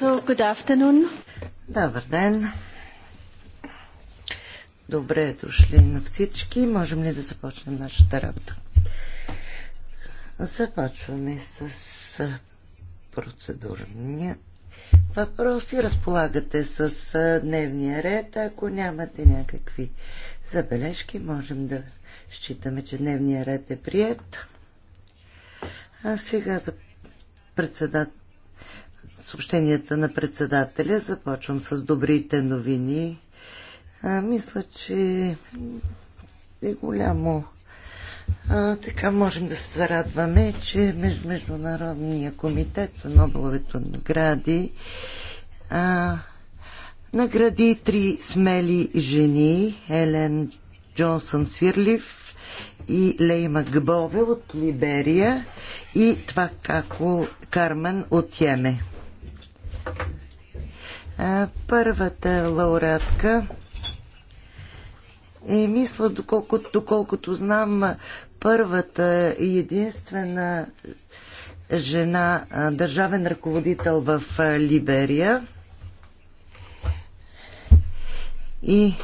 So, good afternoon. Добър ден. Добре дошли на всички. Можем ли да започнем нашата работа? Започваме с процедурния въпроси. Разполагате с дневния ред. Ако нямате някакви забележки, можем да считаме, че дневния ред е прият. А сега за председател съобщенията на председателя. Започвам с добрите новини. А, мисля, че е голямо. А, така можем да се зарадваме, че между Международния комитет за Нобеловето награди а, награди три смели жени Елен Джонсън Сирлив и Лейма Гбове от Либерия и това Кармен от Йеме. Първата лауреатка е, мисля, доколкото, доколкото знам, първата и единствена жена държавен ръководител в Либерия. И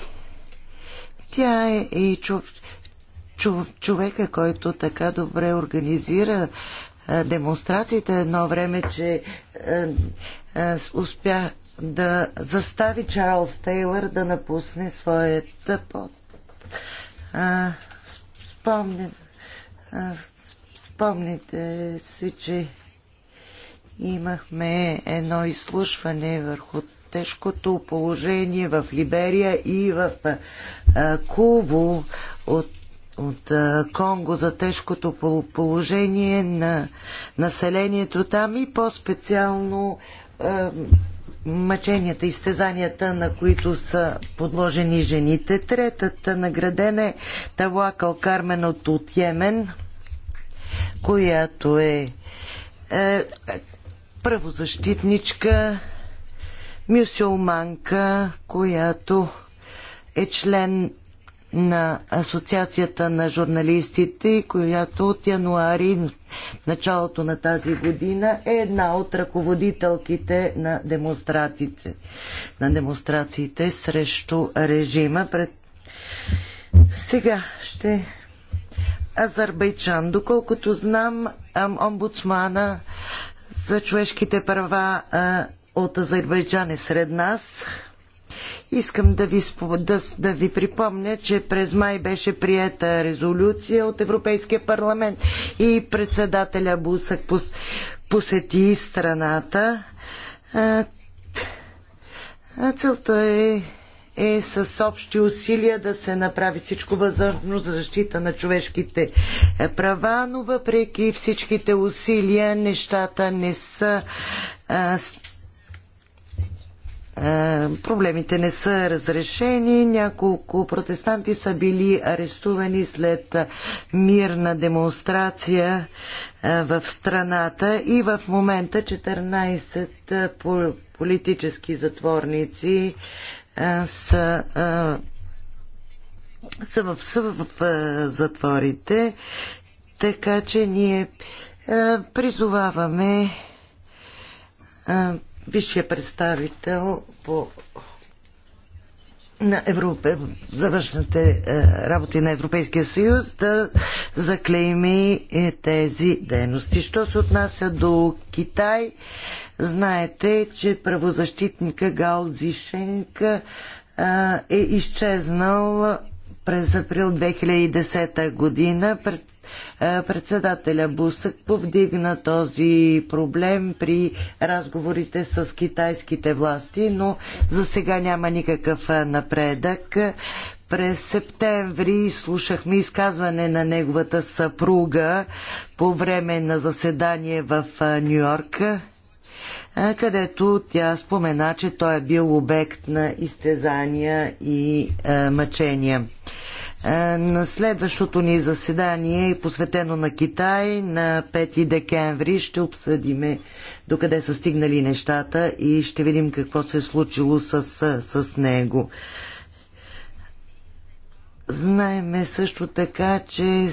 тя е и човека, който така добре организира демонстрациите едно време, че успя да застави Чарлз Тейлър да напусне своята пост. спомните си, че имахме едно изслушване върху тежкото положение в Либерия и в а, Куво от, от а, Конго за тежкото положение на населението там и по-специално мъченията, изтезанията, на които са подложени жените. Третата наградена е Тала Калкармен от, от Йемен, която е, е правозащитничка, мюсюлманка, която е член на Асоциацията на журналистите, която от януари, началото на тази година, е една от ръководителките на демонстрациите, на демонстрациите срещу режима. Пред... Сега ще Азербайджан. Доколкото знам, омбудсмана за човешките права от Азербайджан е сред нас. Искам да ви, да, да ви припомня, че през май беше приета резолюция от Европейския парламент и председателя Бусък пос, посети страната. Целта е е с общи усилия да се направи всичко възможно за защита на човешките е, права, но въпреки всичките усилия нещата не са а, е, проблемите не са разрешени. Няколко протестанти са били арестувани след мирна демонстрация е, в страната и в момента 14 е, политически затворници са са в, са в затворите, така че ние призоваваме висшия представител по на Европе, за външните е, работи на Европейския съюз да заклейми е, тези дейности. Що се отнася до Китай, знаете, че правозащитника Гао Зишенка е, е изчезнал през април 2010 година пред, е, председателя Бусък повдигна този проблем при разговорите с китайските власти, но за сега няма никакъв е, напредък. През септември слушахме изказване на неговата съпруга по време на заседание в е, Нью-Йорк където тя спомена, че той е бил обект на изтезания и мъчения. На следващото ни заседание, посветено на Китай, на 5 декември ще обсъдиме докъде са стигнали нещата и ще видим какво се е случило с, с него. Знаеме също така, че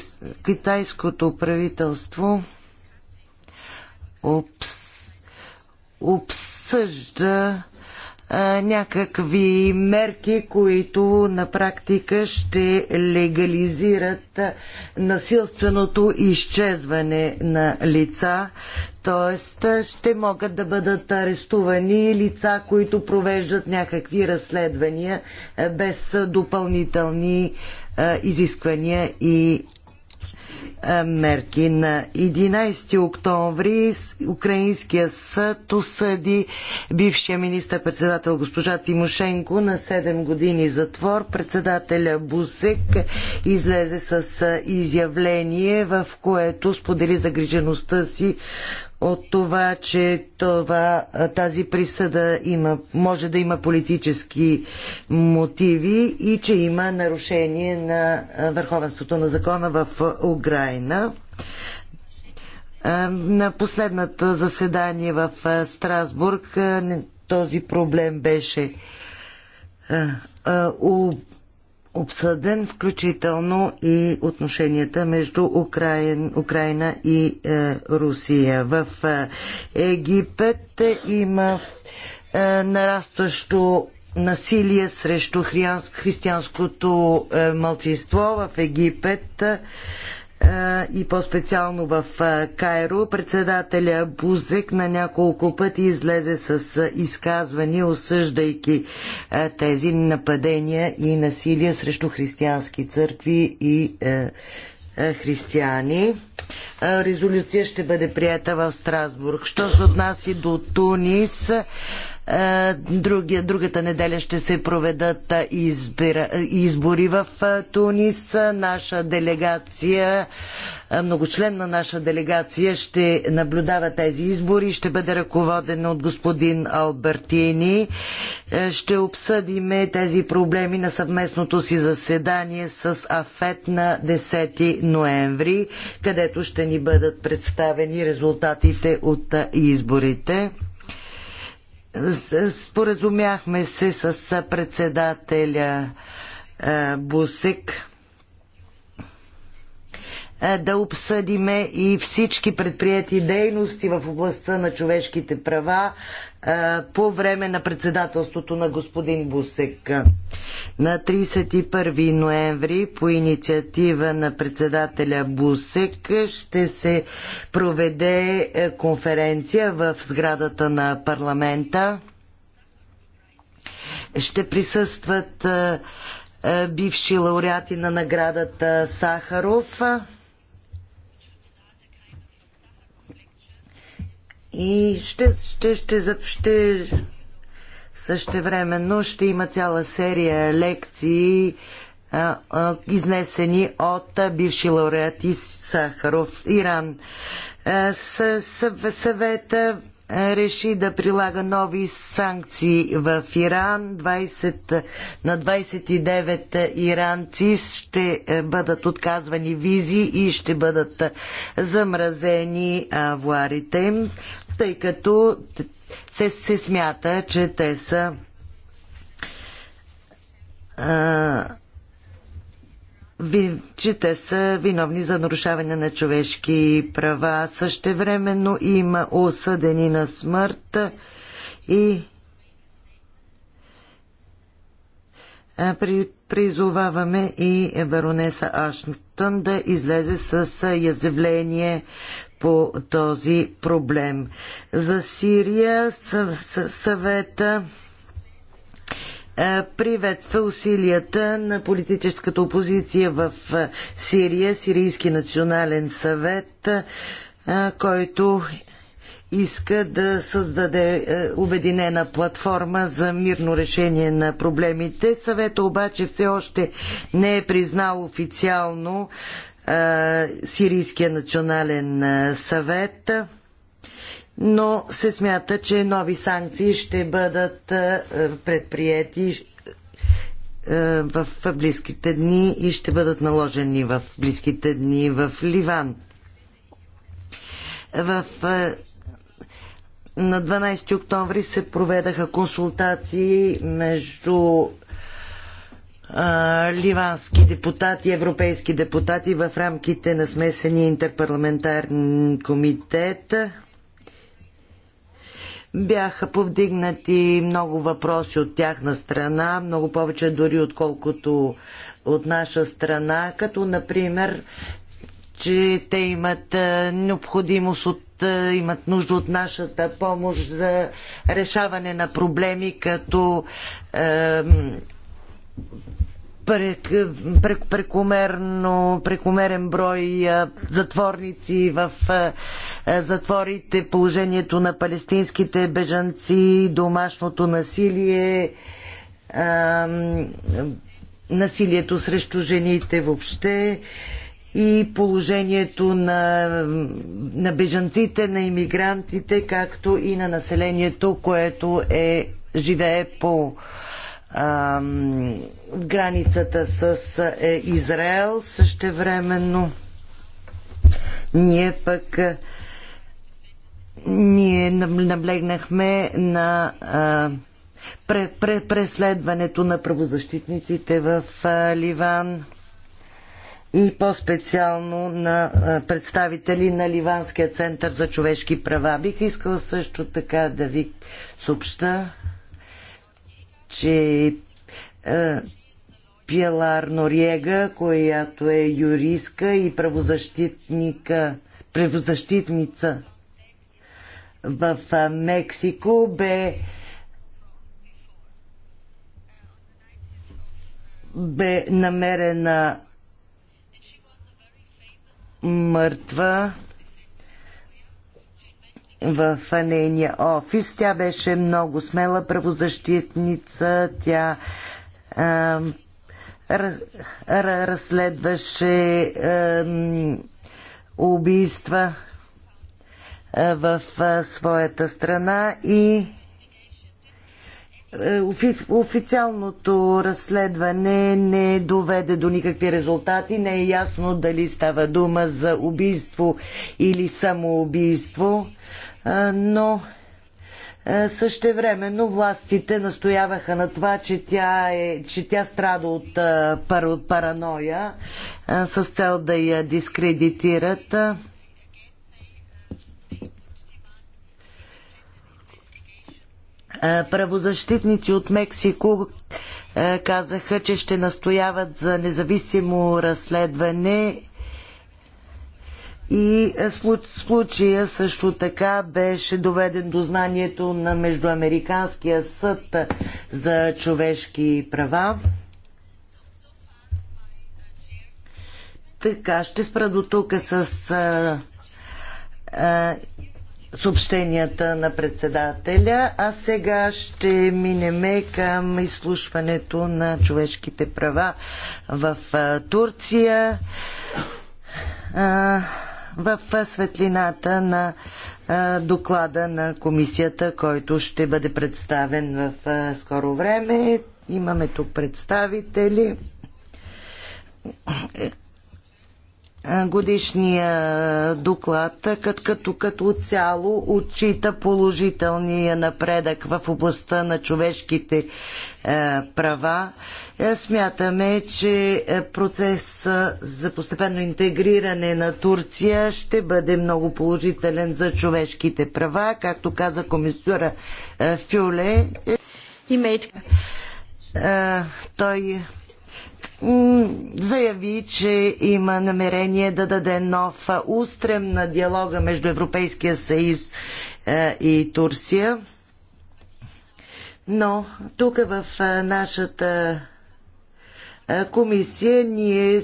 китайското правителство обс обсъжда някакви мерки, които на практика ще легализират насилственото изчезване на лица, т.е. ще могат да бъдат арестувани лица, които провеждат някакви разследвания без допълнителни изисквания и е, мерки. На 11 октомври Украинския съд осъди бившия министър-председател госпожа Тимошенко на 7 години затвор. Председателя Бусек излезе с е, изявление, в което сподели загрижеността си от това, че това, тази присъда има, може да има политически мотиви и че има нарушение на върховенството на закона в Украина. На последната заседание в Страсбург този проблем беше обсъден, включително и отношенията между Украин, Украина и е, Русия. В е, Египет има е, нарастващо насилие срещу християнското е, малцинство в Египет и по-специално в Кайро. Председателя Бузек на няколко пъти излезе с изказвания, осъждайки тези нападения и насилие срещу християнски църкви и християни. Резолюция ще бъде прията в Страсбург. Що се отнася до Тунис, е, други, другата неделя ще се проведат е, избира, е, избори в Тунис. Наша делегация, многочленна наша делегация ще наблюдава тези избори. Ще бъде ръководена от господин Албертини. Ще обсъдиме тези проблеми на съвместното си заседание с АФЕТ на 10 ноември, където ще ни бъдат представени резултатите от изборите. Споразумяхме се с председателя Бусик да обсъдиме и всички предприяти дейности в областта на човешките права е, по време на председателството на господин Бусек. На 31 ноември по инициатива на председателя Бусек ще се проведе е, конференция в сградата на парламента. Ще присъстват е, бивши лауреати на наградата Сахаров. И ще, ще, ще, ще същевременно ще има цяла серия лекции, а, а, изнесени от а, бивши лауреати Сахаров, Иран. Съ, съвета реши да прилага нови санкции в Иран. 20, на 29 иранци ще бъдат отказвани визи и ще бъдат замразени авуарите им тъй като се, се смята, че те са а, че те са виновни за нарушаване на човешки права. Същевременно има осъдени на смърт и при, призоваваме и баронеса Ашнтън да излезе с изявление по този проблем. За Сирия съвета е, приветства усилията на политическата опозиция в е, Сирия, Сирийски национален съвет, е, който иска да създаде обединена платформа за мирно решение на проблемите. Съвета обаче все още не е признал официално Сирийския национален съвет, но се смята, че нови санкции ще бъдат предприяти в близките дни и ще бъдат наложени в близките дни в Ливан. В на 12 октомври се проведаха консултации между ливански депутати, европейски депутати в рамките на смесения интерпарламентарен комитет. Бяха повдигнати много въпроси от тяхна страна, много повече дори отколкото от наша страна, като например, че те имат необходимост от имат нужда от нашата помощ за решаване на проблеми като е, прекомерен брой затворници в затворите, положението на палестинските бежанци, домашното насилие, насилието срещу жените въобще и положението на, на бежанците, на имигрантите, както и на населението, което е, живее по границата с е, Израел също времено, Ние пък е, ние наблегнахме на преследването на правозащитниците в Ливан и по-специално на представители на Ливанския център за човешки права. Бих искала също така да ви съобща, че е, Пилар Нориега, която е юристка и правозащитника, правозащитница в е, Мексико, бе бе намерена мъртва в нейния офис. Тя беше много смела правозащитница. Тя а, разследваше а, убийства в своята страна и е, официалното разследване не доведе до никакви резултати. Не е ясно дали става дума за убийство или самоубийство но Същевременно властите настояваха на това, че тя, е, че тя страда от, от параноя с цел да я дискредитират. Правозащитници от Мексико казаха, че ще настояват за независимо разследване и е, случая също така беше доведен до знанието на Междуамериканския съд за човешки права. Така, ще спра до тук с а, е, а, е, съобщенията на председателя, а сега ще минеме към изслушването на човешките права в а, Турция. А, в светлината на доклада на комисията, който ще бъде представен в скоро време. Имаме тук представители годишния доклад като, като, като цяло отчита положителния напредък в областта на човешките права. Е, смятаме, че е, процес за постепенно интегриране на Турция ще бъде много положителен за човешките права, както каза комисора е, Фюле. той заяви, че има намерение да даде нов устрем на диалога между Европейския съюз е, и Турция. Но тук в е, нашата комисия ние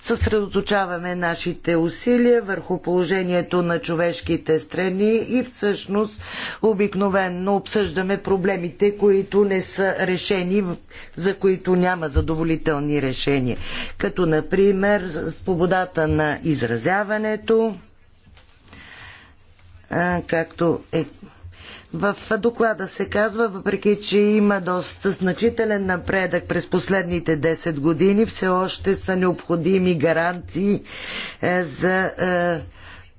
съсредоточаваме нашите усилия върху положението на човешките страни и всъщност обикновенно обсъждаме проблемите, които не са решени, за които няма задоволителни решения. Като например свободата на изразяването, както е в доклада се казва, въпреки че има доста значителен напредък през последните 10 години, все още са необходими гаранции е, за е,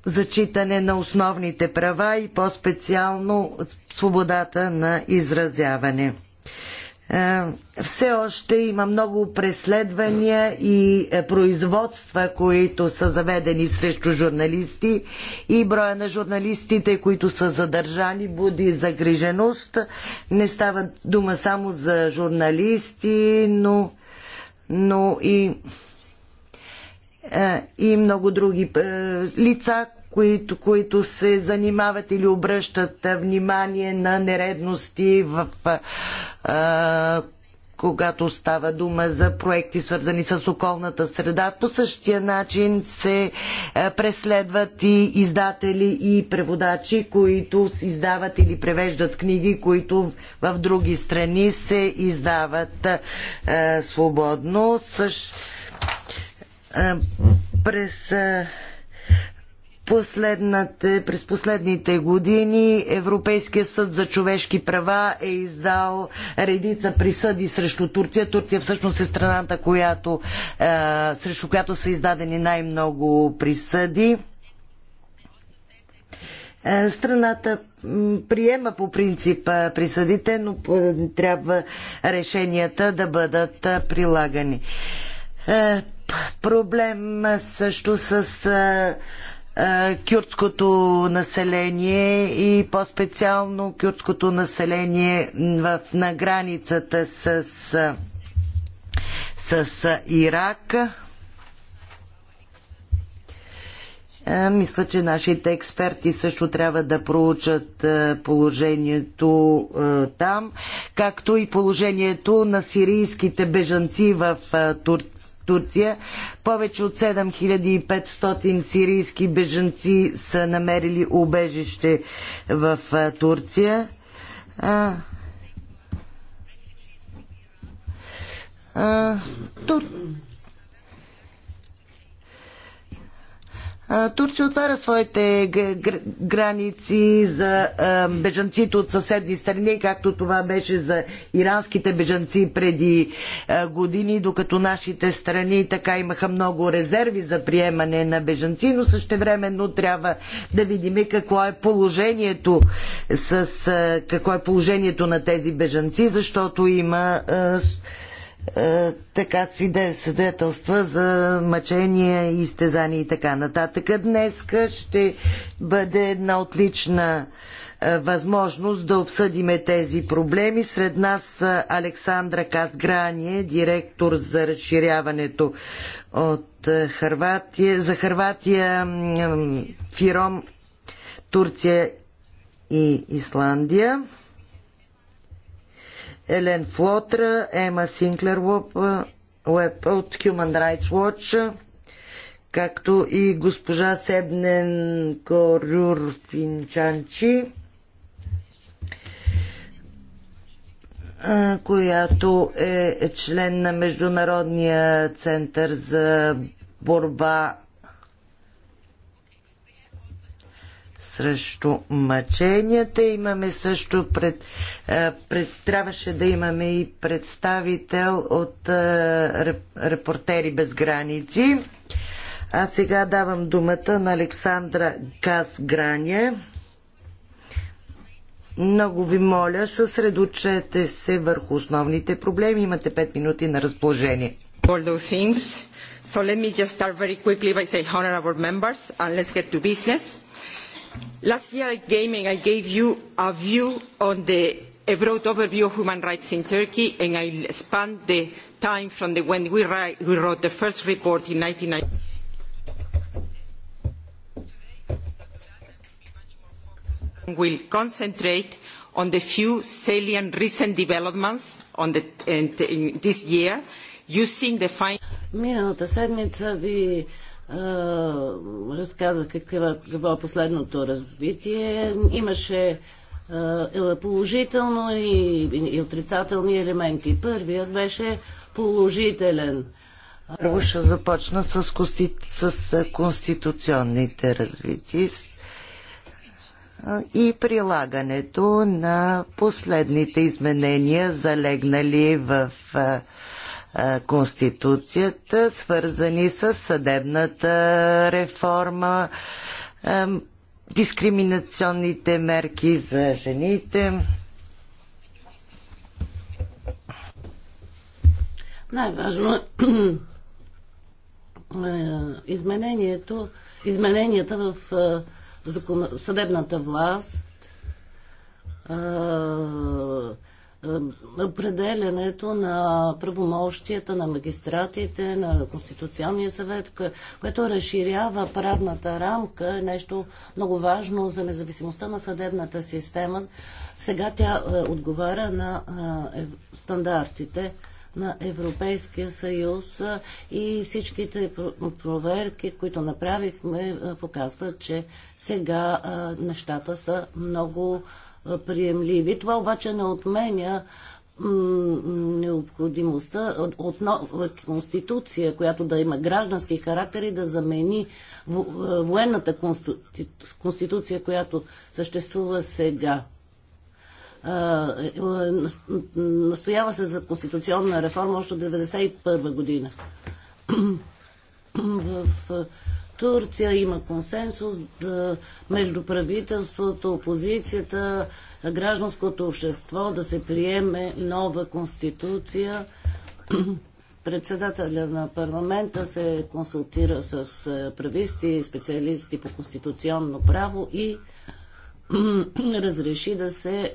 зачитане на основните права и по-специално свободата на изразяване. Е, все още има много преследвания и е, производства, които са заведени срещу журналисти и броя на журналистите, които са задържани, буди загриженост. Не става дума само за журналисти, но, но и е, и много други лица, които, които се занимават или обръщат внимание на нередности в а, когато става дума за проекти свързани с околната среда. По същия начин се преследват и издатели и преводачи, които издават или превеждат книги, които в други страни се издават свободно. през през последните години Европейският съд за човешки права е издал редица присъди срещу Турция. Турция всъщност е страната, която, е, срещу която са издадени най-много присъди. Е, страната приема по принцип е, присъдите, но е, трябва решенията да бъдат е, прилагани. Е, проблем също с е, кюрдското население и по-специално кюрдското население в, на границата с, е, с е, Ирак. Мисля, че нашите експерти също трябва да проучат положението там, както и положението на сирийските бежанци в Турция Турция. Повече от 7500 сирийски бежанци са намерили убежище в Турция. А, а, тур... Турция отваря своите граници за бежанците от съседни страни, както това беше за иранските бежанци преди години, докато нашите страни така имаха много резерви за приемане на бежанци, но същевременно трябва да видим какво е положението с какво е положението на тези бежанци, защото има е, така свидетелства за мъчения, изтезания и така нататък. Днес ще бъде една отлична е, възможност да обсъдиме тези проблеми. Сред нас са Александра Казграние, директор за разширяването от е, Харватия, за Харватия, Фиром, Турция и Исландия. Елен Флотра, Ема Синклер Уеб от Human Rights Watch, както и госпожа Себнен Корюр Финчанчи, която е член на Международния център за борба срещу мъченията. Имаме също пред, пред трябваше да имаме и представител от Репортери без граници. А сега давам думата на Александра Газграния. Много ви моля, съсредочете се върху основните проблеми. Имате 5 минути на разположение. So let me just start very quickly by saying honorable members and let's get to business. Last year at Gaming, I gave you a view on the, a broad overview of human rights in Turkey, and I will expand the time from the, when we, we wrote the first report in 1990. will concentrate on the few salient recent developments in, this year using the Миналата разказах какво, какво е последното развитие. Имаше е, положително и, и отрицателни елементи. Първият беше положителен. Първо ще започна с, кости... с конституционните развития и прилагането на последните изменения, залегнали в Конституцията, свързани с съдебната реформа, дискриминационните мерки за жените. Най-важно е, е изменението, измененията в е, съдебната власт, е, определянето на правомощията на магистратите, на Конституционния съвет, което разширява правната рамка, е нещо много важно за независимостта на съдебната система. Сега тя е, отговаря на е, стандартите на Европейския съюз е, и всичките проверки, които направихме, показват, че сега нещата са много приемливи. Това обаче не отменя необходимостта от конституция, която да има граждански характер и да замени е, военната конституция, която съществува сега. Е, е, настоява се за конституционна реформа още от 1991 година. В Турция има консенсус да, между правителството, опозицията, гражданското общество да се приеме нова конституция. Председателя на парламента се консултира с е, прависти и специалисти по конституционно право и разреши да се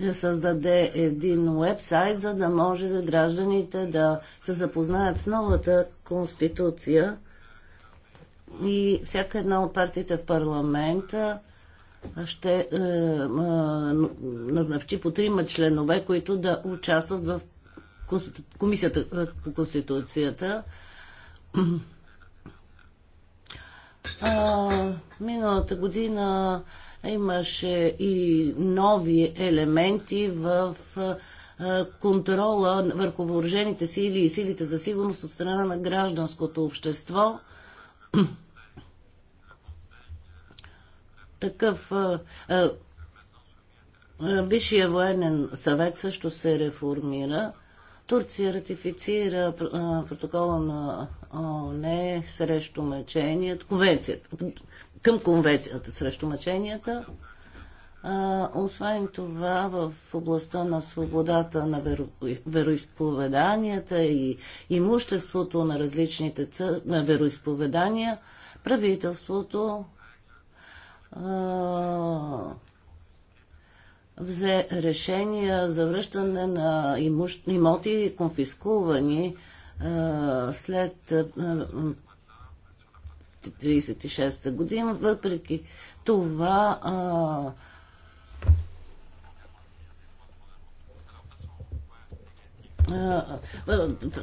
е, е, създаде един уебсайт, за да може гражданите да се запознаят с новата конституция и всяка една от партиите в парламента ще е, е, назначи по трима членове, които да участват в конститу... Комисията е, по Конституцията. А, миналата година имаше и нови елементи в е, е, контрола върху въоръжените сили и силите за сигурност от страна на гражданското общество. Такъв Висшия военен съвет също се реформира. Турция ратифицира протокола на ОНЕ срещу мъченията, конвенцията, към конвенцията срещу мъченията. А, освен това, в областта на свободата на веро, вероисповеданията и имуществото на различните цър, на вероисповедания, правителството а, взе решение за връщане на имущ... имоти, конфискувани а, след 1936 36-та година. Въпреки това а,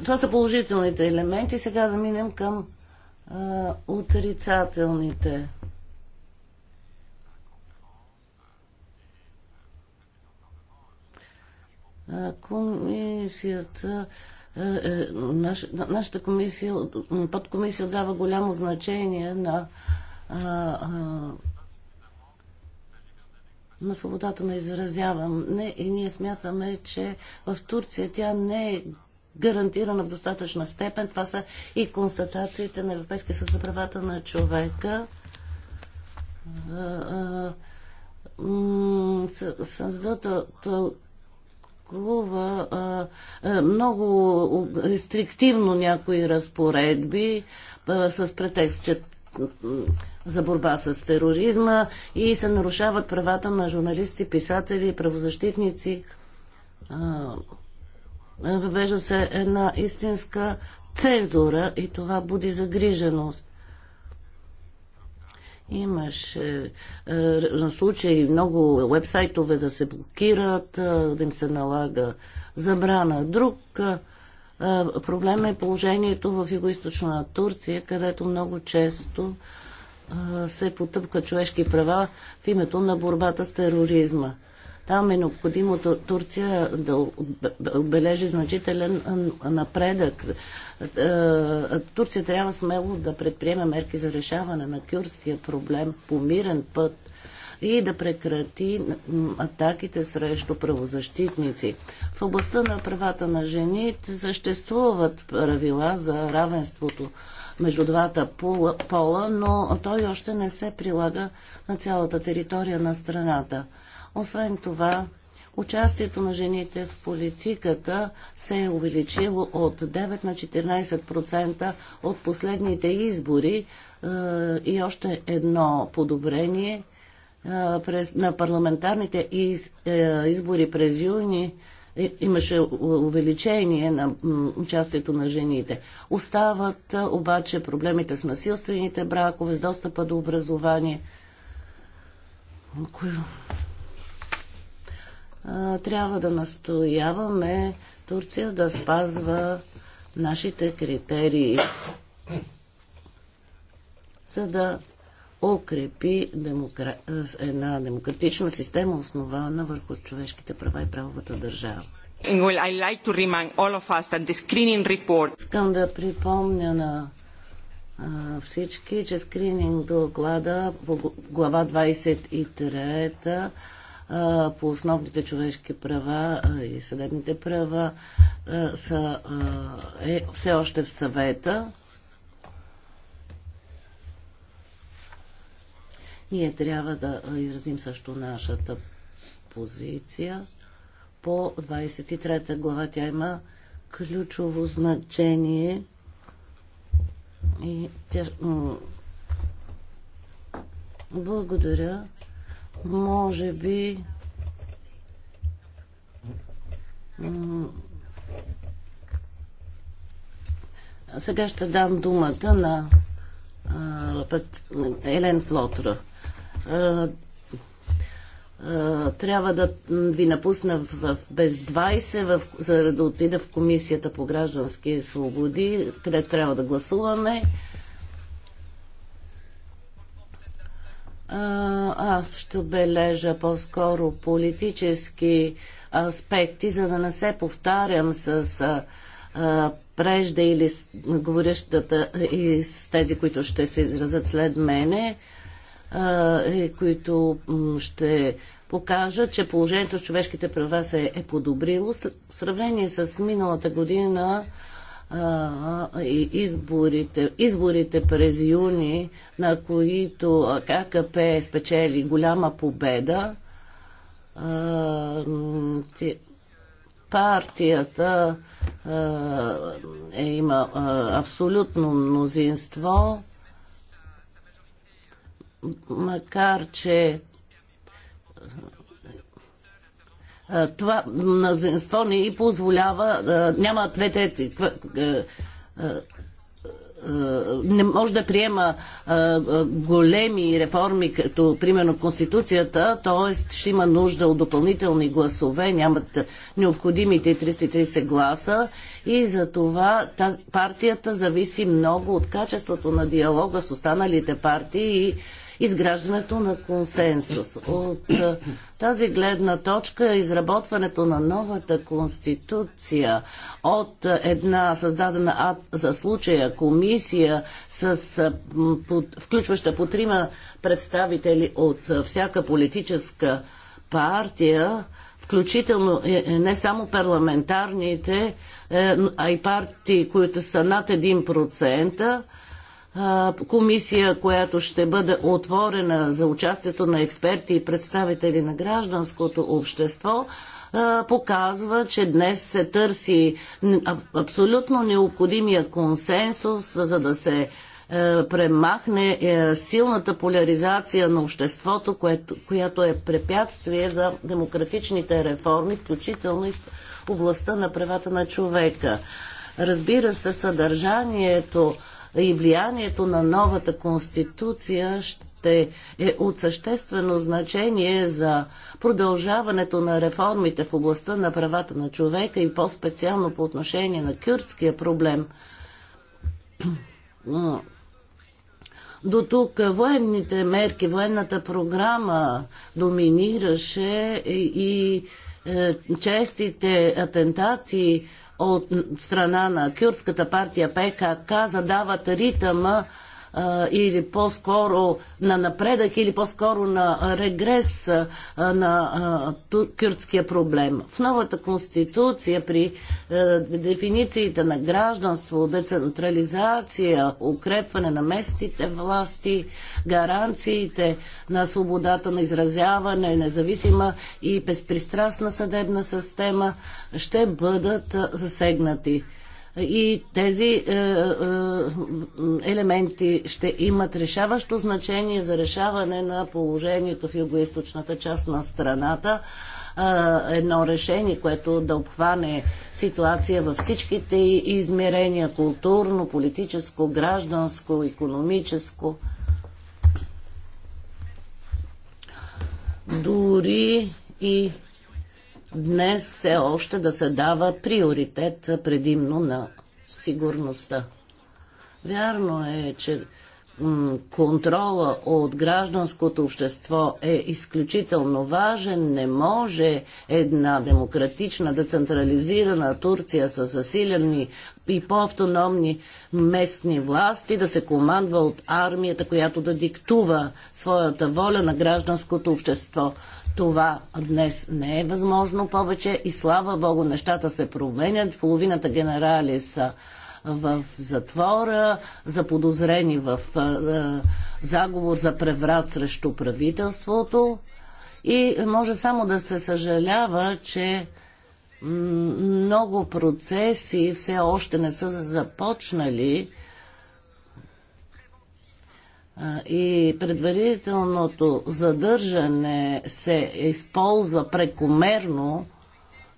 Това са положителните елементи. Сега да минем към отрицателните. Комисията е, нашата комисия, подкомисия дава голямо значение на а, на свободата на изразяване и ние смятаме, че в Турция тя не е гарантирана в достатъчна степен. Това са и констатациите на Европейския съд за правата на човека. Съдът тълкува много рестриктивно някои разпоредби с претекст, че за борба с тероризма и се нарушават правата на журналисти, писатели, правозащитници. Въвежда се една истинска цензура и това буди загриженост. Имаше е, случаи много вебсайтове да се блокират, е, да им се налага забрана. Друг е, Проблем е положението в юго Турция, където много често се потъпка човешки права в името на борбата с тероризма. Там е необходимо Турция да отбележи значителен напредък. Турция трябва смело да предприеме мерки за решаване на кюрския проблем по мирен път и да прекрати атаките срещу правозащитници. В областта на правата на жените съществуват правила за равенството между двата пола, но той още не се прилага на цялата територия на страната. Освен това, участието на жените в политиката се е увеличило от 9 на 14% от последните избори е, и още едно подобрение – през, на парламентарните из, е, избори през юни имаше увеличение на участието на жените. Остават обаче проблемите с насилствените бракове, с достъпа до образование. Трябва да настояваме Турция да спазва нашите критерии, за да укрепи демокра... Е, една демократична система, основана върху човешките права и правовата държава. Искам да припомня на всички, че скрининг доклада по глава 23 по основните човешки права и съдебните права са, е все още в съвета Ние трябва да изразим също нашата позиция по 23 глава. Тя има ключово значение и тя... Благодаря. Може би сега ще дам думата на Елен Флотра трябва да ви напусна в, без 20, в, за да отида в Комисията по граждански свободи, където трябва да гласуваме. Аз ще отбележа по-скоро политически аспекти, за да не се повтарям с а, прежде или с, говорещата и с тези, които ще се изразят след мене. А, е, които ще покажа, че положението с човешките права се е подобрило. В сравнение с миналата година изборите, изборите през юни, на които ККП е спечели голяма победа, партията е, има абсолютно мнозинство макар че това мнозинство не и позволява, няма две трети, не може да приема големи реформи, като примерно Конституцията, т.е. ще има нужда от допълнителни гласове, нямат необходимите 330 гласа и за това партията зависи много от качеството на диалога с останалите партии и изграждането на консенсус. От тази гледна точка е изработването на новата конституция от една създадена за случая комисия с под, включваща по трима представители от всяка политическа партия, включително е, е, не само парламентарните, а и партии, които са над 1%, комисия, която ще бъде отворена за участието на експерти и представители на гражданското общество, показва, че днес се търси абсолютно необходимия консенсус, за да се е, премахне е, силната поляризация на обществото, което, която е препятствие за демократичните реформи, включително и в областта на правата на човека. Разбира се, съдържанието и влиянието на новата конституция ще е от съществено значение за продължаването на реформите в областта на правата на човека и по-специално по отношение на кюртския проблем. До тук военните мерки, военната програма доминираше и, и е, честите атентати от страна на кюрдската партия ПКК задават ритъма или по-скоро на напредък, или по-скоро на регрес на кюртския проблем. В новата конституция при е, дефинициите на гражданство, децентрализация, укрепване на местните власти, гаранциите на свободата на изразяване, независима и безпристрастна съдебна система ще бъдат засегнати и тези е, е, е, елементи ще имат решаващо значение за решаване на положението в югоизточната част на страната. едно решение, което да обхване ситуация във всичките измерения културно, политическо, гражданско, економическо. Дори и днес все още да се дава приоритет предимно на сигурността. Вярно е, че контрола от гражданското общество е изключително важен. Не може една демократична, децентрализирана Турция с засилени и по-автономни местни власти да се командва от армията, която да диктува своята воля на гражданското общество. Това днес не е възможно повече и слава Богу, нещата се променят. Половината генерали са в затвора, заподозрени в е, е, заговор за преврат срещу правителството. И може само да се съжалява, че много процеси все още не са започнали и предварителното задържане се използва прекомерно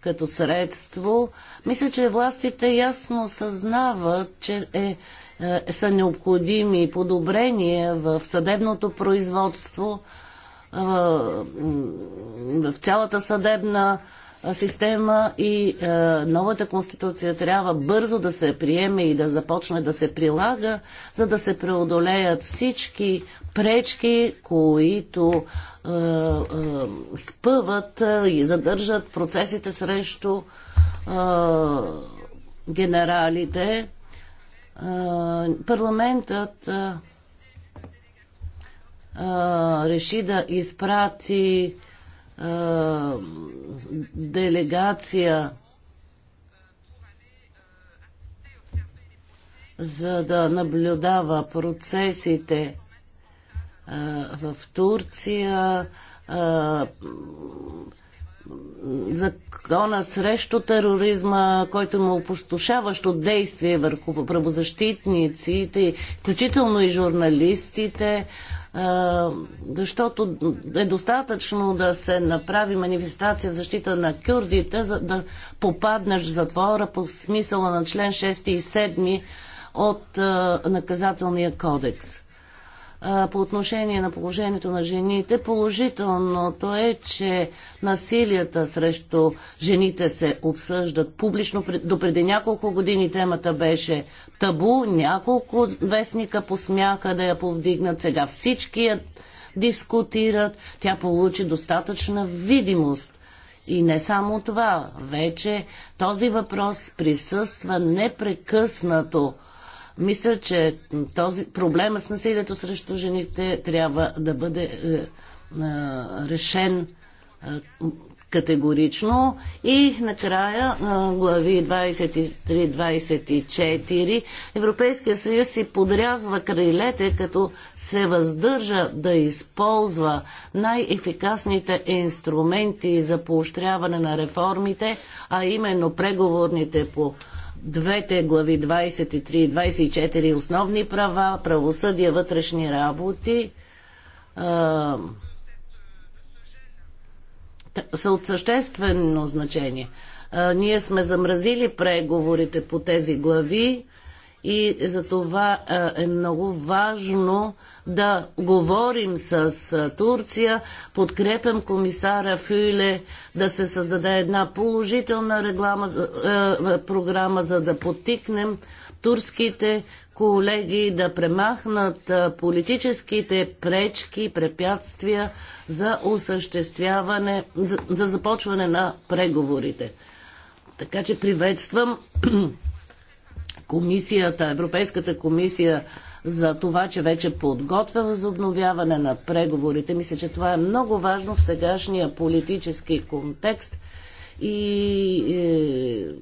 като средство, мисля, че властите ясно съзнават, че е, е, са необходими подобрения в съдебното производство, в цялата съдебна система и е, новата конституция трябва бързо да се приеме и да започне да се прилага, за да се преодолеят всички пречки, които е, е, спъват и задържат процесите срещу е, генералите. Е, парламентът е, реши да изпрати е, делегация за да наблюдава процесите в Турция, закона срещу тероризма, който има опустошаващо действие върху правозащитниците, включително и журналистите, защото е достатъчно да се направи манифестация в защита на кюрдите, за да попаднеш в затвора по смисъла на член 6 и 7 от наказателния кодекс по отношение на положението на жените. Положителното е, че насилията срещу жените се обсъждат публично. Допреди няколко години темата беше табу. Няколко вестника посмяха да я повдигнат. Сега всички я дискутират. Тя получи достатъчна видимост. И не само това, вече този въпрос присъства непрекъснато мисля, че този проблема с насилието срещу жените трябва да бъде е, е, решен е, категорично. И накрая е, глави 23-24 Европейския съюз си подрязва крилете, като се въздържа да използва най-ефикасните инструменти за поощряване на реформите, а именно преговорните по двете глави 23 и 24 основни права, правосъдие, вътрешни работи са от съществено значение. ние сме замразили преговорите по тези глави и за това е, е много важно да говорим с е, Турция. Подкрепям комисара Фюле да се създаде една положителна реглама, е, програма, за да потикнем турските колеги да премахнат политическите пречки, препятствия за осъществяване, за започване на преговорите. Така че приветствам комисията, Европейската комисия за това, че вече подготвя възобновяване на преговорите. Мисля, че това е много важно в сегашния политически контекст и е,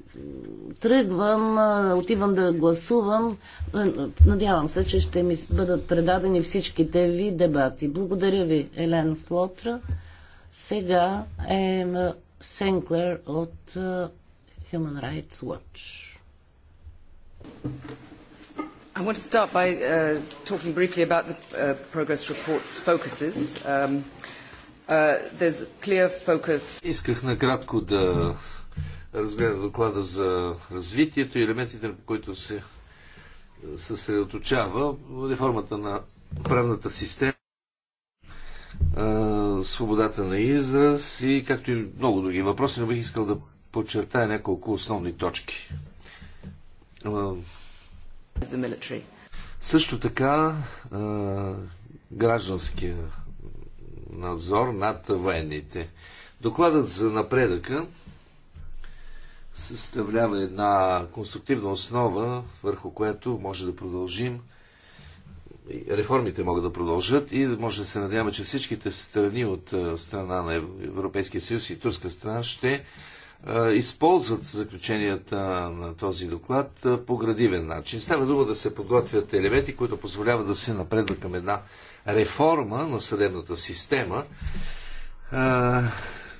тръгвам, е, отивам да гласувам. Е, надявам се, че ще ми бъдат предадени всичките ви дебати. Благодаря ви, Елен Флотра. Сега е, е Сенклер от Human Rights Watch. I want to start by uh, talking briefly about the uh, progress report's focuses. Um, uh, there's clear focus. Исках накратко да разгледа доклада за развитието и елементите, по които се е, съсредоточава реформата на правната система, свободата на израз и както и много други въпроси, но бих искал да подчертая няколко основни точки. Също така гражданския надзор над военните. Докладът за напредъка съставлява една конструктивна основа, върху която може да продължим. Реформите могат да продължат и може да се надяваме, че всичките страни от страна на Европейския съюз и турска страна ще използват заключенията на този доклад по градивен начин. Става дума да се подготвят елементи, които позволяват да се напредва към една реформа на съдебната система,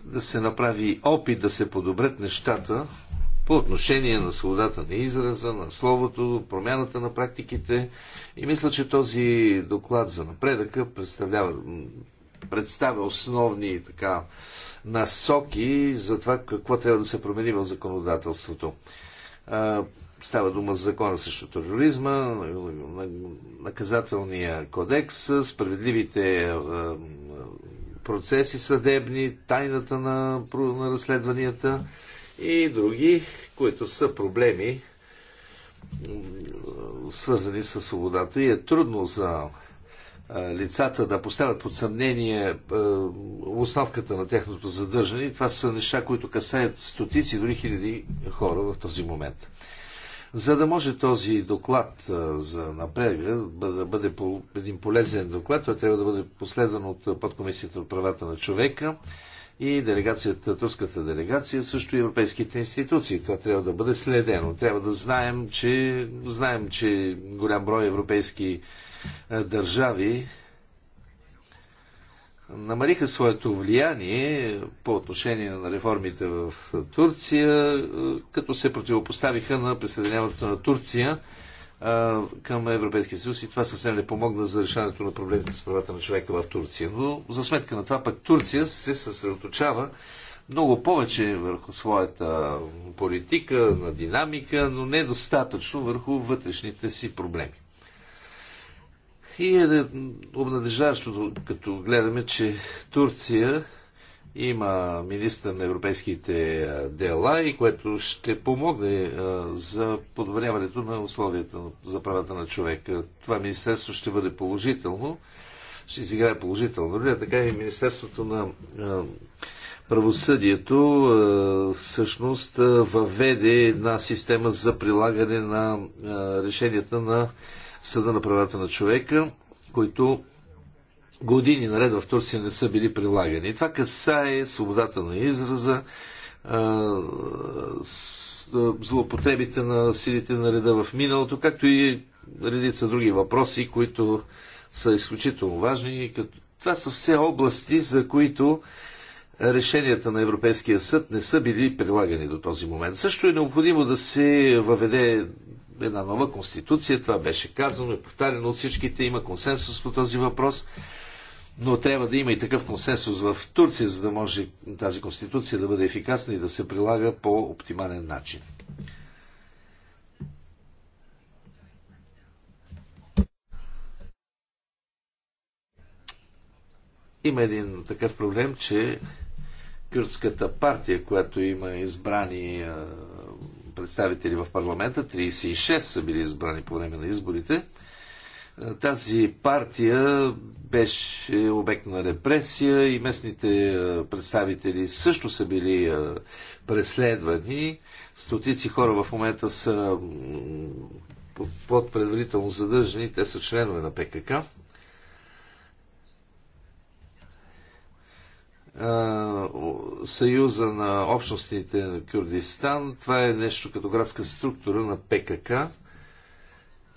да се направи опит да се подобрят нещата по отношение на свободата на израза, на словото, промяната на практиките. И мисля, че този доклад за напредъка представлява, представя основни така, насоки за това какво трябва да се промени в законодателството. Става дума за закона срещу тероризма, наказателния кодекс, справедливите процеси съдебни, тайната на, на разследванията и други, които са проблеми, свързани с свободата и е трудно за лицата да поставят под съмнение основката на техното задържане. това са неща, които касаят стотици, дори хиляди хора в този момент. За да може този доклад за напрега да бъде един полезен доклад, той трябва да бъде последван от подкомисията от правата на човека и делегацията, турската делегация, също и европейските институции. Това трябва да бъде следено. Трябва да знаем, че, знаем, че голям брой европейски държави намалиха своето влияние по отношение на реформите в Турция, като се противопоставиха на присъединяването на Турция а, към Европейския съюз и това съвсем не помогна за решаването на проблемите с правата на човека в Турция. Но за сметка на това пък Турция се съсредоточава много повече върху своята политика, на динамика, но недостатъчно върху вътрешните си проблеми. И е обнадеждаващо, като гледаме, че Турция има министър на европейските дела и което ще помогне за подобряването на условията за правата на човека. Това министерство ще бъде положително, ще изиграе положително роля. Така и Министерството на правосъдието всъщност въведе една система за прилагане на решенията на Съда на правата на човека, които години наред в Турция не са били прилагани. Това касае свободата на израза, злоупотребите на силите на реда в миналото, както и редица други въпроси, които са изключително важни. Това са все области, за които решенията на Европейския съд не са били прилагани до този момент. Също е необходимо да се въведе една нова конституция. Това беше казано и повтаряно от всичките. Има консенсус по този въпрос но трябва да има и такъв консенсус в Турция, за да може тази конституция да бъде ефикасна и да се прилага по оптимален начин. Има един такъв проблем, че Кюртската партия, която има избрани представители в парламента, 36 са били избрани по време на изборите, тази партия беше обект на репресия и местните е, представители също са били е, преследвани. Стотици хора в момента са под предварително задържани. Те са членове на ПКК. Е, Съюза на общностите на Кюрдистан. Това е нещо като градска структура на ПКК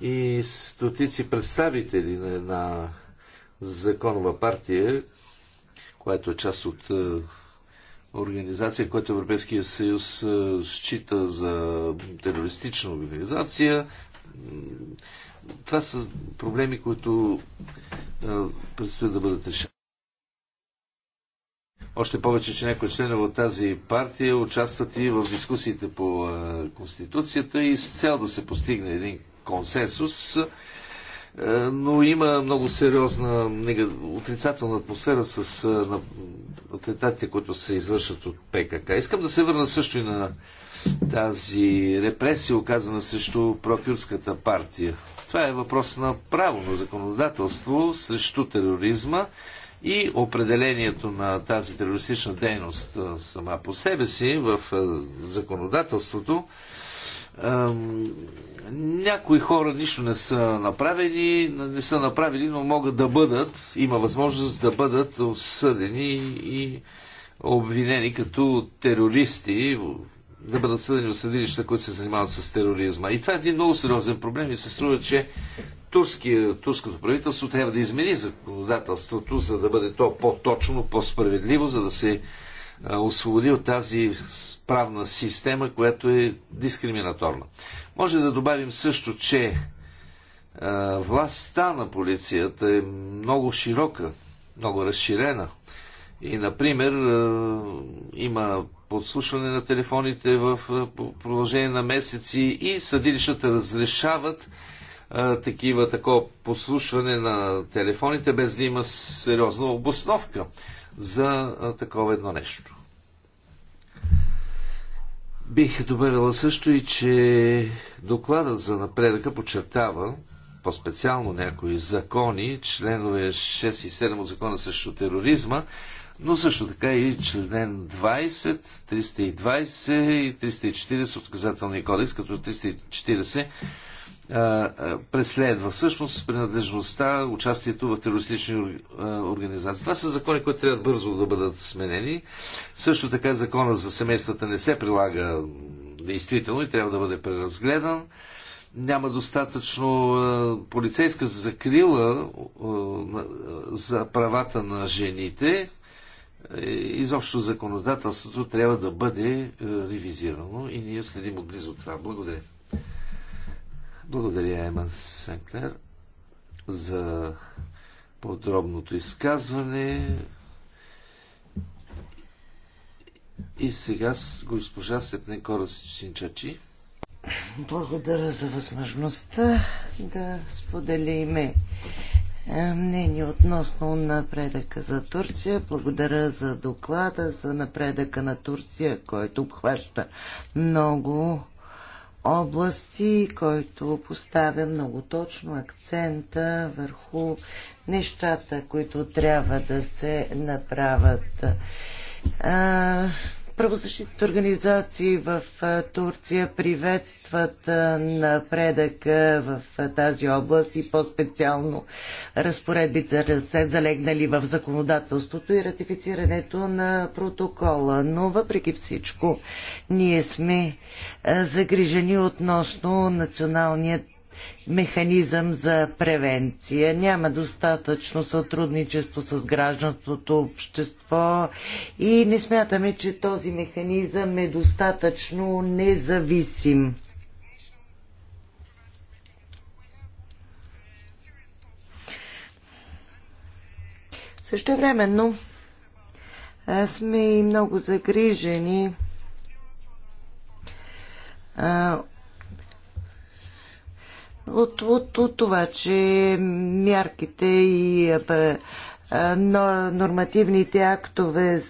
и стотици представители на една законова партия, която е част от е, организация, която Европейския съюз е, счита за терористична организация. Това са проблеми, които е, предстои да бъдат решени. Още повече, че някои членове от тази партия участват и в дискусиите по Конституцията и с цел да се постигне един консенсус, е, но има много сериозна отрицателна атмосфера с е, атентатите, които се извършват от ПКК. Искам да се върна също и на тази репресия, оказана срещу прокюрската партия. Това е въпрос на право на законодателство срещу тероризма и определението на тази терористична дейност е, сама по себе си в законодателството някои хора нищо не са направени, не са направили, но могат да бъдат, има възможност да бъдат осъдени и обвинени като терористи, да бъдат съдени от съдилища, които се занимават с тероризма. И това е един много сериозен проблем и се струва, че турския, турското правителство трябва да измени законодателството, за да бъде то по-точно, по-справедливо, за да се освободи от тази правна система, която е дискриминаторна. Може да добавим също, че властта на полицията е много широка, много разширена. И, например, има подслушване на телефоните в продължение на месеци и съдилищата разрешават такива, такова подслушване на телефоните, без да има сериозна обосновка за такова едно нещо. Бих добавила също и, че докладът за напредъка подчертава по-специално някои закони, членове 6 и 7 от закона срещу тероризма, но също така и член 20, 320 и 340 от казателния кодекс, като 340 преследва. Всъщност принадлежността, участието в терористични организации. Това са закони, които трябва бързо да бъдат сменени. Също така закона за семействата не се прилага действително и трябва да бъде преразгледан. Няма достатъчно полицейска закрила за правата на жените. Изобщо законодателството трябва да бъде ревизирано и ние следим отблизо това. Благодаря. Благодаря, Еман Сенклер, за подробното изказване. И сега с госпожа Сепнекора Сичинчачи. Благодаря за възможността да споделиме е, мнение относно напредъка за Турция. Благодаря за доклада за напредъка на Турция, който обхваща много области, който поставя много точно акцента върху нещата, които трябва да се направят. А, Правозащитните организации в Турция приветстват напредък в тази област и по-специално разпоредбите се залегнали в законодателството и ратифицирането на протокола. Но въпреки всичко, ние сме загрижени относно националният механизъм за превенция. Няма достатъчно сътрудничество с гражданството общество и не смятаме, че този механизъм е достатъчно независим. Същевременно сме и много загрижени от, от, от това, че мярките и нормативните актове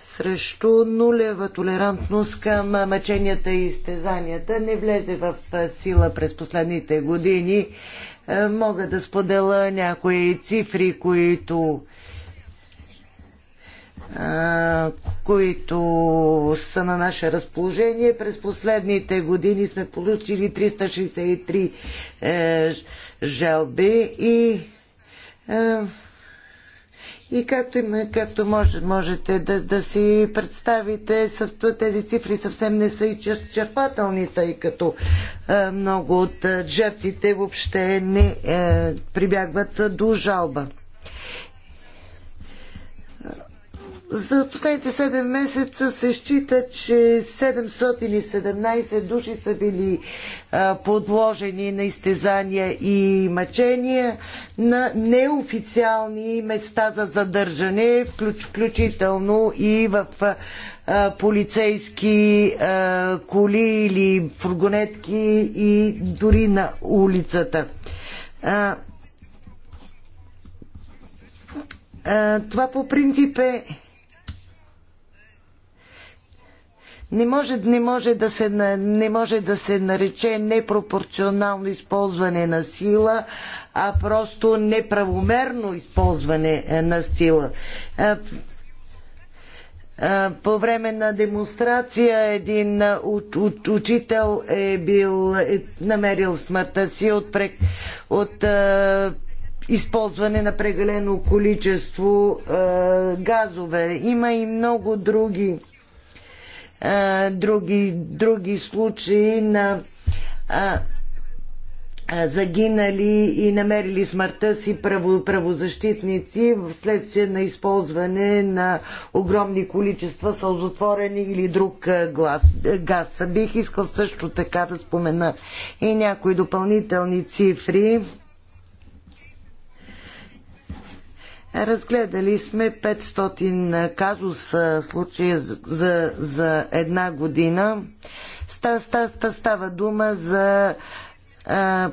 срещу нулева толерантност към мъченията и изтезанията не влезе в сила през последните години. Мога да споделя някои цифри, които които са на наше разположение. През последните години сме получили 363 е, жалби и е, и както, има, както може, можете да, да си представите, тези цифри съвсем не са и черпателни, тъй като е, много от е, жертвите въобще не е, прибягват до жалба. За последните 7 месеца се счита, че 717 души са били подложени на изтезания и мъчения на неофициални места за задържане, включително и в полицейски коли или фургонетки и дори на улицата това по принцип е не може, не може, да, се, не може да се нарече непропорционално използване на сила, а просто неправомерно използване е, на сила. Е, е, по време на демонстрация един учител е бил е намерил смъртта си от, от използване на прегалено количество газове. Има и много други а, други, други случаи на а, загинали и намерили смъртта си право, правозащитници вследствие на използване на огромни количества сълзотворени или друг глас, газ. Бих искал също така да спомена и някои допълнителни цифри Разгледали сме 500 казуса случая за, за една година. Ста, ста, ста, става дума за а,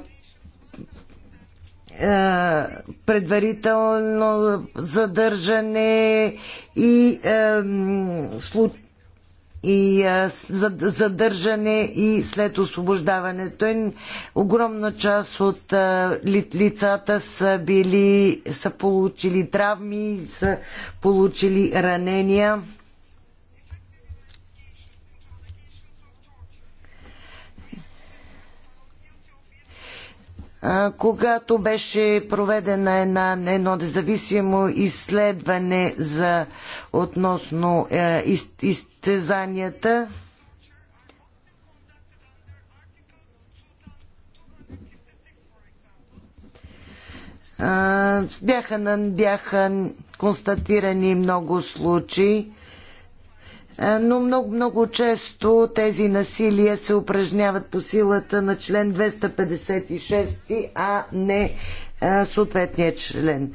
а, предварително задържане и а, случ и задържане и след освобождаването е, Огромна част от лицата са били, са получили травми, са получили ранения. когато беше проведено едно независимо изследване за относно е, из, изтезанията. Бяха, бяха констатирани много случаи, но много, много често тези насилия се упражняват по силата на член 256, а не съответния член.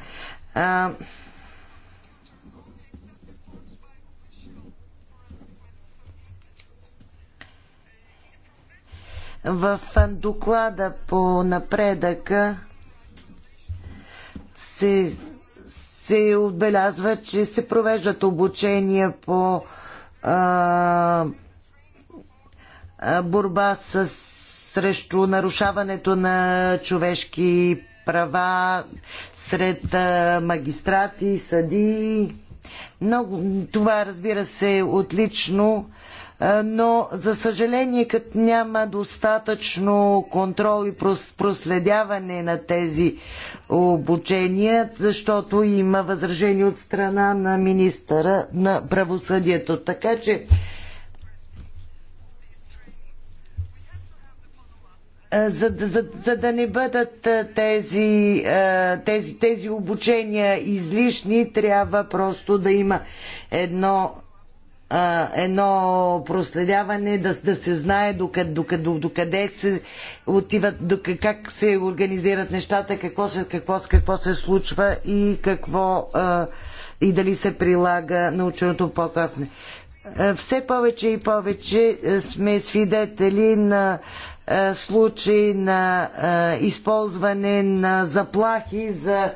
В доклада по напредъка се, се отбелязва, че се провеждат обучения по а, борба с, срещу нарушаването на човешки права сред магистрати, съдии. Много, това разбира се е отлично но за съжаление като няма достатъчно контрол и проследяване на тези обучения, защото има възражение от страна на министъра на правосъдието. Така че За, за, за, да не бъдат тези, тези, тези обучения излишни, трябва просто да има едно едно проследяване, да, да се знае докъде, докъде, докъде се отиват, докъде, как се организират нещата, какво се, какво, какво се случва и какво а, и дали се прилага наученото по-късно. Все повече и повече сме свидетели на случаи на използване на заплахи за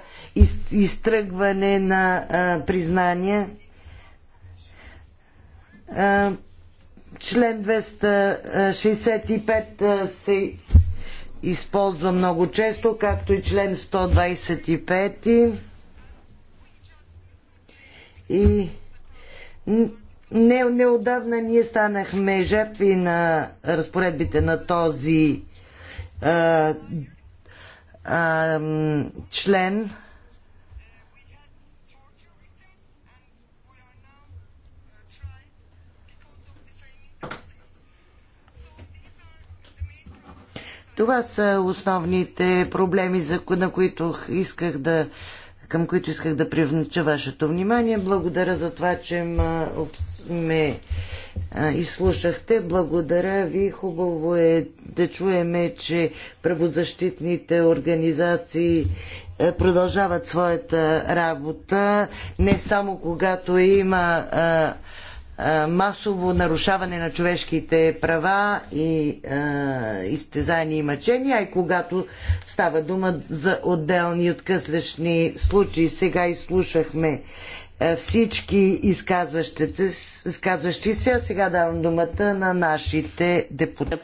изтръгване на признания Член 265 се използва много често, както и член 125. И не, неодавна ние станахме жертви на разпоредбите на този а, а, член Това са основните проблеми, за, на които исках да, към които исках да привнеча вашето внимание. Благодаря за това, че ма, ме изслушахте. Благодаря ви. Хубаво е да чуеме, че правозащитните организации е, продължават своята работа, не само когато има масово нарушаване на човешките права и изтезания и мъчения, а и когато става дума за отделни откъслечни случаи. Сега изслушахме всички изказващи се, а сега давам думата на нашите депутати.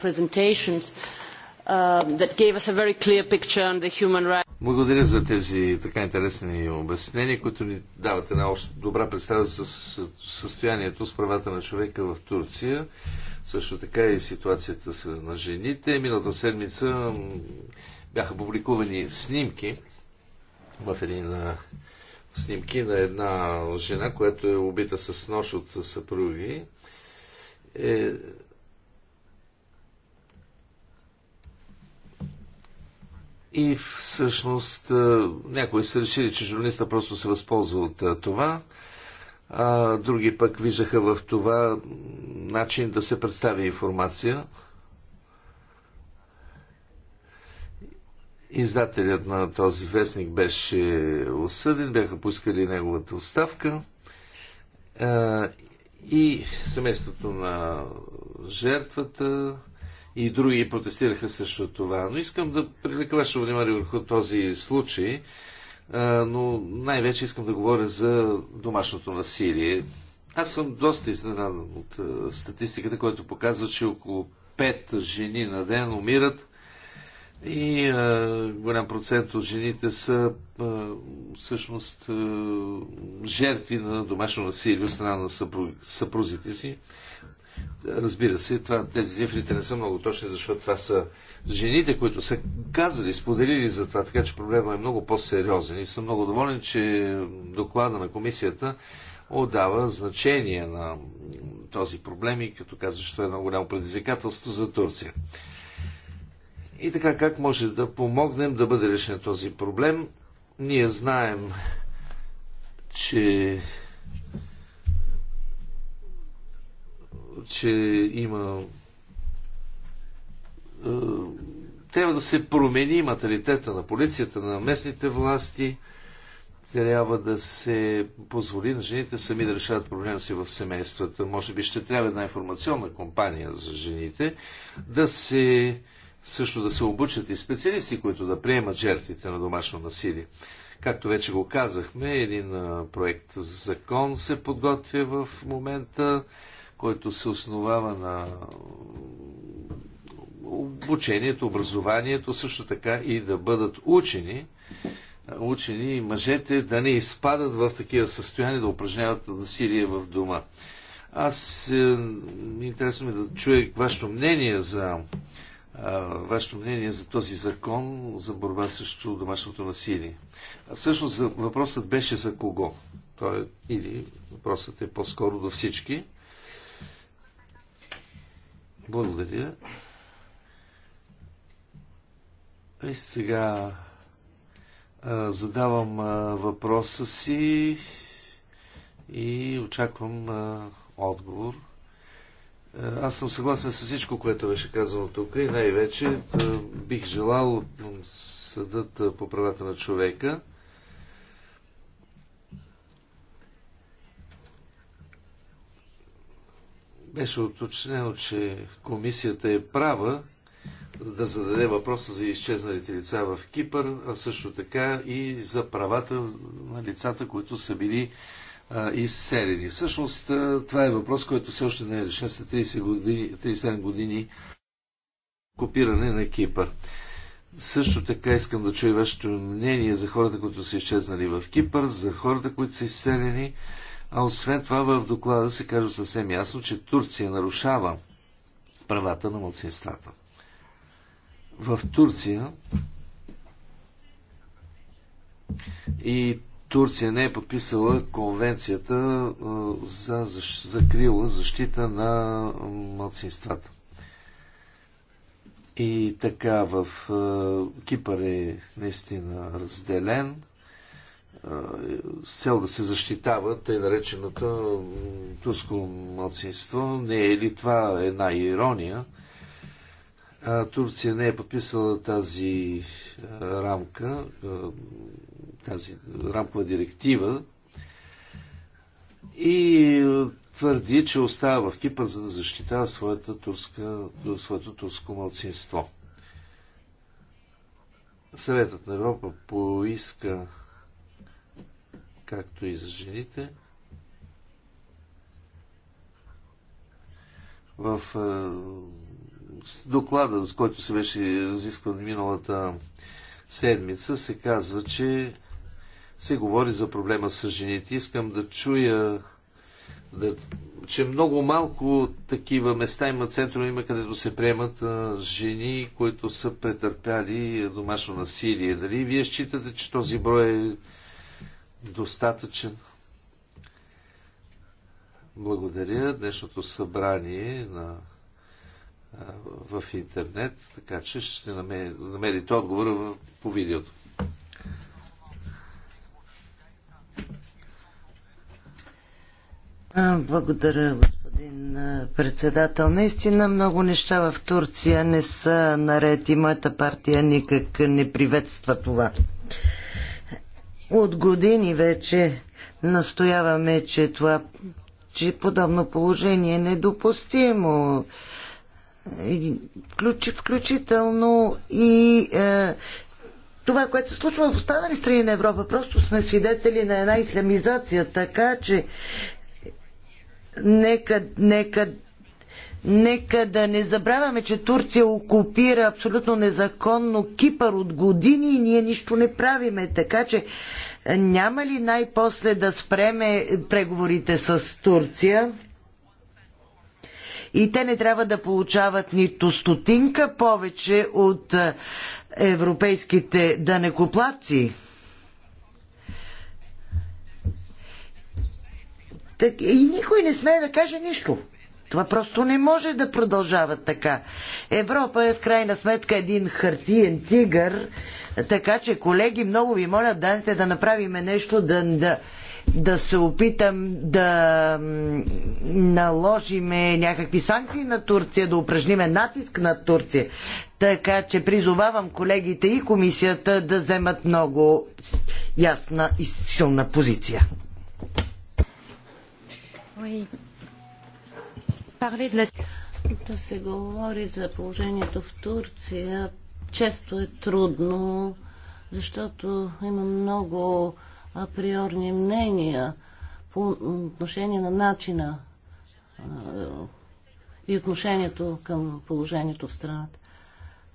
Благодаря за тези така интересни обяснения, които ни дават една още добра представа за състоянието с правата на човека в Турция. Също така и ситуацията на жените. Миналата седмица бяха публикувани снимки в един на снимки на една жена, която е убита с нож от съпруги. Е, И всъщност някои са решили, че журналиста просто се възползва от това, а други пък виждаха в това начин да се представи информация. Издателят на този вестник беше осъден, бяха поискали неговата оставка и семейството на жертвата и други протестираха също това. Но искам да привлека ваше внимание върху този случай, но най-вече искам да говоря за домашното насилие. Аз съм доста изненадан от статистиката, която показва, че около 5 жени на ден умират и голям процент от жените са всъщност жертви на домашно насилие от страна на съпрузите си. Разбира се, това, тези цифрите не са много точни, защото това са жените, които са казали, споделили за това, така че проблема е много по-сериозен и съм много доволен, че доклада на комисията отдава значение на този проблем и като казва, че това е едно голямо предизвикателство за Турция. И така, как може да помогнем да бъде решен този проблем? Ние знаем, че че има е, трябва да се промени маталитета на полицията, на местните власти. Трябва да се позволи на жените сами да решават проблема си в семействата. Може би ще трябва една информационна компания за жените, да се също да се обучат и специалисти, които да приемат жертвите на домашно насилие. Както вече го казахме, един проект за закон се подготвя в момента който се основава на обучението, образованието, също така и да бъдат учени, учени и мъжете да не изпадат в такива състояния, да упражняват насилие в дома. Аз е, интересно ми е да чуя вашето мнение за вашето мнение за този закон за борба срещу домашното насилие. А всъщност въпросът беше за кого. Той, е, или въпросът е по-скоро до всички. Благодаря. И сега а, задавам а, въпроса си и очаквам а, отговор. Аз съм съгласен с всичко, което беше казано тук и най-вече бих желал съдът по правата на човека Беше уточнено, че комисията е права да зададе въпроса за изчезналите лица в Кипър, а също така и за правата на лицата, които са били изселени. Всъщност това е въпрос, който все още не е решен след 30 години, 37 години копиране на Кипър. Също така искам да чуя вашето мнение за хората, които са изчезнали в Кипър, за хората, които са изселени а освен това в доклада се казва съвсем ясно, че Турция нарушава правата на младсинствата. В Турция и Турция не е подписала конвенцията за закрила защита на младсинствата. И така в Кипър е наистина разделен с цел да се защитава тъй нареченото турско младсинство. Не е ли това една ирония? А, Турция не е подписала тази рамка, тази рамкова директива и твърди, че остава в Кипър, за да защитава своята турска, своето турско младсинство. Съветът на Европа поиска както и за жените. В е, доклада, с който се беше разискван миналата седмица, се казва, че се говори за проблема с жените. Искам да чуя, да, че много малко такива места има, центрове има, където се приемат а, е, жени, които са претърпяли домашно насилие. Дали вие считате, че този брой е достатъчен. Благодаря днешното събрание на, в интернет, така че ще намерите, намерите отговора по видеото. Благодаря, господин председател. Наистина много неща в Турция не са наред и моята партия никак не приветства това. От години вече настояваме, че това че подобно положение е недопустимо. Включи, включително и е, това, което се случва в останали страни на Европа. Просто сме свидетели на една ислямизация, така че нека, нека Нека да не забравяме, че Турция окупира абсолютно незаконно Кипър от години и ние нищо не правиме. Така че е, няма ли най-после да спреме преговорите с Турция? И те не трябва да получават нито стотинка повече от е, европейските данекоплаци. и никой не смее да каже нищо. Това просто не може да продължава така. Европа е в крайна сметка един хартиен тигър, така че, колеги, много ви моля, дайте да направиме нещо, да, да, да се опитам да наложиме някакви санкции на Турция, да упражниме натиск на Турция. Така че призовавам колегите и комисията да вземат много ясна и силна позиция. Oui. Да се говори за положението в Турция често е трудно, защото има много априорни мнения по отношение на начина и отношението към положението в страната.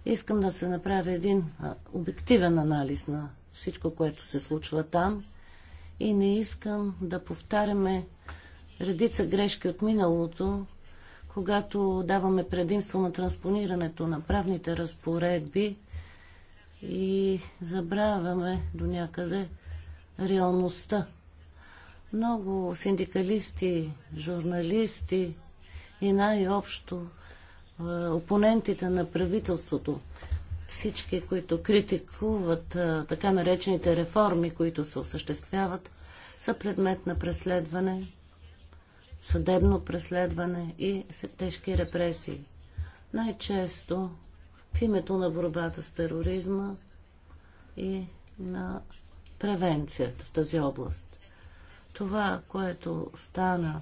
Искам да се направя един обективен анализ на всичко, което се случва там и не искам да повтаряме редица грешки от миналото, когато даваме предимство на транспонирането на правните разпоредби и забравяме до някъде реалността. Много синдикалисти, журналисти и най-общо опонентите на правителството, всички, които критикуват така наречените реформи, които се осъществяват, са предмет на преследване съдебно преследване и тежки репресии. Най-често в името на борбата с тероризма и на превенцията в тази област. Това, което стана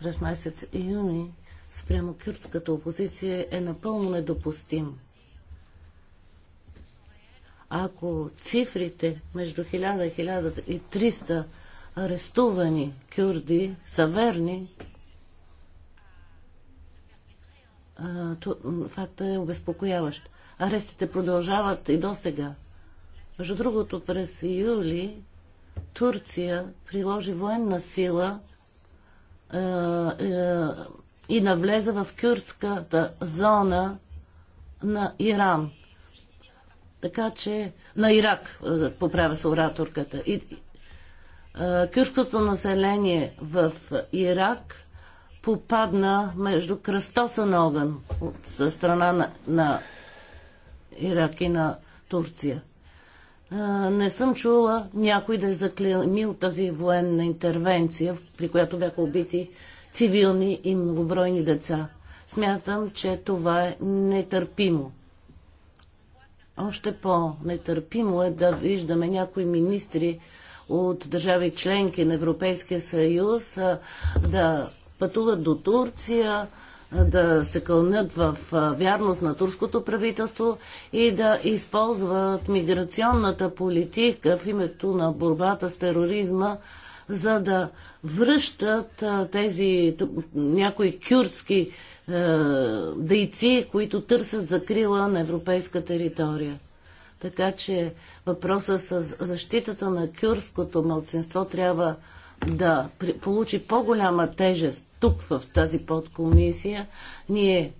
през месец юни спрямо кюртската опозиция е напълно недопустим. Ако цифрите между 1000 и 1300 арестувани кюрди са верни, факта е обезпокояващ. Арестите продължават и до сега. Между другото, през юли Турция приложи военна сила и навлезе в кюрдската зона на Иран. Така че на Ирак, поправя се ораторката. И, кюрското население в Ирак попадна между кръстоса на огън от страна на, на Ирак и на Турция. Не съм чула някой да е заклемил тази военна интервенция, при която бяха убити цивилни и многобройни деца. Смятам, че това е нетърпимо. Още по-нетърпимо е да виждаме някои министри, от държави членки на Европейския съюз да пътуват до Турция, да се кълнат в вярност на турското правителство и да използват миграционната политика в името на борбата с тероризма, за да връщат тези някои кюртски дейци, които търсят закрила на европейска територия. Така че въпроса с защитата на кюрското мълцинство трябва да получи по-голяма тежест тук в тази подкомисия. Ние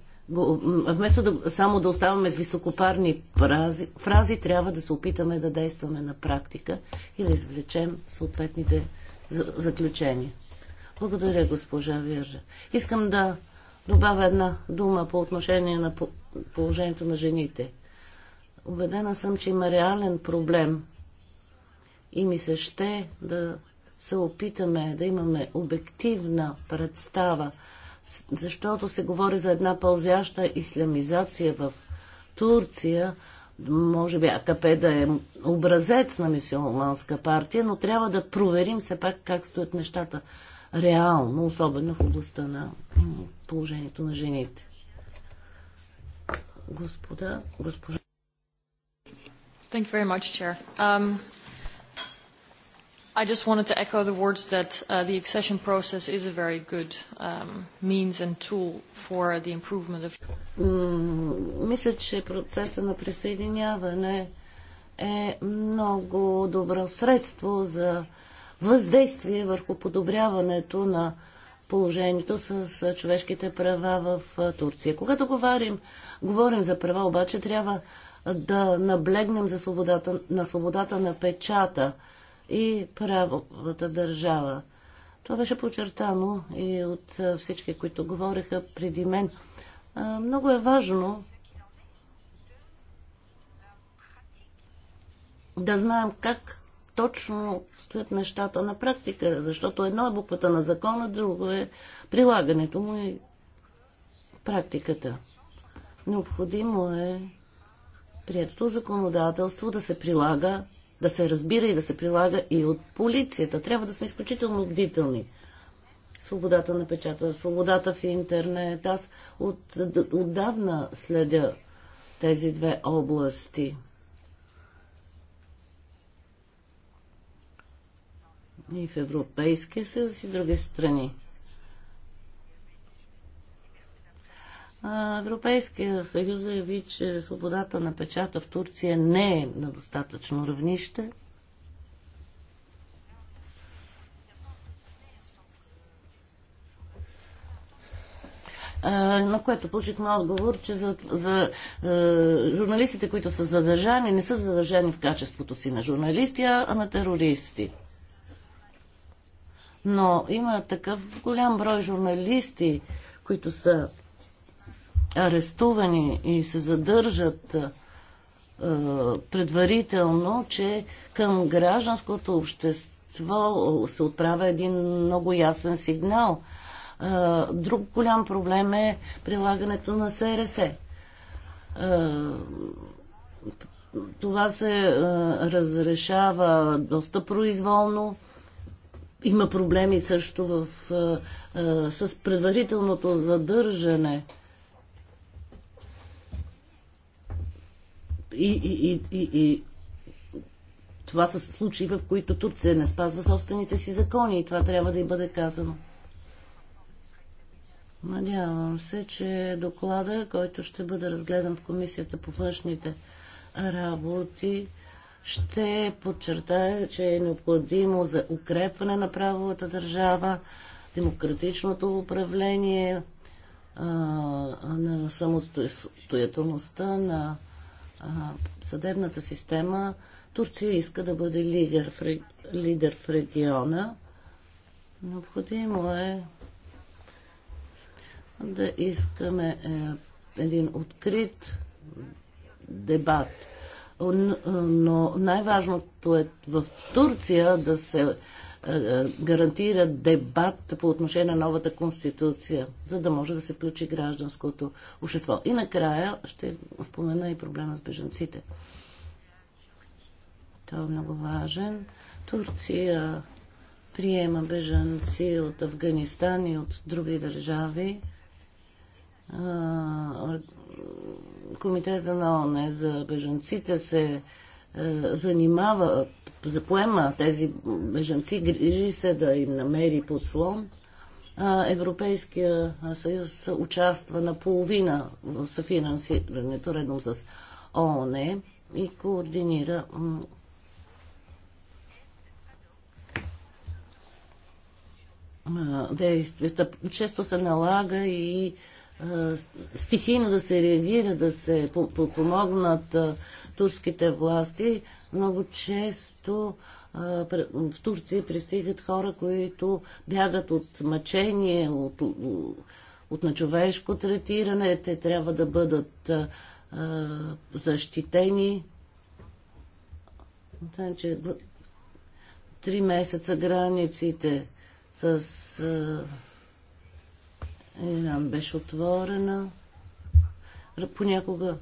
вместо да, само да оставаме с високопарни фрази, фрази, трябва да се опитаме да действаме на практика и да извлечем съответните заключения. Благодаря, госпожа Виржа. Искам да добавя една дума по отношение на положението на жените. Убедена съм, че има реален проблем и ми се ще да се опитаме да имаме обективна представа, защото се говори за една пълзяща ислямизация в Турция, може би АКП да е образец на мисиоманска партия, но трябва да проверим все пак как стоят нещата реално, особено в областта на положението на жените. Господа, госпожа. Thank you very much, Chair. Um, I just wanted to echo the words that uh, the accession process is a very good um, means and tool for the improvement of... Мисля, че процеса на присъединяване е много добро средство за въздействие върху подобряването на положението с човешките права в Турция. Когато говорим, говорим за права, обаче трябва да наблегнем за свободата, на свободата на печата и правовата държава. Това беше подчертано и от всички, които говориха преди мен. Много е важно да знаем как точно стоят нещата на практика, защото едно е буквата на закона, друго е прилагането му и практиката. Необходимо е приетото законодателство да се прилага, да се разбира и да се прилага и от полицията. Трябва да сме изключително бдителни. Свободата на печата, свободата в интернет. Аз от, отдавна следя тези две области. И в Европейския съюз и в други страни. Европейския съюз заяви, че свободата на печата в Турция не е на достатъчно равнище. на което получихме отговор, че за, за е, журналистите, които са задържани, не са задържани в качеството си на журналисти, а на терористи. Но има такъв голям брой журналисти, които са арестувани и се задържат е, предварително, че към гражданското общество се отправя един много ясен сигнал. Е, друг голям проблем е прилагането на СРС. Е, това се разрешава доста произволно има проблеми също в, е, с предварителното задържане. и, и, и, и това са случаи, в които Турция не спазва собствените си закони и това трябва да им бъде казано. Надявам се, че доклада, който ще бъде разгледан в Комисията по външните работи, ще подчертая, че е необходимо за укрепване на правовата държава, демократичното управление, на самостоятелността на съдебната система, Турция иска да бъде лидер в, лидер в региона. Необходимо е да искаме е, един открит дебат. Но най-важното е в Турция да се е, е, гарантира дебат по отношение на новата конституция, за да може да се включи гражданското общество. И накрая ще спомена и проблема с бежанците. Той е много важен. Турция приема бежанци от Афганистан и от други държави. Е, комитета на ОНЕ за бежанците се занимава запоема тези бежанци, грижи се да им намери подслон. Европейския съюз участва половина в съфинансирането, редом с ООН и координира действията. Често се налага и стихийно да се реагира, да се помогнат турските власти. Много често в Турция пристигат хора, които бягат от мъчение, от, от човешко третиране. Те трябва да бъдат защитени. Значи, три месеца границите с а, Иран беше отворена. Понякога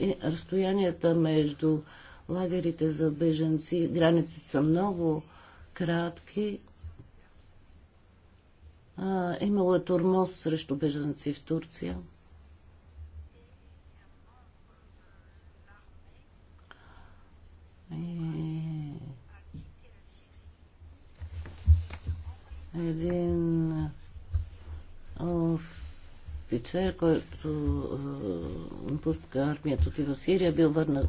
е, разстоянията между лагерите за беженци, границите са много кратки. А, имало е турмоз срещу беженци в Турция. И... Един... Оф офицер, който напуска армията, отива в Сирия, бил върнат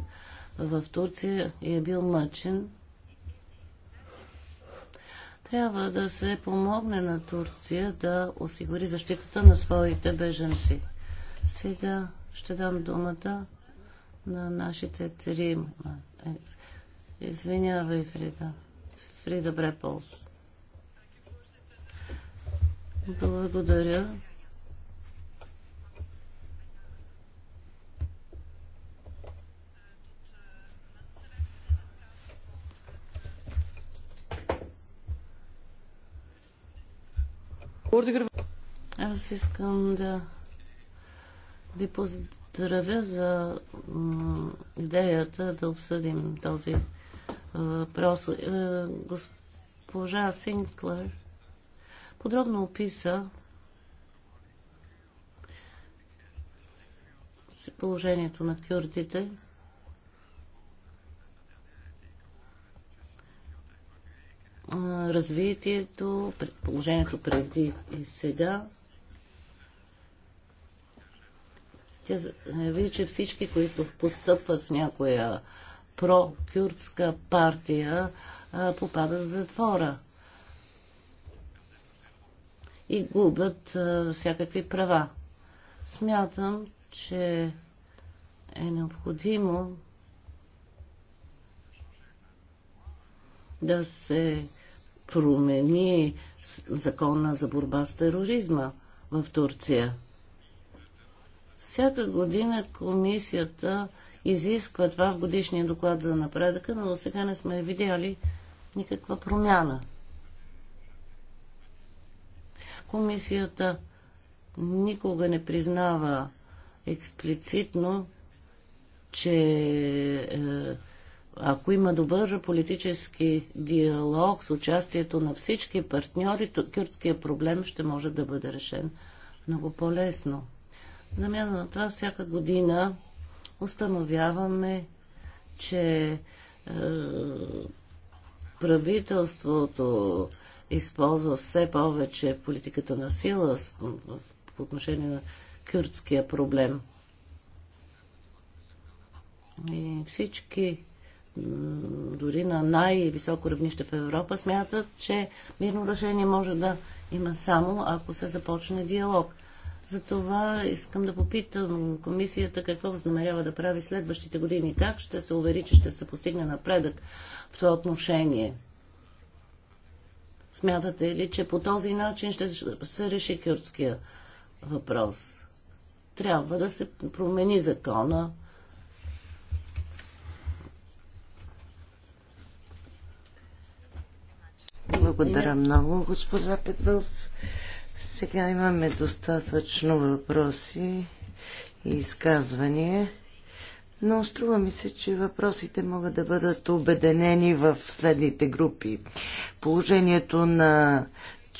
в Турция и е бил мъчен. Трябва да се помогне на Турция да осигури защитата на своите беженци. Сега ще дам думата на нашите три. Е, извинявай, Фрида. Фрида Бреполс. Благодаря. Аз искам да ви поздравя за идеята да обсъдим този въпрос. Е, госпожа Синклер подробно описа положението на кюрдите развитието, положението преди и сега. Тя заяви, е, че всички, които постъпват в някоя про-кюрдска партия, попадат в затвора и губят всякакви права. Смятам, че е необходимо да се промени закона за борба с тероризма в Турция. Всяка година комисията изисква това в годишния доклад за напредъка, но до сега не сме видяли никаква промяна. Комисията никога не признава експлицитно, че е, ако има добър политически диалог с участието на всички партньори, кюртския проблем ще може да бъде решен много по-лесно. Замяна на това всяка година установяваме, че е, правителството използва все повече политиката на сила по отношение на кюртския проблем. И всички дори на най-високо равнище в Европа, смятат, че мирно решение може да има само ако се започне диалог. Затова искам да попитам комисията какво възнамерява да прави следващите години. Как ще се увери, че ще се постигне напредък в това отношение? Смятате ли, че по този начин ще се реши кюртския въпрос? Трябва да се промени закона, Благодаря много, госпожа Петвелс. Сега имаме достатъчно въпроси и изказвания, но струва ми се, че въпросите могат да бъдат обеденени в следните групи. Положението на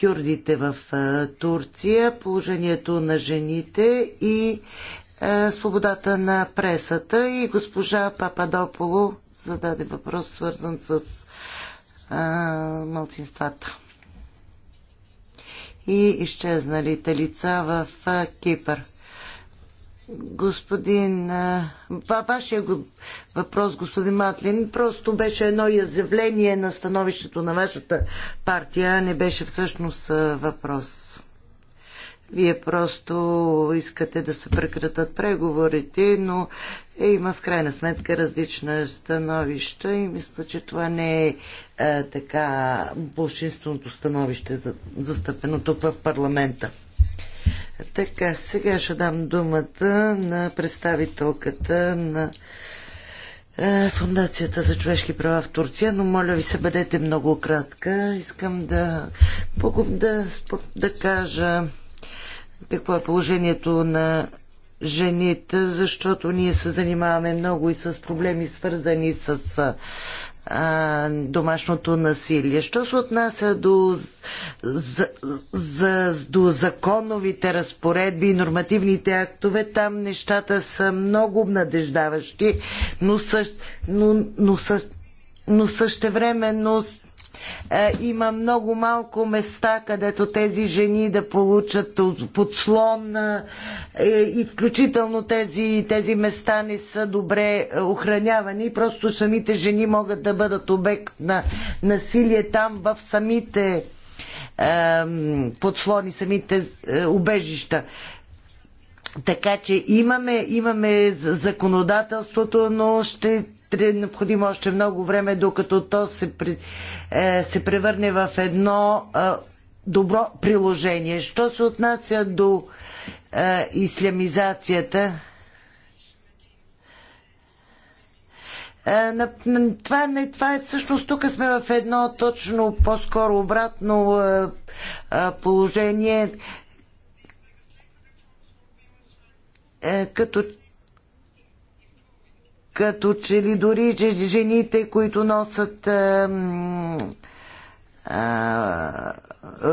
кюрдите в Турция, положението на жените и е, свободата на пресата. И госпожа Пападополо зададе въпрос, свързан с а мълцинствата и изчезналите лица в Кипър. Господин, вашия въпрос, господин Матлин, просто беше едно изявление на становището на вашата партия, не беше всъщност въпрос. Вие просто искате да се прекратат преговорите, но е, има в крайна сметка различна становища и мисля, че това не е, е така большинственото становище, застъпено тук в парламента. Така, сега ще дам думата на представителката на е, Фундацията за човешки права в Турция, но моля ви се бъдете много кратка. Искам да, да, да кажа какво е положението на жените, защото ние се занимаваме много и с проблеми, свързани с а, домашното насилие. Що се отнася до, за, за, до законовите разпоредби и нормативните актове, там нещата са много обнадеждаващи, но, същ, но, но, същ, но същевременно е, има много малко места, където тези жени да получат подслон е, и включително тези, тези места не са добре е, охранявани. Просто самите жени могат да бъдат обект на насилие там в самите подслони, самите убежища. Така че имаме, имаме законодателството, но ще е необходимо още много време, докато то се, е, се превърне в едно е, добро приложение. Що се отнася до е, ислямизацията, това, не, това е всъщност тук сме в едно точно по-скоро обратно положение. Като като че ли дори жените, които носят а, а,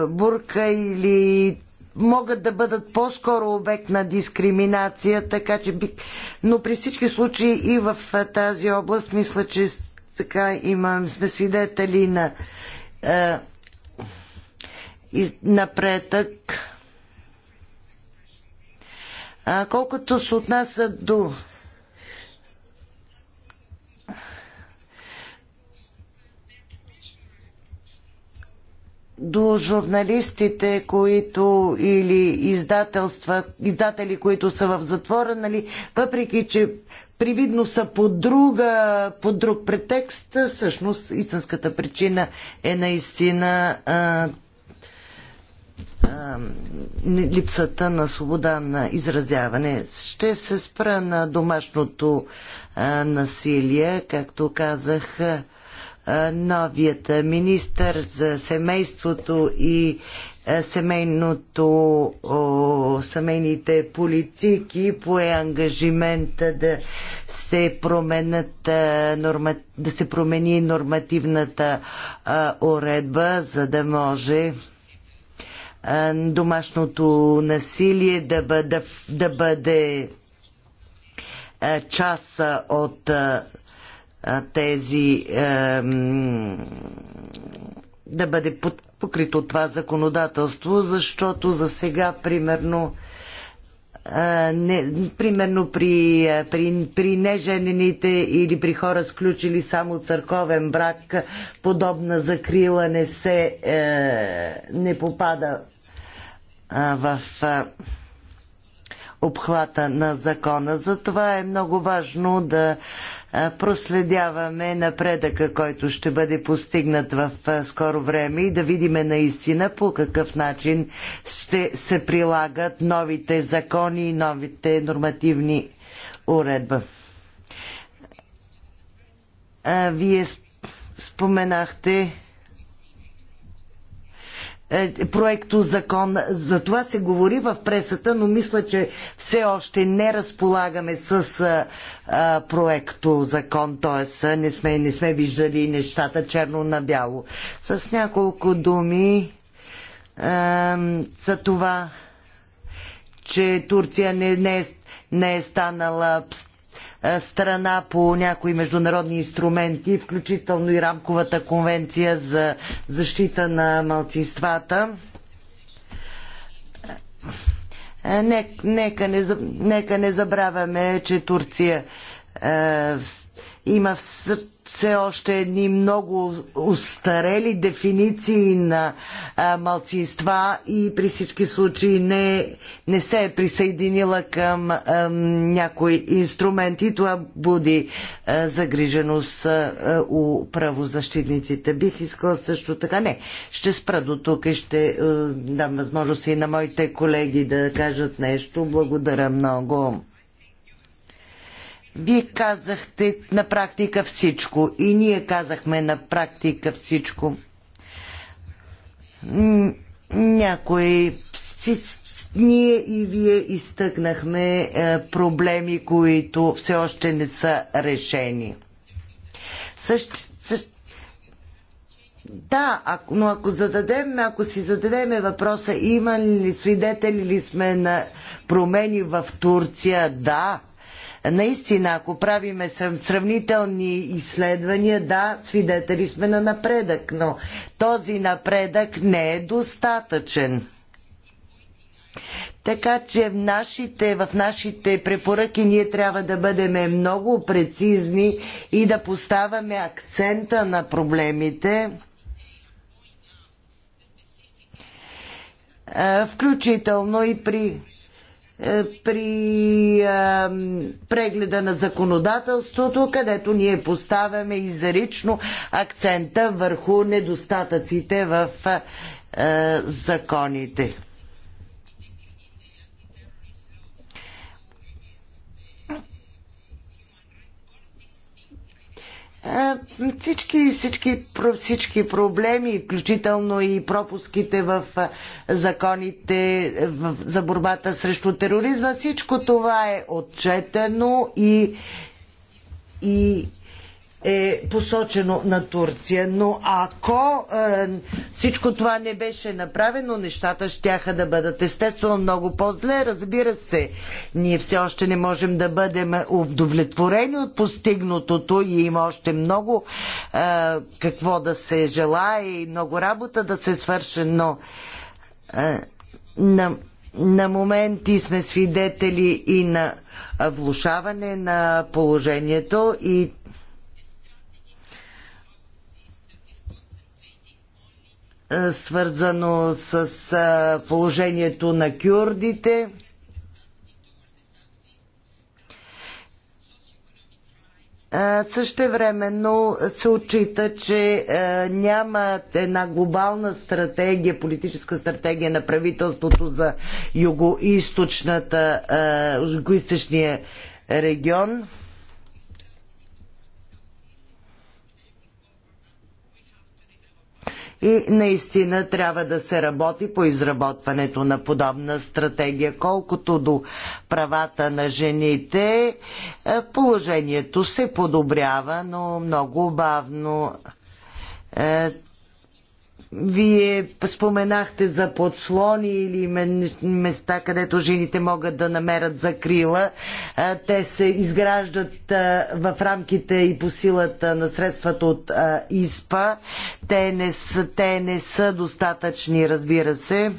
бурка или могат да бъдат по-скоро обект на дискриминация, така че би... Но при всички случаи и в тази област мисля, че така имам, сме свидетели на е, напретък. А, колкото се отнася до до журналистите, които или издателства, издатели, които са в затвора, нали, въпреки че привидно са по, друга, по друг претекст, всъщност истинската причина е наистина а, а, липсата на свобода на изразяване. Ще се спра на домашното а, насилие, както казах. А, новият министър за семейството и семейното, семейните политики пое ангажимента да се променят да се промени нормативната уредба, за да може домашното насилие да бъде, да бъде част от тези да бъде покрито това законодателство, защото за сега, примерно, не, примерно при, при, при неженените или при хора сключили само църковен брак, подобна закрила не се е, не попада в обхвата на закона. Затова е много важно да проследяваме напредъка, който ще бъде постигнат в скоро време и да видим наистина по какъв начин ще се прилагат новите закони и новите нормативни уредба. Вие споменахте е, проекто закон. За това се говори в пресата, но мисля, че все още не разполагаме с е, е, проекто закон, т.е. Не сме, не сме виждали нещата черно на бяло. С няколко думи за това, че Турция не, не, е, не е станала е, страна по някои международни инструменти, включително и рамковата конвенция за защита на малцинствата. Е, е, нека не, нека не забравяме, че Турция има все още едни много устарели дефиниции на а, малцинства и при всички случаи не, не се е присъединила към а, инструмент и Това буди а, загриженост а, у правозащитниците. Бих искала също така. Не, ще спра до тук и ще а, дам възможност и на моите колеги да кажат нещо. Благодаря много. Вие казахте на практика всичко и ние казахме на практика всичко. Някои ние и вие изтъкнахме е, проблеми, които все още не са решени. Също, Да, ако, но ако зададем, ако си зададеме въпроса, има ли свидетели ли сме на промени в Турция? Да, Наистина, ако правиме сравнителни изследвания, да, свидетели сме на напредък, но този напредък не е достатъчен. Така че в нашите, в нашите препоръки ние трябва да бъдем много прецизни и да поставяме акцента на проблемите. Е, включително и при е, при е, прегледа на законодателството, където ние поставяме изрично акцента върху недостатъците в е, законите. Е, всички, всички, всички проблеми, включително и пропуските в е, законите за борбата срещу тероризма, всичко това е отчетено и, и е посочено на Турция. Но ако е, всичко това не беше направено, нещата щяха да бъдат естествено много по-зле. Разбира се, ние все още не можем да бъдем удовлетворени от постигнатото и има още много е, какво да се желае и много работа да се свърши, но е, на на моменти сме свидетели и на влушаване на положението и Е, свързано с е, положението на кюрдите. Е, същевременно се отчита, че няма една глобална стратегия, политическа стратегия на правителството за юго-источния регион. и наистина трябва да се работи по изработването на подобна стратегия. Колкото до правата на жените, е, положението се подобрява, но много бавно е, вие споменахте за подслони или места, където жените могат да намерят закрила. Те се изграждат в рамките и по силата на средствата от ИСПА. Те не са, те не са достатъчни, разбира се.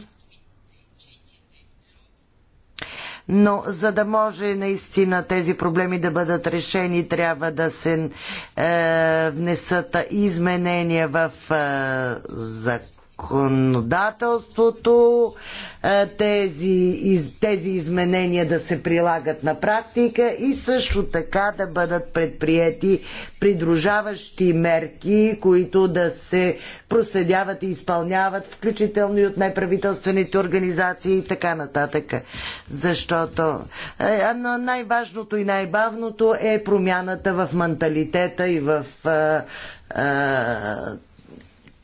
но за да може наистина тези проблеми да бъдат решени, трябва да се е, внесат изменения в е, закон законодателството, е, тези, тези изменения да се прилагат на практика и също така да бъдат предприяти придружаващи мерки, които да се проследяват и изпълняват, включително и от неправителствените организации и така нататък. Защото е, най-важното и най-бавното е промяната в менталитета и в а, е, а,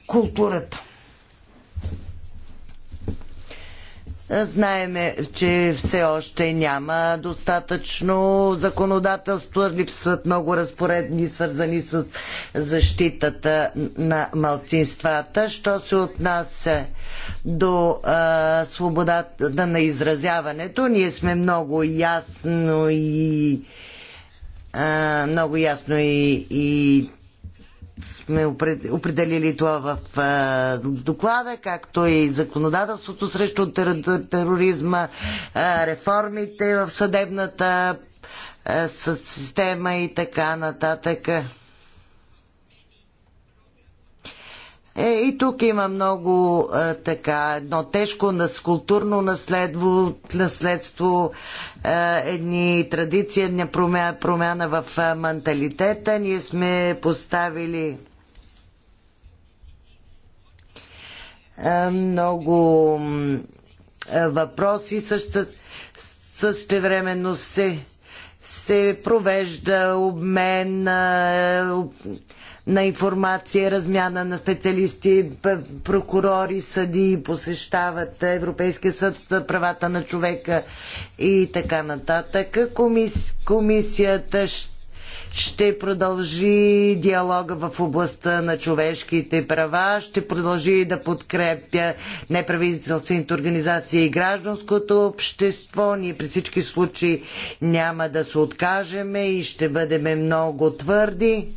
културата. Е, знаеме, че все още няма достатъчно законодателство, липсват много разпоредни, свързани с защитата на малцинствата. Що се отнася до а, е, свободата на изразяването, ние сме много ясно и а, е, много ясно и, и сме определили това в доклада, както и законодателството срещу тероризма, реформите в съдебната система и така нататък. Е, и тук има много е, така, едно тежко нас, културно наследство, наследство е, едни традиции, една промя, промяна в е, менталитета. Ние сме поставили е, много е, въпроси. Също, същевременно се, се провежда обмен. Е, на информация, размяна на специалисти, прокурори, съди, посещават Европейския съд за правата на човека и така нататък. Комис... Комисията ще продължи диалога в областта на човешките права, ще продължи да подкрепя неправителствените организации и гражданското общество. Ние при всички случаи няма да се откажеме и ще бъдем много твърди,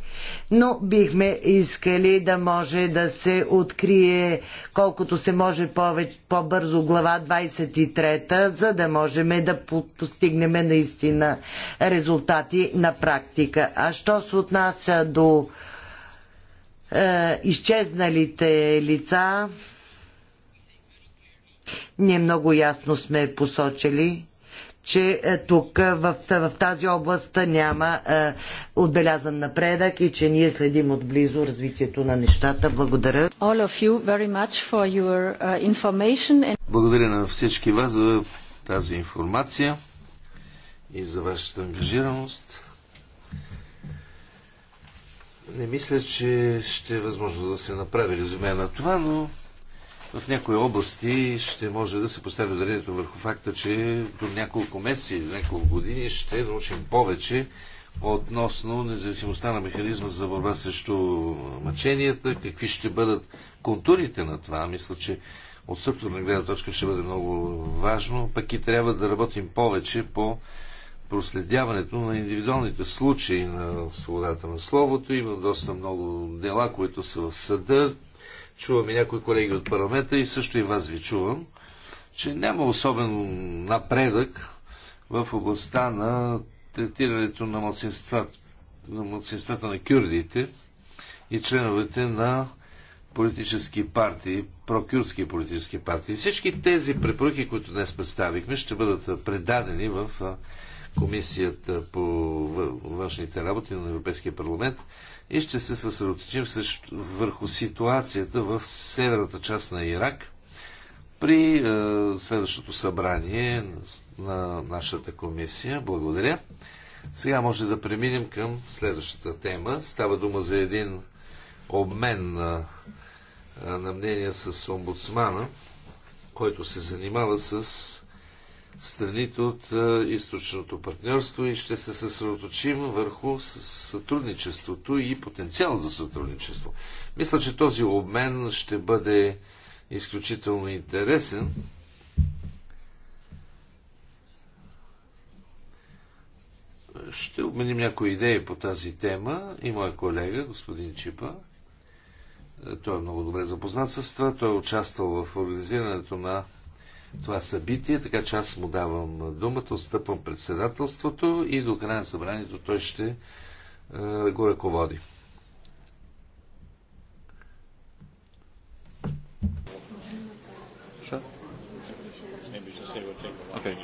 но бихме искали да може да се открие колкото се може повече, по-бързо глава 23, за да можем да постигнем наистина резултати на практика. А що се отнася до е, изчезналите лица, ние много ясно сме посочили, че е, тук е, в, е, в тази област няма е, отбелязан напредък и че ние следим отблизо развитието на нещата. Благодаря. Е, and... Благодаря на всички вас за тази информация и за вашата ангажираност. Не мисля, че ще е възможно да се направи резюме на това, но в някои области ще може да се постави ударението върху факта, че до няколко месеци, до няколко години ще научим повече относно независимостта на механизма за борба срещу мъченията, какви ще бъдат контурите на това. Мисля, че от структурна гледна точка ще бъде много важно, пък и трябва да работим повече по проследяването на индивидуалните случаи на свободата на словото. Има доста много дела, които са в съда. Чуваме някои колеги от парламента и също и вас ви чувам, че няма особен напредък в областта на третирането на младсинствата на, младсинствата на кюрдите и членовете на политически партии, прокюрски политически партии. Всички тези препоръки, които днес представихме, ще бъдат предадени в Комисията по външните работи на Европейския парламент и ще се съсредоточим също върху ситуацията в северната част на Ирак при е, следващото събрание на нашата комисия. Благодаря. Сега може да преминем към следващата тема. Става дума за един обмен на, е, на мнения с омбудсмана, който се занимава с страните от източното партньорство и ще се съсредоточим върху сътрудничеството и потенциал за сътрудничество. Мисля, че този обмен ще бъде изключително интересен. Ще обменим някои идеи по тази тема и моя колега, господин Чипа. Той е много добре запознат с това. Той е участвал в организирането на това събитие, така че аз му давам думата, отстъпвам председателството и до края на събранието той ще е, го ръководи. Okay.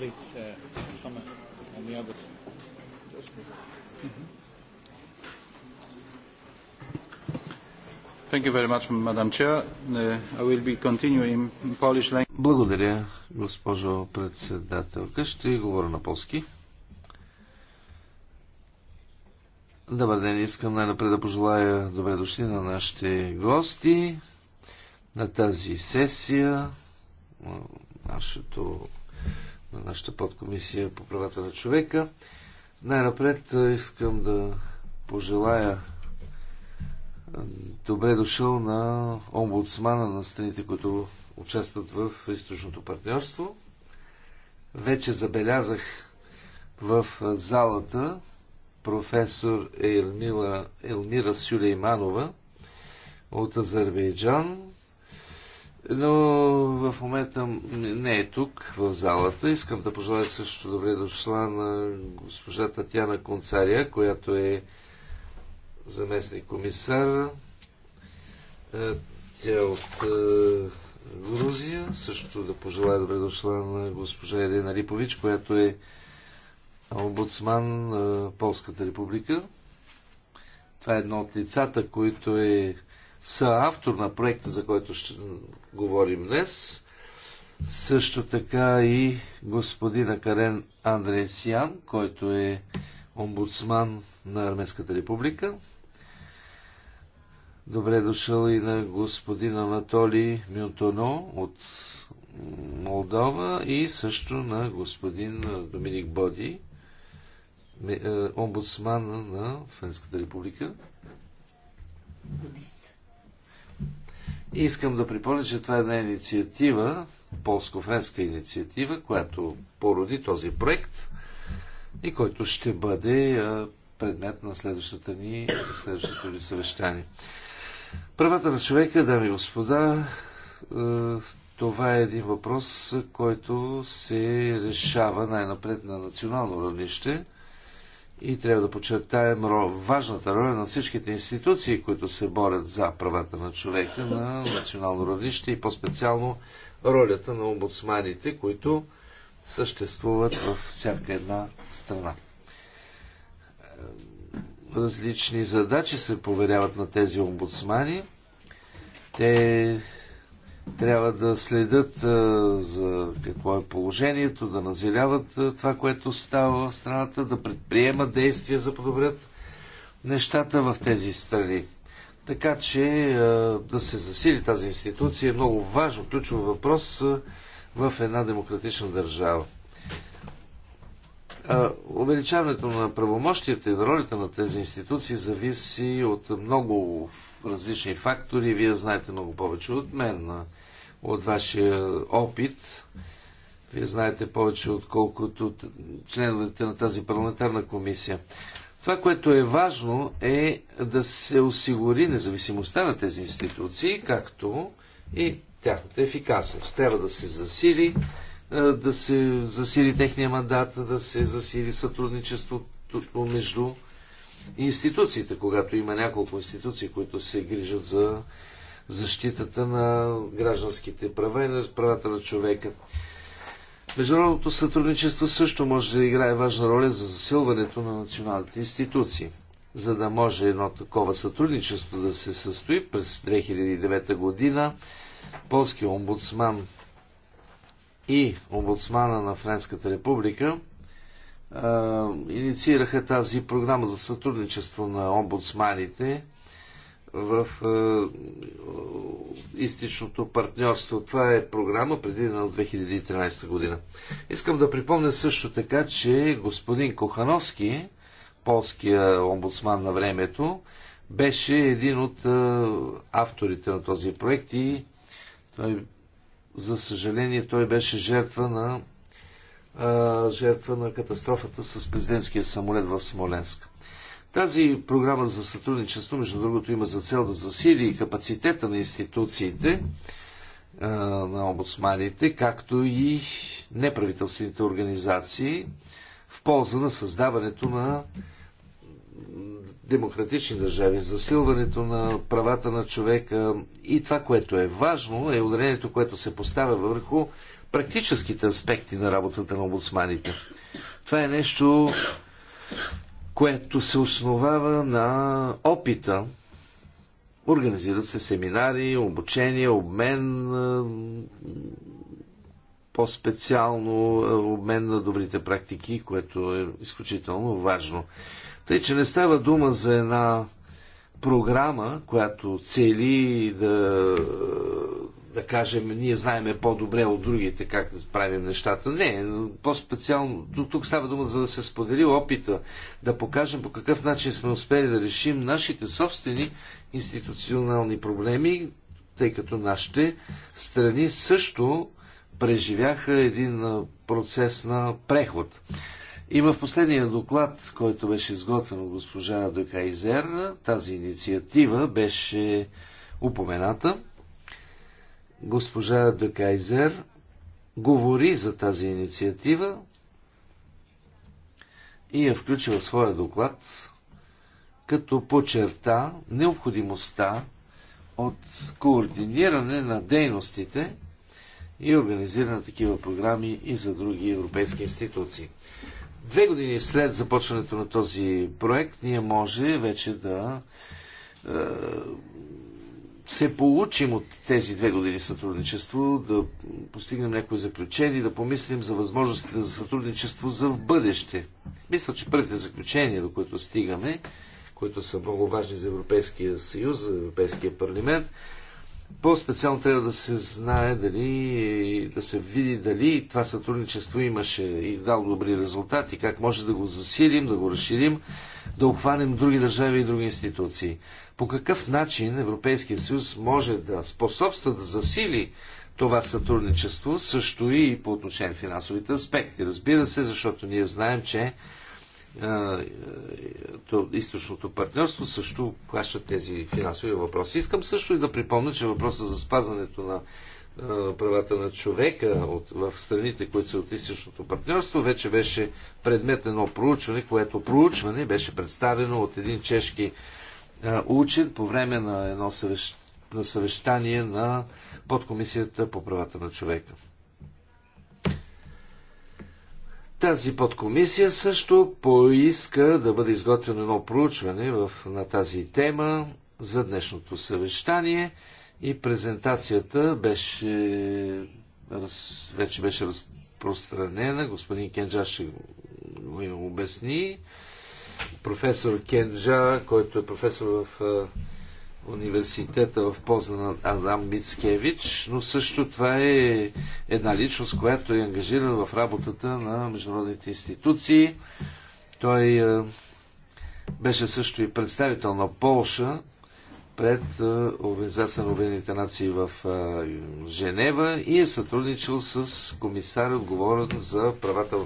complete uh, the others. Thank you very much, Madam Chair. Uh, I will be continuing in Polish language. Благодаря, госпожо председателка. Ще говоря на полски. Добър ден, искам най-напред да пожелая добре дошли на нашите гости на тази сесия, нашето на нашата подкомисия по правата на човека. Най-напред искам да пожелая добре дошъл на омбудсмана на страните, които участват в източното партньорство. Вече забелязах в залата професор Елмира, Елмира Сюлейманова от Азербайджан, но в момента не е тук в залата. Искам да пожелая също добре дошла на госпожа Татьяна Концария, която е заместник комисар. Е, тя е от е, Грузия. Също да пожелая добре дошла на госпожа Елена Липович, която е омбудсман на е, Полската република. Това е едно от лицата, които е съавтор на проекта, за който ще говорим днес. Също така и господина Карен Андресян, който е омбудсман на Армейската република. Добре дошъл и на господин Анатолий Мютоно от Молдова и също на господин Доминик Боди, е, омбудсман на Френската република. Yes. Искам да припомня, че това е една инициатива, полско-френска инициатива, която породи този проект и който ще бъде предмет на следващата ни, следващото ни съвещание. Правата на човека, дами и господа, това е един въпрос, който се решава най-напред на национално равнище – и трябва да подчертаем важната роля на всичките институции, които се борят за правата на човека на национално равнище и по-специално ролята на омбудсманите, които съществуват във всяка една страна. Различни задачи се поверяват на тези омбудсмани. Те трябва да следят за какво е положението, да а, това, което става в страната, да предприемат действия за подобрят нещата в тези страни. Така че да се засили тази институция е много важно, ключов въпрос в една демократична държава. Увеличаването на правомощията и на ролята на тези институции зависи от много различни фактори. Вие знаете много повече от мен, от вашия опит. Вие знаете повече, отколкото членовете на тази парламентарна комисия. Това, което е важно, е да се осигури независимостта на тези институции, както и тяхната ефикасност. Трябва да се засили е, да се засили техния мандат, да се засили сътрудничеството между институциите, когато има няколко институции, които се грижат за защитата на гражданските права и на правата на човека. Международното сътрудничество също може да играе важна роля за засилването на националните институции. За да може едно такова сътрудничество да се състои през 2009 година, полския омбудсман и омбудсмана на Френската република а, инициираха тази програма за сътрудничество на омбудсманите в а, партньорство. Това е програма предвидена от 2013 година. Искам да припомня също така, че господин Кохановски, полския омбудсман на времето, беше един от а, авторите на този проект и той за съжаление, той беше жертва на, а, жертва на катастрофата с президентския самолет в Смоленск. Тази програма за сътрудничество, между другото, има за цел да засили и капацитета на институциите, а, на омбудсманите, както и неправителствените организации в полза на създаването на демократични държави, засилването на правата на човека и това, което е важно, е ударението, което се поставя върху практическите аспекти на работата на омбудсманите. Това е нещо, което се основава на опита. Организират се семинари, обучение, обмен, по-специално обмен на добрите практики, което е изключително важно. Тъй, че не става дума за една програма, която цели да, да кажем, ние знаеме по-добре от другите как да правим нещата. Не, по-специално, тук става дума за да се сподели опита, да покажем по какъв начин сме успели да решим нашите собствени институционални проблеми, тъй като нашите страни също преживяха един процес на преход. И в последния доклад, който беше изготвен от госпожа Декайзер, тази инициатива беше упомената. Госпожа Декайзер говори за тази инициатива и я е включи в своя доклад, като подчерта необходимостта от координиране на дейностите и организиране на такива програми и за други европейски институции. Две години след започването на този проект ние може вече да е, се получим от тези две години сътрудничество, да постигнем някои заключения, да помислим за възможностите за сътрудничество за в бъдеще. Мисля, че първите заключения, до които стигаме, които са много важни за Европейския съюз, за Европейския парламент, по-специално трябва да се знае дали, да се види дали това сътрудничество имаше и дал добри резултати, как може да го засилим, да го разширим, да обхванем други държави и други институции. По какъв начин Европейския съюз може да способства да засили това сътрудничество, също и по отношение на финансовите аспекти, разбира се, защото ние знаем, че е, източното партньорство също плаща тези финансови въпроси. Искам също и да припомня, че въпроса за спазването на правата на човека от, в страните, които са от източното партньорство, вече беше предмет едно проучване, което проучване беше представено от един чешки а, учен по време на едно съвещ... на съвещание на подкомисията по правата на човека. Тази подкомисия също поиска да бъде изготвено едно проучване в, на тази тема за днешното съвещание и презентацията беше раз, вече беше разпространена. Господин Кенджа ще го обясни. Професор Кенджа, който е професор в университета в полза на Адам Мицкевич, но също това е една личност, която е ангажирана в работата на международните институции. Той е, беше също и представител на Полша пред е, Организация на Обединените нации в е, Женева и е сътрудничал с комисар, отговорен за правата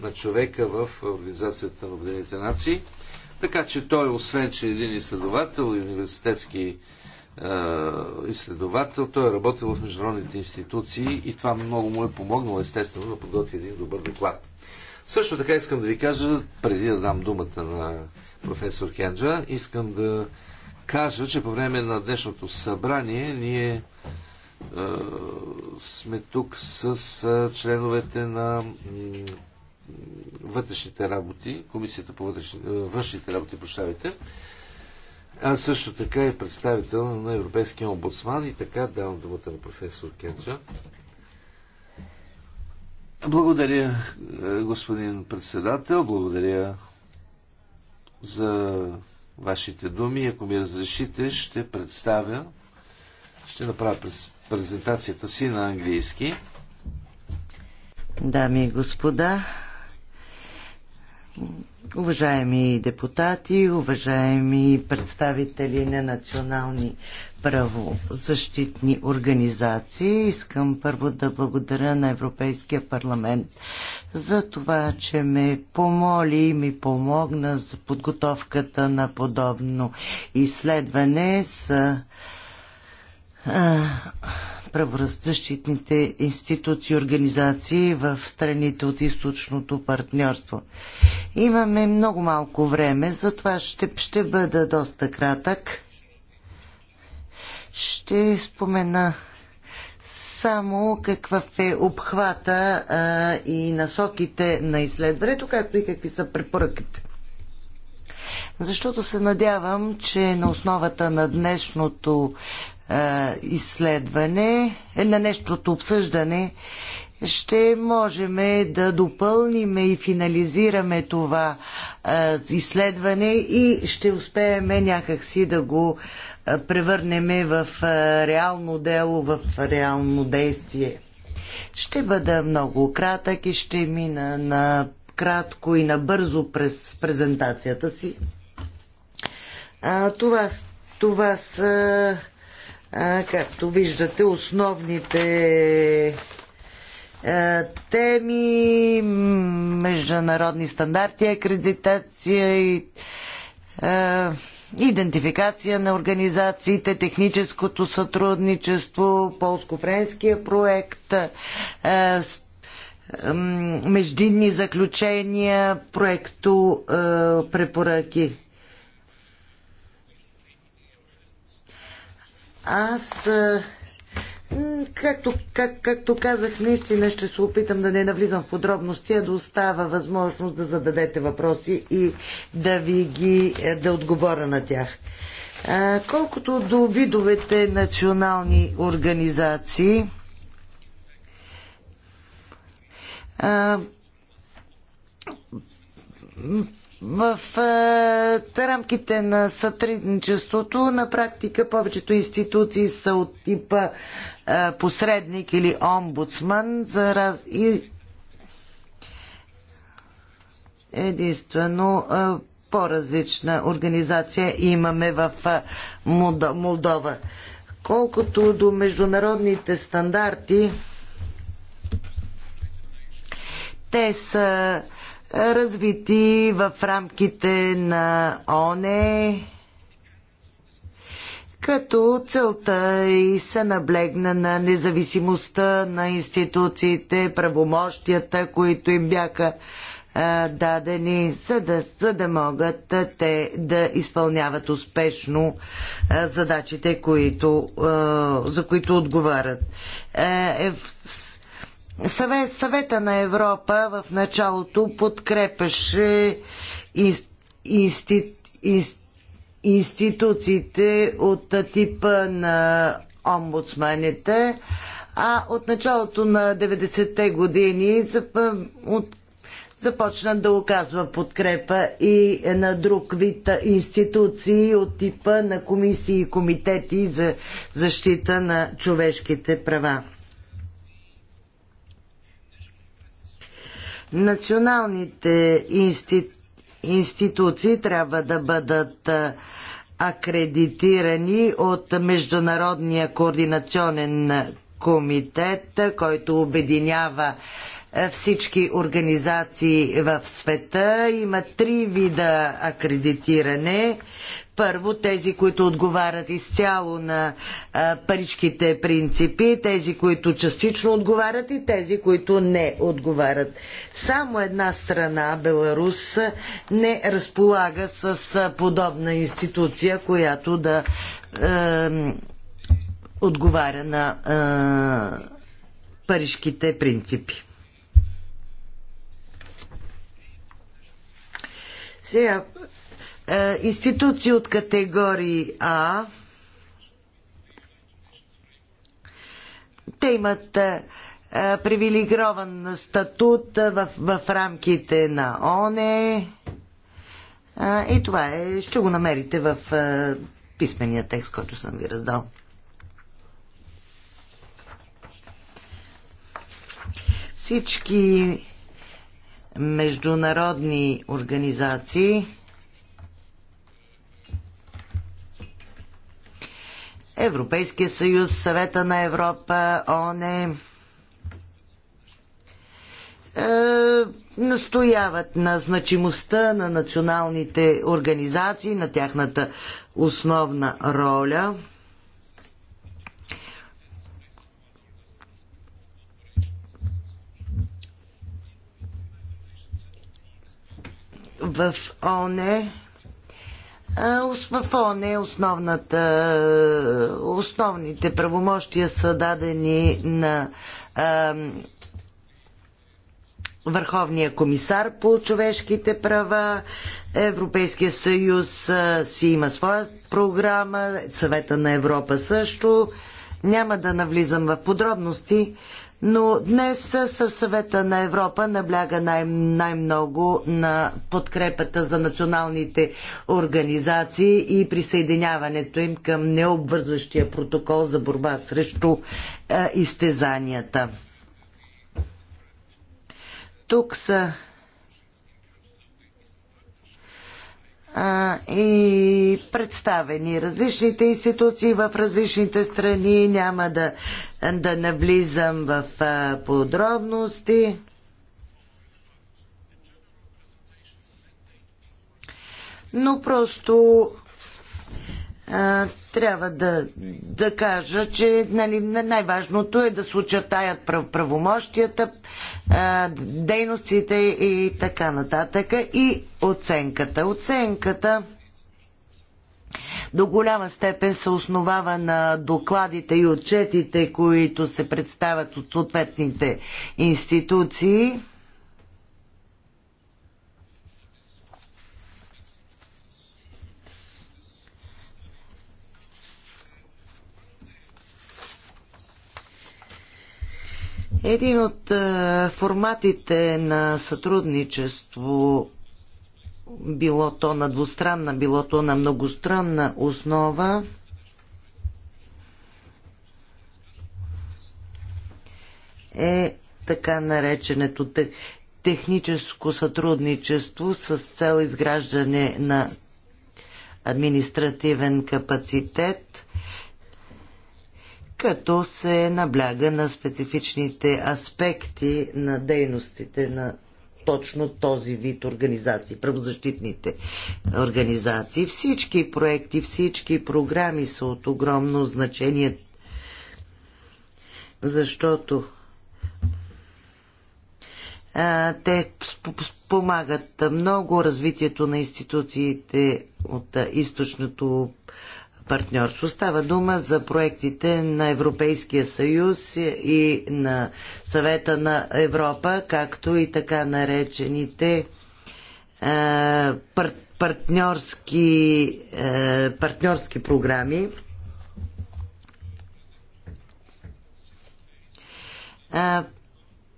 на човека в Организацията на Обединените нации. Така че той, освен че е един изследовател университетски изследовател. Той е работил в международните институции и това много му е помогнало, естествено, да подготви един добър доклад. Също така искам да ви кажа, преди да дам думата на професор Кенджа, искам да кажа, че по време на днешното събрание ние е, сме тук с членовете на вътрешните работи, комисията по е, външните работи, прощавайте, а също така е представител на Европейския омбудсман и така давам думата на професор Кенча. Благодаря, е, господин председател, благодаря за вашите думи. Ако ми разрешите, ще представя, ще направя презентацията си на английски. Дами и господа, уважаеми депутати, уважаеми представители на национални правозащитни организации. Искам първо да благодаря на Европейския парламент за това, че ме помоли и ми помогна за подготовката на подобно изследване с а, правозащитните институции и организации в страните от източното партньорство. Имаме много малко време, затова ще, ще бъда доста кратък. Ще спомена само какъв е обхвата а, и насоките на изследването, както и какви са препоръките. Защото се надявам, че на основата на днешното изследване, на нещото обсъждане, ще можем да допълним и финализираме това изследване и ще успеем някакси да го превърнем в реално дело, в реално действие. Ще бъда много кратък и ще мина на кратко и набързо през презентацията си. А, това, това са а, както виждате, основните теми, международни стандарти, акредитация и а, идентификация на организациите, техническото сътрудничество, полско-френския проект, а, с, а, междинни заключения, проекто препоръки. Аз, както, как, както казах, наистина ще се опитам да не навлизам в подробности, а да остава възможност да зададете въпроси и да ви ги, е, да отговоря на тях. Колкото до видовете национални организации, в е, рамките на сътрудничеството на практика повечето институции са от типа е, посредник или омбудсман за раз... и единствено е, по-различна организация имаме в е, Молдова. Колкото до международните стандарти, те са е, развити в рамките на ОНЕ, като целта и се наблегна на независимостта на институциите, правомощията, които им бяха дадени, за да, за да могат те да изпълняват успешно задачите, които, за които отговарят. Е, е, Съвет, съвета на Европа в началото подкрепеше инст, институциите от типа на омбудсманите, а от началото на 90-те години започна да оказва подкрепа и на друг вид институции от типа на комисии и комитети за защита на човешките права. Националните институции трябва да бъдат акредитирани от Международния координационен комитет, който обединява е, всички организации в света. Има три вида акредитиране. Първо, тези, които отговарят изцяло на а, е, парижките принципи, тези, които частично отговарят и тези, които не отговарят. Само една страна, Беларус, не разполага с а, е, подобна институция, която да а, отговаря на парижките принципи. Сега, е, институции от категории А, те имат е, е, привилегирован статут в, в рамките на ОНЕ. И това е. Ще го намерите в писмения текст, който съм ви раздал. Всички международни организации. Европейския съюз, Съвета на Европа, ОНЕ е, настояват на значимостта на националните организации, на тяхната основна роля – в ОНЕ в ОНЕ основната, основните правомощия са дадени на а, Върховния комисар по човешките права. Европейския съюз а, си има своя програма, съвета на Европа също. Няма да навлизам в подробности, но днес със съвета на Европа набляга най- най-много на подкрепата за националните организации и присъединяването им към необвързващия протокол за борба срещу е, изтезанията. Тук са и представени различните институции в различните страни. Няма да, да навлизам в подробности. Но просто трябва да, да кажа, че нали, най-важното е да се очертаят прав, правомощията, а, дейностите и така нататък. И оценката. Оценката до голяма степен се основава на докладите и отчетите, които се представят от съответните институции. Един от е, форматите на сътрудничество, било то на двустранна, било то на многостранна основа, е така нареченето техническо сътрудничество с цел изграждане на административен капацитет като се набляга на специфичните аспекти на дейностите на точно този вид организации, правозащитните организации. Всички проекти, всички програми са от огромно значение, защото а, те спомагат много развитието на институциите от източното партньорство. Става дума за проектите на Европейския съюз и на съвета на Европа, както и така наречените е, партньорски, е, партньорски програми. Е,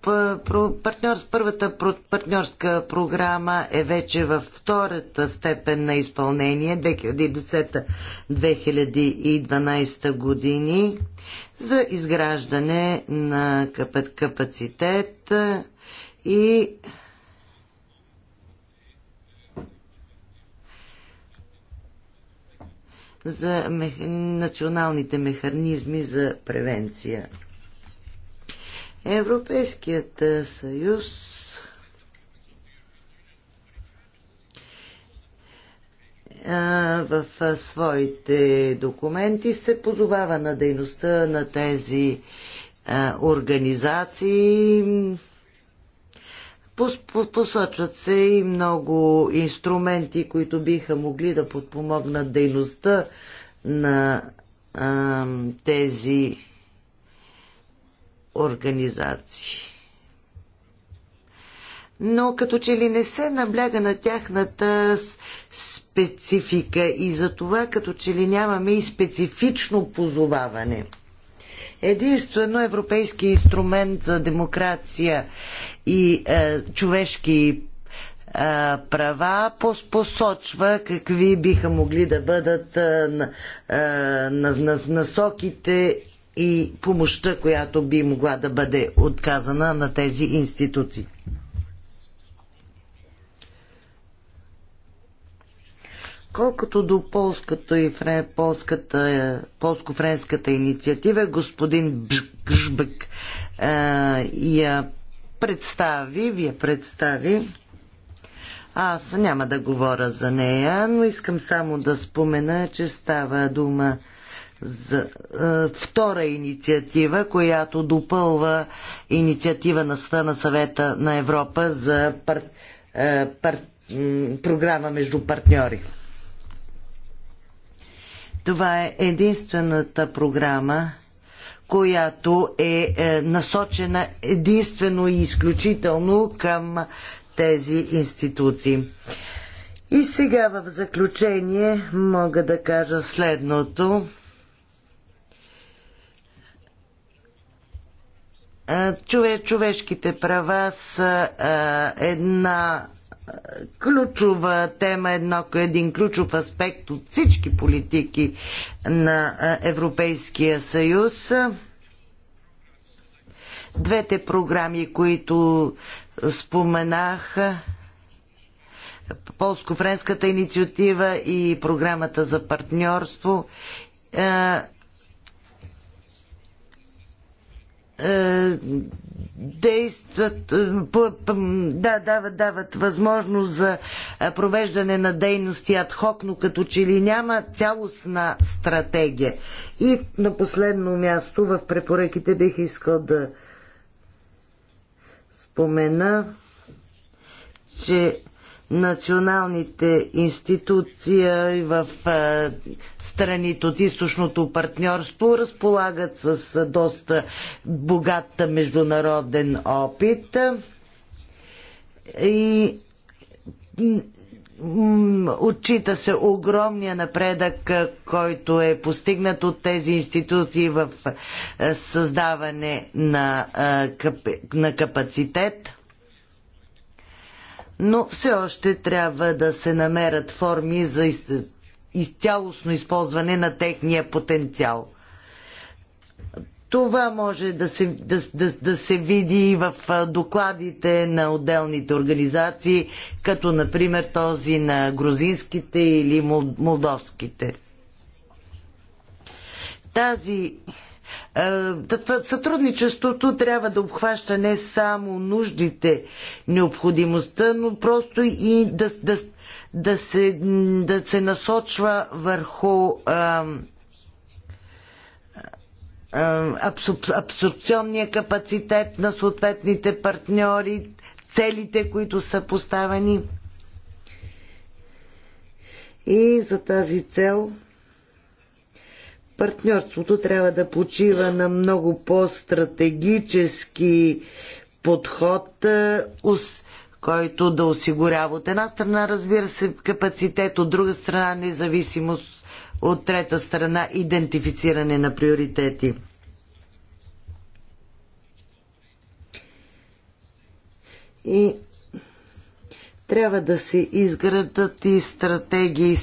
първата партньорска програма е вече във втората степен на изпълнение 2010-2012 години за изграждане на капацитет и за националните механизми за превенция. Европейският съюз в своите документи се позовава на дейността на тези организации. Посочват се и много инструменти, които биха могли да подпомогнат дейността на тези организации. Но като че ли не се набляга на тяхната специфика и за това като че ли нямаме и специфично позоваване. Единствено Европейски инструмент за демокрация и е, човешки е, права посочва какви биха могли да бъдат е, е, насоките и помощта, която би могла да бъде отказана на тези институции. Колкото до полското и фре, полската, полско-френската инициатива, господин Бжбък е, я представи, ви я представи. Аз няма да говоря за нея, но искам само да спомена, че става дума за е, втора инициатива, която допълва инициатива на, на съвета на Европа за пар, е, пар, програма между партньори. Това е единствената програма, която е, е насочена единствено и изключително към тези институции. И сега в заключение мога да кажа следното. човешките права са една ключова тема, едно, един ключов аспект от всички политики на Европейския съюз. Двете програми, които споменах, полско-френската инициатива и програмата за партньорство, Е, действат, е, да, дават, дават възможност за е, провеждане на дейности адхок, но като че ли няма цялостна стратегия. И на последно място в препоръките бих искал да спомена, че националните институции в страните от източното партньорство разполагат с доста богат международен опит и отчита се огромния напредък, който е постигнат от тези институции в създаване на, на капацитет но все още трябва да се намерят форми за из... изцялостно използване на техния потенциал. Това може да се, да, да, да се види и в докладите на отделните организации, като например този на грузинските или молдовските. Тази е, сътрудничеството трябва да обхваща не само нуждите, необходимостта, но просто и да, да, да, се, да се насочва върху абсорбционния капацитет на съответните партньори, целите, които са поставени. И за тази цел партньорството трябва да почива на много по-стратегически подход, е, който да осигурява от една страна, разбира се, капацитет, от друга страна независимост, от трета страна идентифициране на приоритети. И трябва да се изградат и стратегии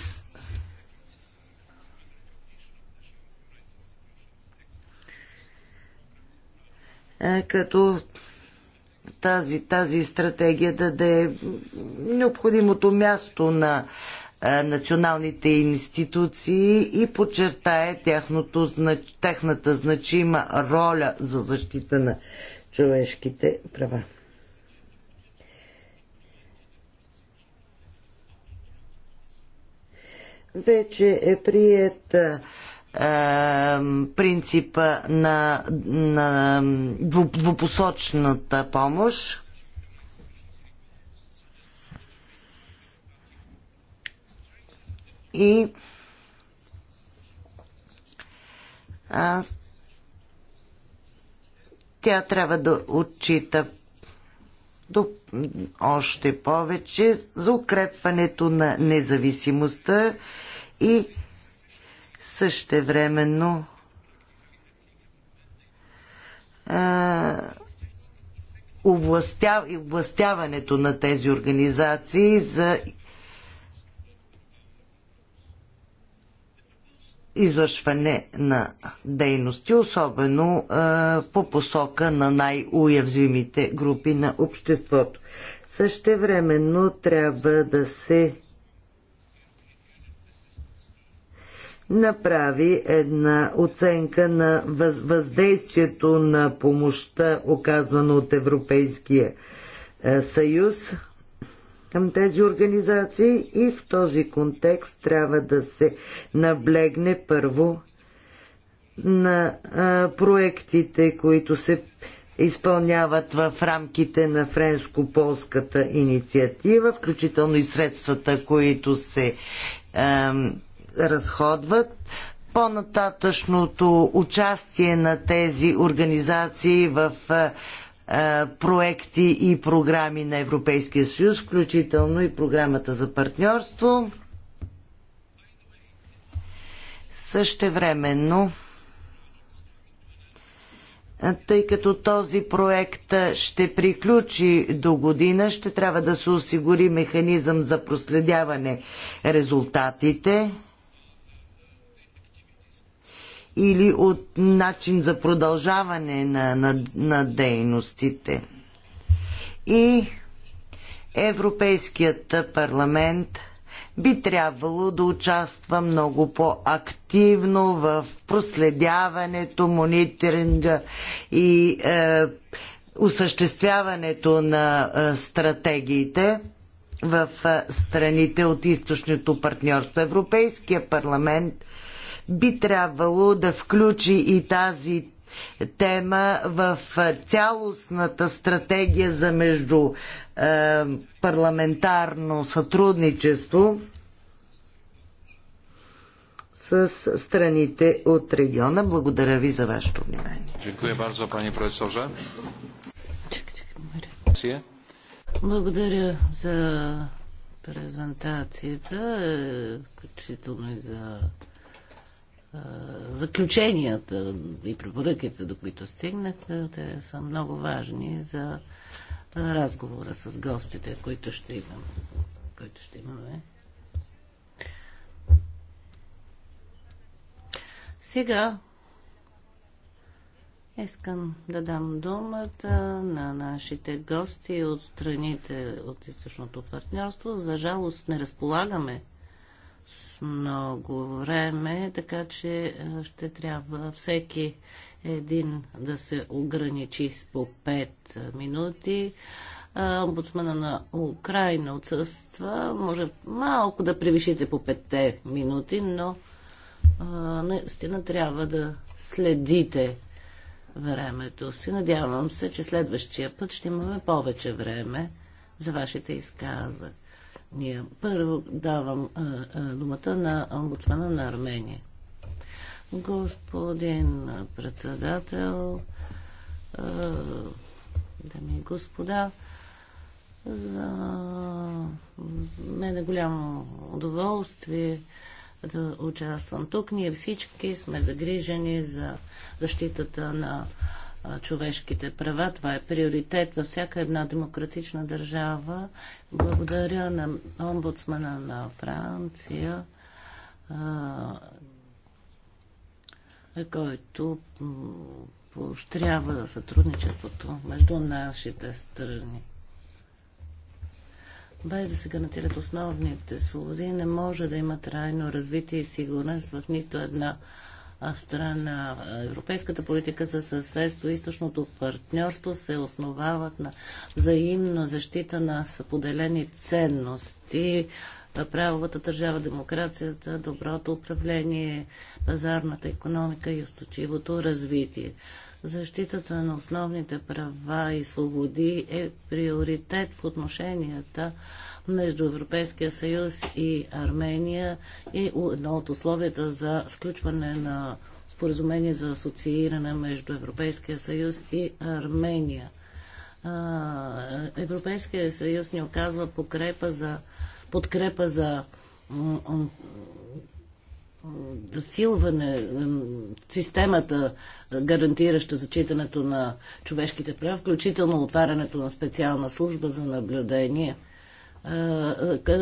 Е, като тази, тази стратегия даде необходимото място на е, националните институции и подчертае тяхното, техната значима роля за защита на човешките права. Вече е прият принципа на, на двупосочната помощ. И а, тя трябва да отчита до, още повече за укрепването на независимостта и Същевременно овластяването на тези организации за извършване на дейности, особено а, по посока на най-уязвимите групи на обществото. Същевременно трябва да се направи една оценка на въздействието на помощта, оказвана от Европейския е, съюз към тези организации и в този контекст трябва да се наблегне първо на проектите, които се изпълняват в рамките на френско-полската инициатива, включително и средствата, които се разходват. По-нататъчното участие на тези организации в проекти и програми на Европейския съюз, включително и програмата за партньорство. Същевременно, тъй като този проект ще приключи до година, ще трябва да се осигури механизъм за проследяване резултатите или от начин за продължаване на, на, на дейностите. И Европейският парламент би трябвало да участва много по-активно в проследяването, мониторинга и е, осъществяването на е, стратегиите в е, страните от източното партньорство. Европейския парламент би трябвало да включи и тази тема в цялостната стратегия за междупарламентарно сътрудничество с страните от региона. Благодаря ви за вашето внимание. Благодаря за презентацията, е, включително и за заключенията и препоръките, до които стигнахте, те са много важни за разговора с гостите, които ще имаме. Които ще имаме. Сега искам да дам думата на нашите гости от страните от източното партньорство. За жалост не разполагаме с много време, така че ще трябва всеки един да се ограничи с по 5 минути. Омбудсмана на Украина отсъства. Може малко да превишите по 5 минути, но а, наистина трябва да следите времето си. Надявам се, че следващия път ще имаме повече време за вашите изказвания. Ние първо давам а, а, думата на омбудсмана на Армения. Господин председател, а, дами и господа, за мен е голямо удоволствие да участвам тук. Ние всички сме загрижени за защитата на човешките права. Това е приоритет във всяка една демократична държава. Благодаря на омбудсмана на Франция, който поощрява сътрудничеството между нашите страни. Без да се гарантират основните свободи, не може да има трайно развитие и сигурност в нито една страна. Европейската политика за съседство и източното партньорство се основават на взаимна защита на поделени ценности, правовата държава, демокрацията, доброто управление, пазарната економика и устойчивото развитие. Защитата на основните права и свободи е приоритет в отношенията между Европейския съюз и Армения и едно от условията за сключване на споразумение за асоцииране между Европейския съюз и Армения. Европейския съюз ни оказва подкрепа за, подкрепа за засилване системата, е, гарантираща зачитането на човешките права, включително отварянето на специална служба за наблюдение, е,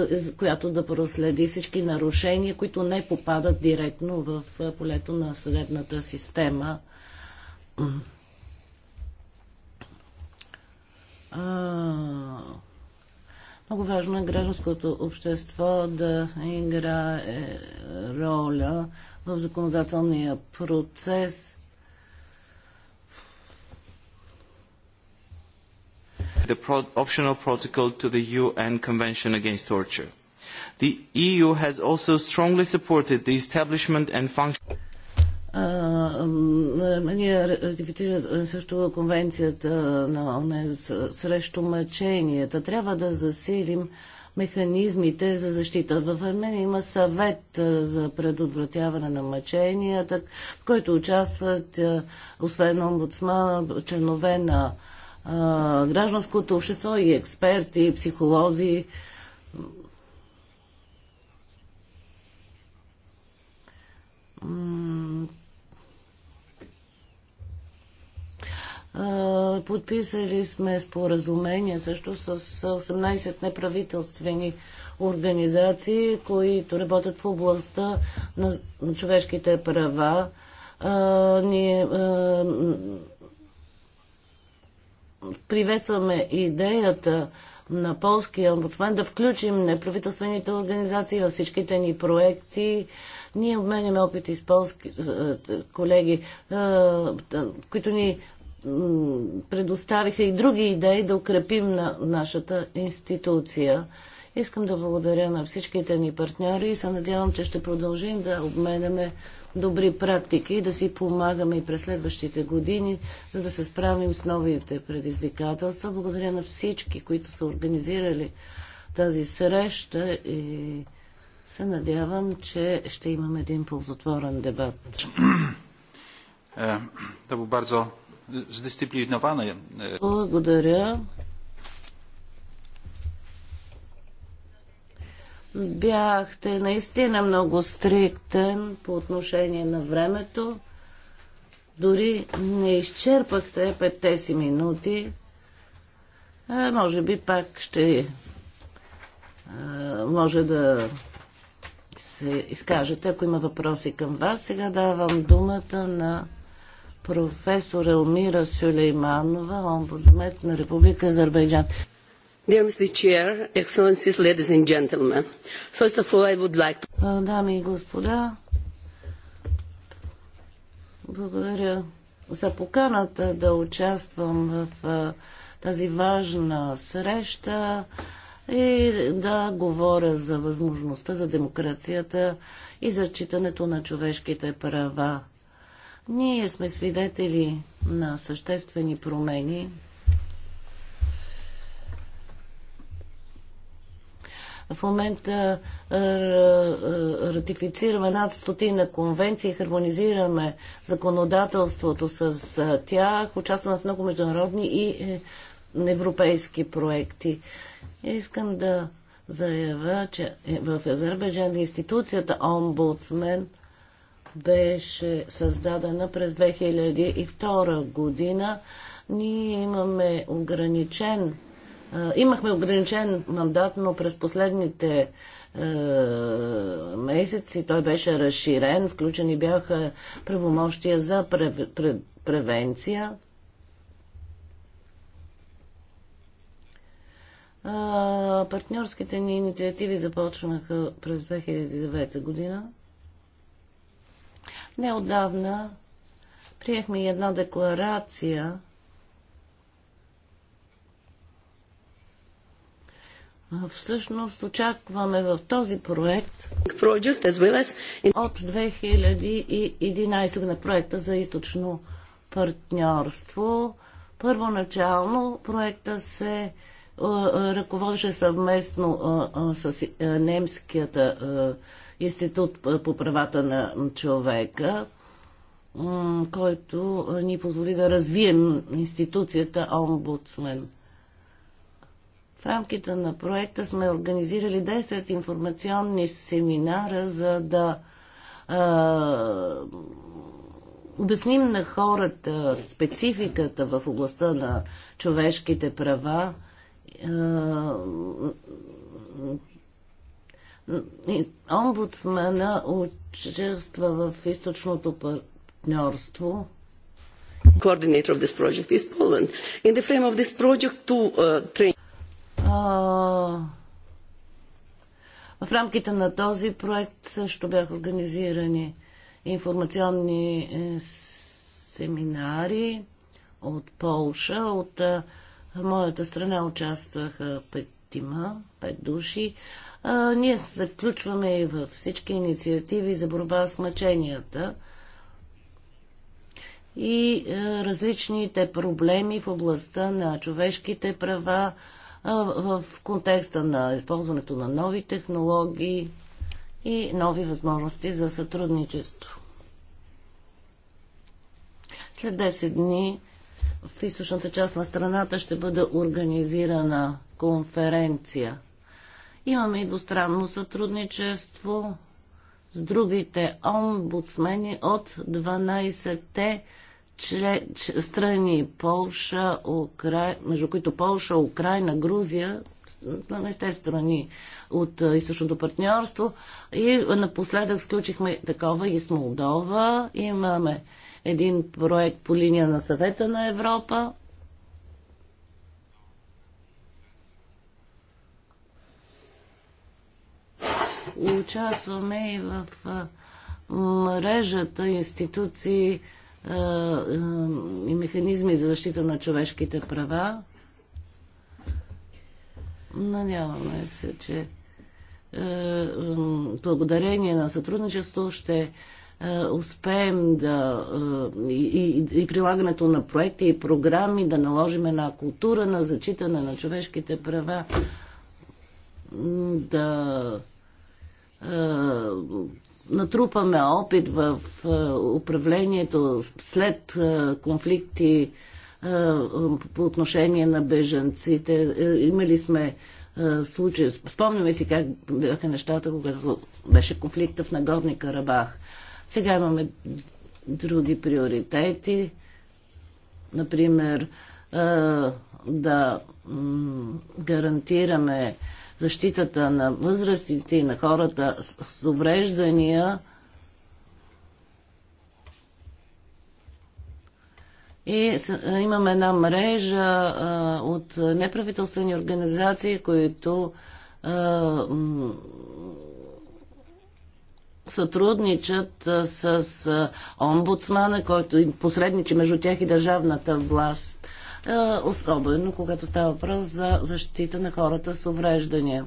е, която да проследи всички нарушения, които не попадат директно в полето на съдебната система. А, много важно е гражданското общество да играе роля в законодателния процес. The pro optional protocol to the UN Convention Against Torture. The EU has also strongly supported the establishment and function Uh, ние ратифицираме също конвенцията на ОНЕ срещу мъченията. Трябва да засилим механизмите за защита. В Армения има съвет за предотвратяване на мъченията, в който участват, освен омбудсмана, членове на гражданското общество и експерти, и психолози. Подписали сме споразумения също с 18 неправителствени организации, които работят в областта на човешките права. Ние приветстваме идеята на полския омбудсмен да включим неправителствените организации във всичките ни проекти. Ние обменяме опити с полски колеги, които ни предоставиха и други идеи да укрепим на нашата институция. Искам да благодаря на всичките ни партньори и се надявам, че ще продължим да обменяме добри практики и да си помагаме и през следващите години, за да се справим с новите предизвикателства. Благодаря на всички, които са организирали тази среща и се надявам, че ще имам един ползотворен дебат. To е, był здисциплиновани. E, Благодаря. Бяхте наистина много стриктен по отношение на времето. Дори не изчерпахте петте си минути. А, може би пак ще а, може да се изкажете, ако има въпроси към вас. Сега давам думата на професор Елмира Сюлейманова, омбудсмет на Република Азербайджан. Dear Mr. Chair, Excellencies, ladies and gentlemen, first of all I would like to... Дами и господа, благодаря за поканата да участвам в тази важна среща и да говоря за възможността за демокрацията и зачитането на човешките права ние сме свидетели на съществени промени. В момента ратифицираме над стотина конвенции, хармонизираме законодателството с тях, участваме в много международни и е, европейски проекти. Искам да заявя, че е, в Азербайджан институцията омбудсмен – беше създадена през 2002 година. Ние имаме ограничен Имахме ограничен мандат, но през последните е, месеци той беше разширен. Включени бяха правомощия за прев, прев, превенция. Партньорските ни инициативи започнаха през 2009 година. Неодавна приехме една декларация Всъщност очакваме в този проект Project, as well as in... от 2011 на проекта за източно партньорство. Първоначално проекта се ръководеше съвместно с немският институт по правата на човека, който ни позволи да развием институцията Омбудсмен. В рамките на проекта сме организирали 10 информационни семинара, за да обясним на хората спецификата в областта на човешките права, е, омбудсмена участва в източното партньорство. Coordinator of this project is Poland. In the frame of this project, two uh, train... Uh, в рамките на този проект също бяха организирани информационни е, семинари от Полша, от uh, в моята страна участваха петима, пет души. А, ние се включваме и във всички инициативи за борба с мъченията и а, е, различните проблеми в областта на човешките права а, в контекста на използването на нови технологии и нови възможности за сътрудничество. След 10 дни в източната част на страната ще бъде организирана конференция. Имаме и двустранно сътрудничество с другите омбудсмени от 12-те чле... страни Полша, Укра... между които Полша, Украина, Грузия, на сте страни от източното партньорство. И напоследък сключихме такова и с Молдова. Имаме един проект по линия на съвета на Европа. Участваме и в мрежата институции и механизми за защита на човешките права. Надяваме се, че благодарение на сътрудничество ще е, успеем да е, и, и, и прилагането на проекти и програми, да наложим една култура на зачитане на човешките права, да е, натрупаме опит в е, управлението след конфликти по отношение на бежанците. Имали сме случаи, спомняме си как бяха нещата, когато беше конфликта в Нагорни Карабах – сега имаме други приоритети. Например, да гарантираме защитата на възрастите и на хората с увреждания И имаме една мрежа от неправителствени организации, които сътрудничат с омбудсмана, който им посредничи между тях и държавната власт, особено когато става въпрос за защита на хората с увреждания.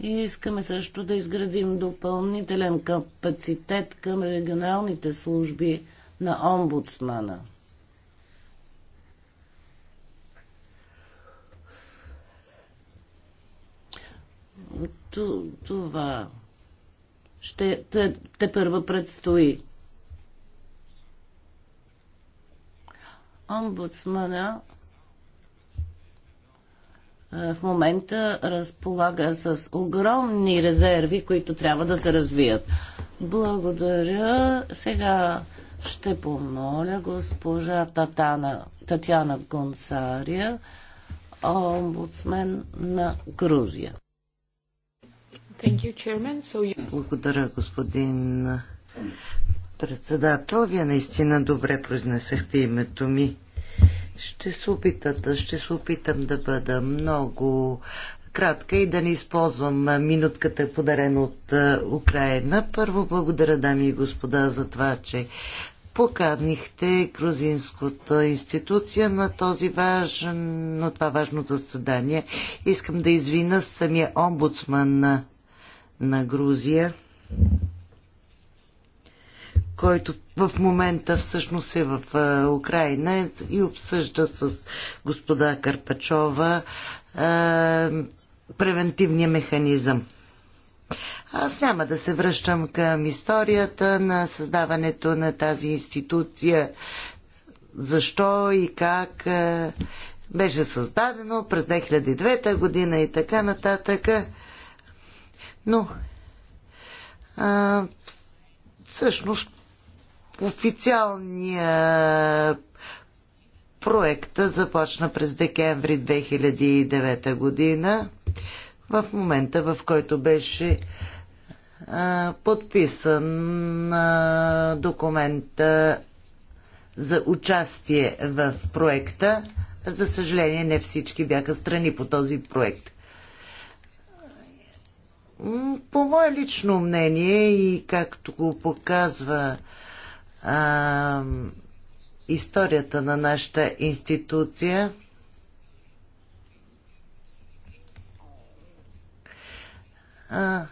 И искаме също да изградим допълнителен капацитет към регионалните служби на омбудсмана. Това ще те, те първа предстои. Омбудсмана е, в момента разполага с огромни резерви, които трябва да се развият. Благодаря. Сега ще помоля госпожа Татана, Татьяна Гонсария, омбудсмен на Грузия. You, so you... Благодаря, господин председател. Вие наистина добре произнесехте името ми. Ще се, опитат, ще се опитам да бъда много кратка и да не използвам минутката подарена от е, Украина. Първо благодаря, дами и господа, за това, че поканихте грузинската институция на този важен, на това важно заседание. Искам да извина самия омбудсман на на Грузия, който в момента всъщност е в Украина и обсъжда с господа Карпачова превентивния механизъм. Аз няма да се връщам към историята на създаването на тази институция, защо и как беше създадено през 2009 година и така нататък. Но а, всъщност официалния проекта започна през декември 2009 година, в момента в който беше а, подписан а, документа за участие в проекта. За съжаление, не всички бяха страни по този проект. По мое лично мнение и както го показва а, историята на нашата институция, а,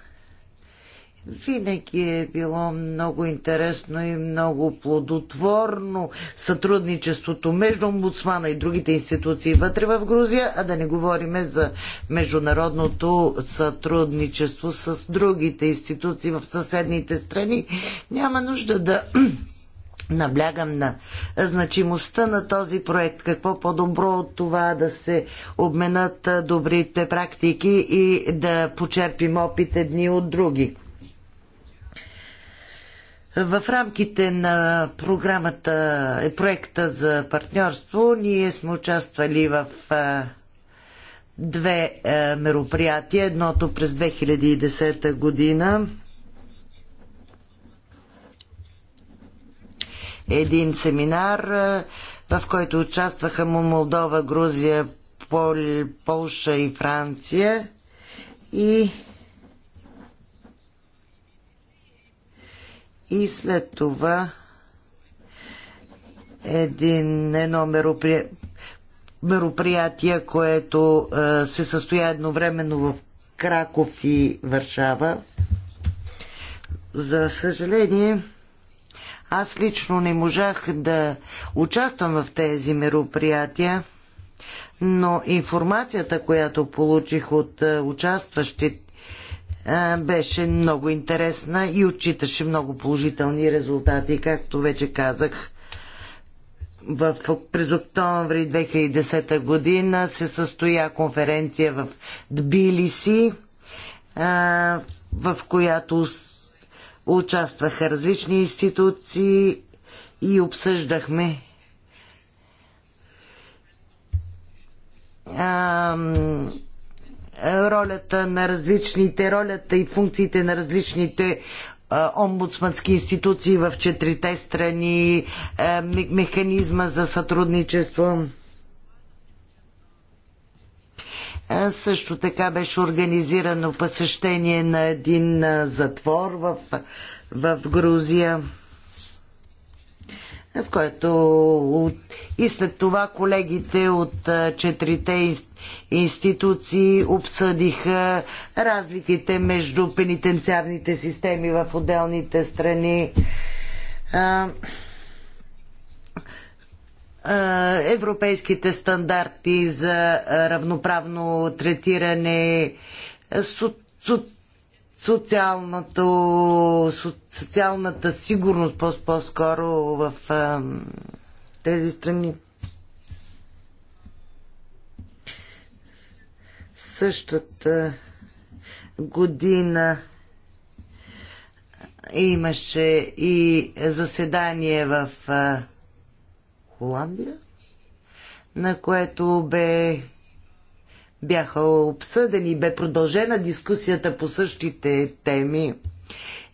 винаги е било много интересно и много плодотворно сътрудничеството между омбудсмана и другите институции вътре в Грузия, а да не говорим за международното сътрудничество с другите институции в съседните страни. Няма нужда да Наблягам на значимостта на този проект. Какво по-добро от това да се обменят добрите практики и да почерпим опит едни от други. В рамките на програмата, е проекта за партньорство, ние сме участвали в две мероприятия. Едното през 2010 година. Един семинар, в който участваха му Молдова, Грузия, Пол, Полша и Франция. И и след това един, едно мероприятие, мероприятие което е, се състоя едновременно в Краков и Варшава. За съжаление, аз лично не можах да участвам в тези мероприятия, но информацията, която получих от участващите беше много интересна и отчиташе много положителни резултати, както вече казах. В, през октомври 2010 година се състоя конференция в Тбилиси, а, в която участваха различни институции и обсъждахме а, ролята на различните, ролята и функциите на различните омбудсмански институции в четирите страни, механизма за сътрудничество. Също така беше организирано посещение на един затвор в, в Грузия в който и след това колегите от четирите институции обсъдиха разликите между пенитенциарните системи в отделните страни. Европейските стандарти за равноправно третиране, социалното, социалната сигурност по-скоро в а, тези страни. Същата година имаше и заседание в а, Холандия, на което бе бяха обсъдени, бе продължена дискусията по същите теми.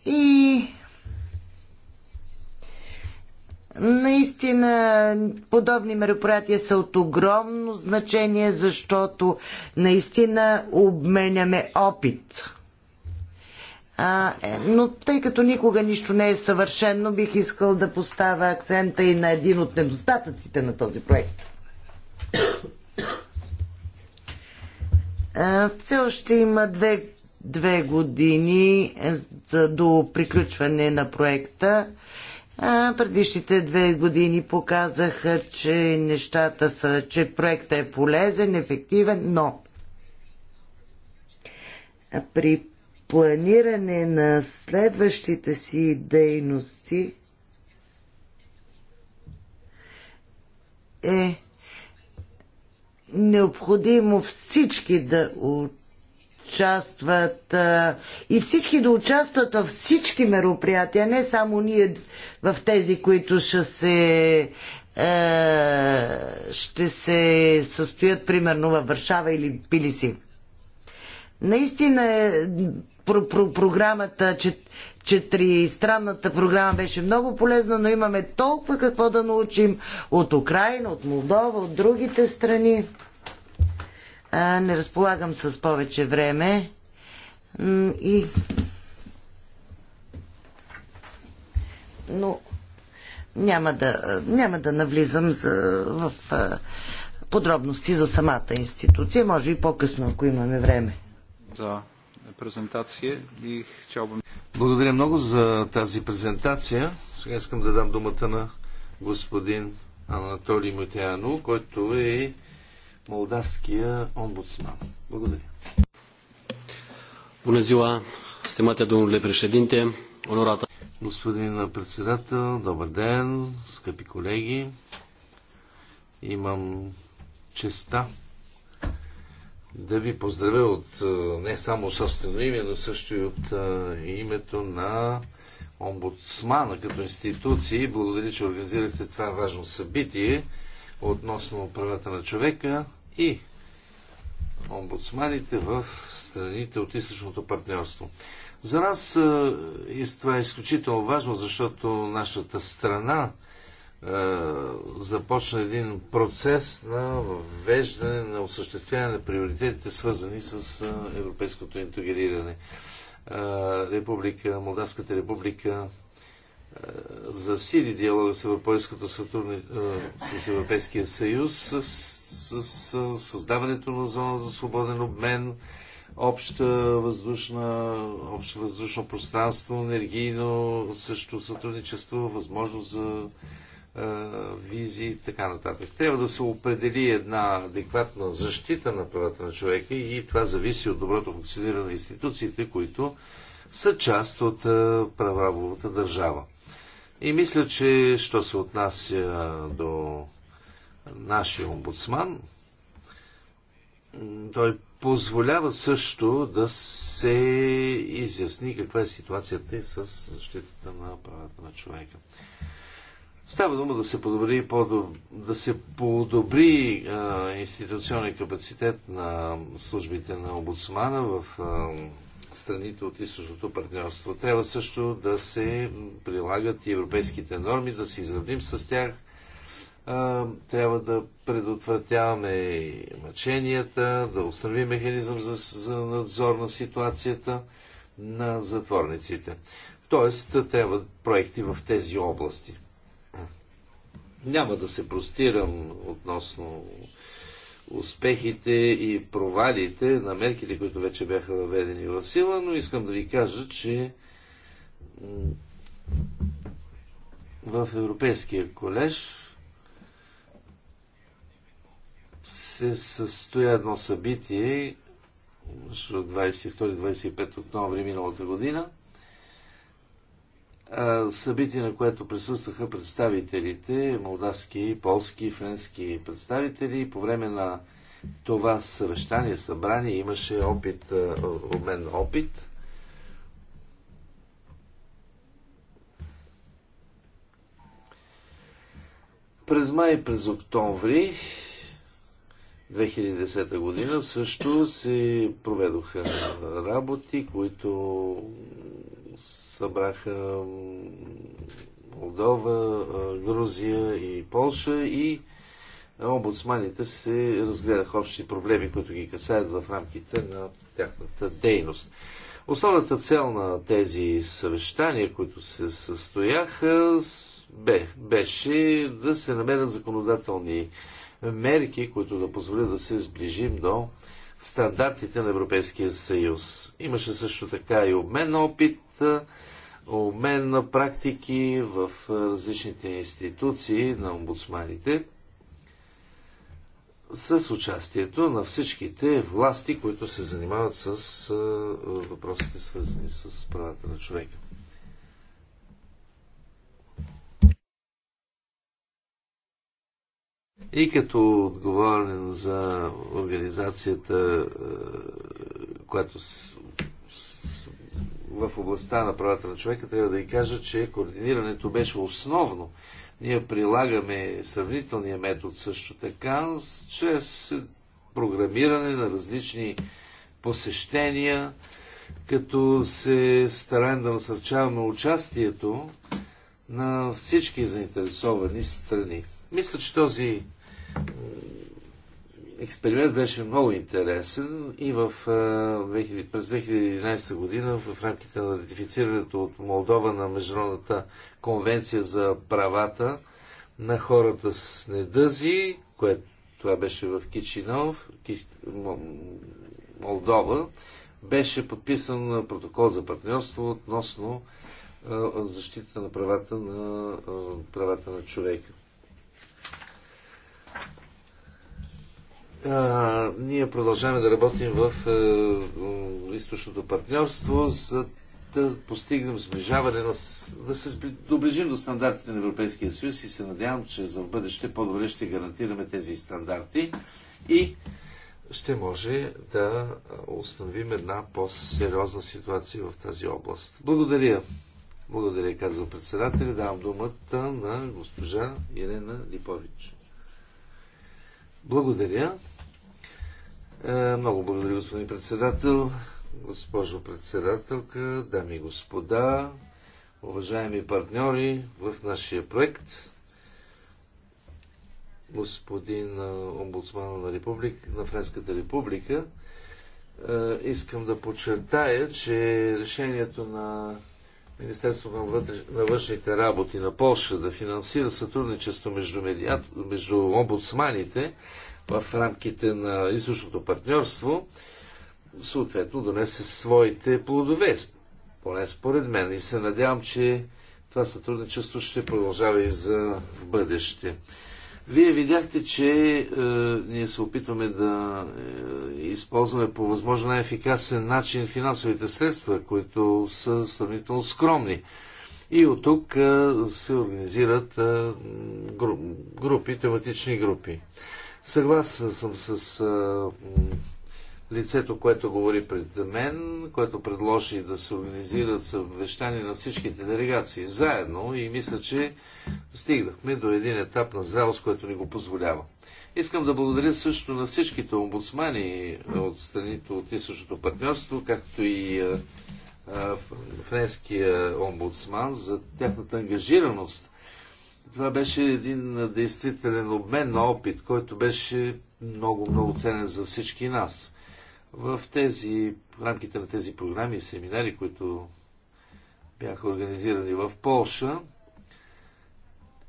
И Наистина, подобни мероприятия са от огромно значение, защото наистина обменяме опит. А, е, но тъй като никога нищо не е съвършено, бих искал да поставя акцента и на един от недостатъците на този проект. Е, все още има две, две години е, до приключване на проекта. Е, предишните две години показаха, че нещата са, че проектът е полезен, ефективен, но при планиране на следващите си дейности е необходимо всички да участват а, и всички да участват във всички мероприятия, не само ние в тези, които ще се а, ще се състоят примерно във Варшава или Пилиси. Наистина е, програмата, че, странната програма беше много полезна, но имаме толкова какво да научим от Украина, от Молдова, от другите страни. А, не разполагам с повече време. И... Но няма да, няма да навлизам за, в подробности за самата институция. Може и по-късно, ако имаме време. Да презентация и Благодаря много за тази презентация. Сега искам да дам думата на господин Анатолий Мотяно, който е молдавския омбудсман. Благодаря. Bună ziua, stimate domnule președinte, onorată. Господин председател, добър ден, скъпи колеги. Имам честа да ви поздравя от е, не само собствено име, но също и от е, името на омбудсмана като институции. Благодаря, че организирахте това важно събитие относно правата на човека и омбудсманите в страните от източното партньорство. За нас е, това е изключително важно, защото нашата страна е, започна един процес на въвеждане, на осъществяване на приоритетите, свързани с е, европейското интегриране. Е, република, Молдавската република засили диалога с Европейското сътрудни... с Европейския съюз с, с, с създаването на зона за свободен обмен, обща въздушна, общо въздушно пространство, енергийно също сътрудничество, възможност за визи и така нататък. Трябва да се определи една адекватна защита на правата на човека и това зависи от доброто функциониране на институциите, които са част от правовата държава. И мисля, че що се отнася до нашия омбудсман, той позволява също да се изясни каква е ситуацията и с защитата на правата на човека. Става дума да се подобри, да се подобри а, институционния капацитет на службите на омбудсмана в а, страните от източното партньорство. Трябва също да се прилагат и европейските норми, да се изравним с тях. А, трябва да предотвратяваме мъченията, да установим механизъм за, за надзор на ситуацията на затворниците. Тоест, трябва проекти в тези области. Няма да се простирам относно успехите и провалите на мерките, които вече бяха въведени в сила, но искам да ви кажа, че в Европейския колеж се състоя едно събитие от 22-25 октомври миналата година – събитие, на което присъстваха представителите, молдавски, полски, френски представители. По време на това съвещание, събрание имаше опит, обмен опит. През май и през октомври 2010 година също се проведоха работи, които събраха Молдова, Грузия и Полша и омбудсманите се разгледаха общи проблеми, които ги касаят в рамките на тяхната дейност. Основната цел на тези съвещания, които се състояха, беше да се намерят законодателни мерки, които да позволят да се сближим до стандартите на Европейския съюз. Имаше също така и обмен на опит, обмен на практики в различните институции на омбудсманите с участието на всичките власти, които се занимават с въпросите свързани с правата на човека. и като отговорен за организацията, е, която с, с, в областта на правата на човека, трябва да ви кажа, че координирането беше основно. Ние прилагаме сравнителния метод също така, с чрез програмиране на различни посещения, като се стараем да насърчаваме участието на всички заинтересовани страни. Мисля, че този експеримент беше много интересен и в, през 2011 година в рамките на ратифицирането от Молдова на Международната конвенция за правата на хората с недъзи, което това беше в Кичинов, Кич... Молдова, беше подписан протокол за партньорство относно защита на правата на, правата на човека. А, ние продължаваме да работим в е, източното партньорство, за да постигнем сближаване, на, да се доближим до стандартите на Европейския съюз и се надявам, че за в бъдеще по-добре ще гарантираме тези стандарти и ще може да установим една по-сериозна ситуация в тази област. Благодаря. Благодаря, казва председател. Давам думата на госпожа Ирена Липович. Благодаря. Е, много благодаря, господин председател, госпожо председателка, дами и господа, уважаеми партньори в нашия проект. Господин е, омбудсмана на, републик, на Френската република, е, искам да подчертая, че решението на Министерството на, вътреш... на външните работи на Польша да финансира сътрудничество между, медиат... между омбудсманите в рамките на източното партньорство, съответно донесе своите плодове, поне според мен. И се надявам, че това сътрудничество ще продължава и за в бъдеще. Вие видяхте, че е, ние се опитваме да е, използваме по възможно най-ефикасен начин финансовите средства, които са сравнително скромни. И от тук е, се организират е, групи, тематични групи. Съгласен съм с лицето, което говори пред мен, което предложи да се организират съвещания на всичките делегации заедно и мисля, че стигнахме до един етап на зрелост, което ни го позволява. Искам да благодаря също на всичките омбудсмани от страните от източното партньорство, както и френския омбудсман за тяхната ангажираност това беше един действителен обмен на опит, който беше много, много ценен за всички нас. В тези, в рамките на тези програми и семинари, които бяха организирани в Полша,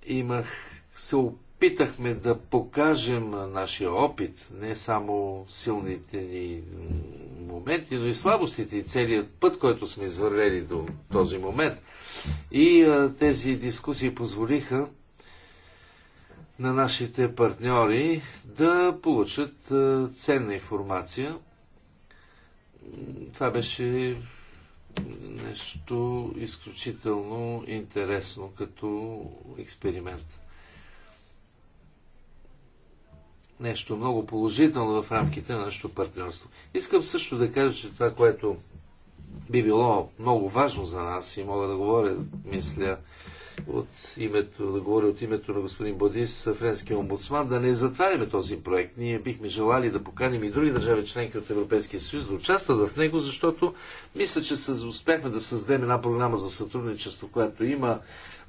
имах, се, опитахме да покажем нашия опит, не само силните ни моменти, но и слабостите и целият път, който сме извървели до този момент. И а, тези дискусии позволиха на нашите партньори да получат а, ценна информация. Това беше нещо изключително интересно като експеримент. нещо много положително в рамките на нашето партньорство. Искам също да кажа, че това, което би било много важно за нас и мога да говоря, мисля, от името, да говоря от името на господин Бодис, френския омбудсман, да не затваряме този проект. Ние бихме желали да поканим и други държави членки от Европейския съюз да участват в него, защото мисля, че успяхме да създадем една програма за сътрудничество, която има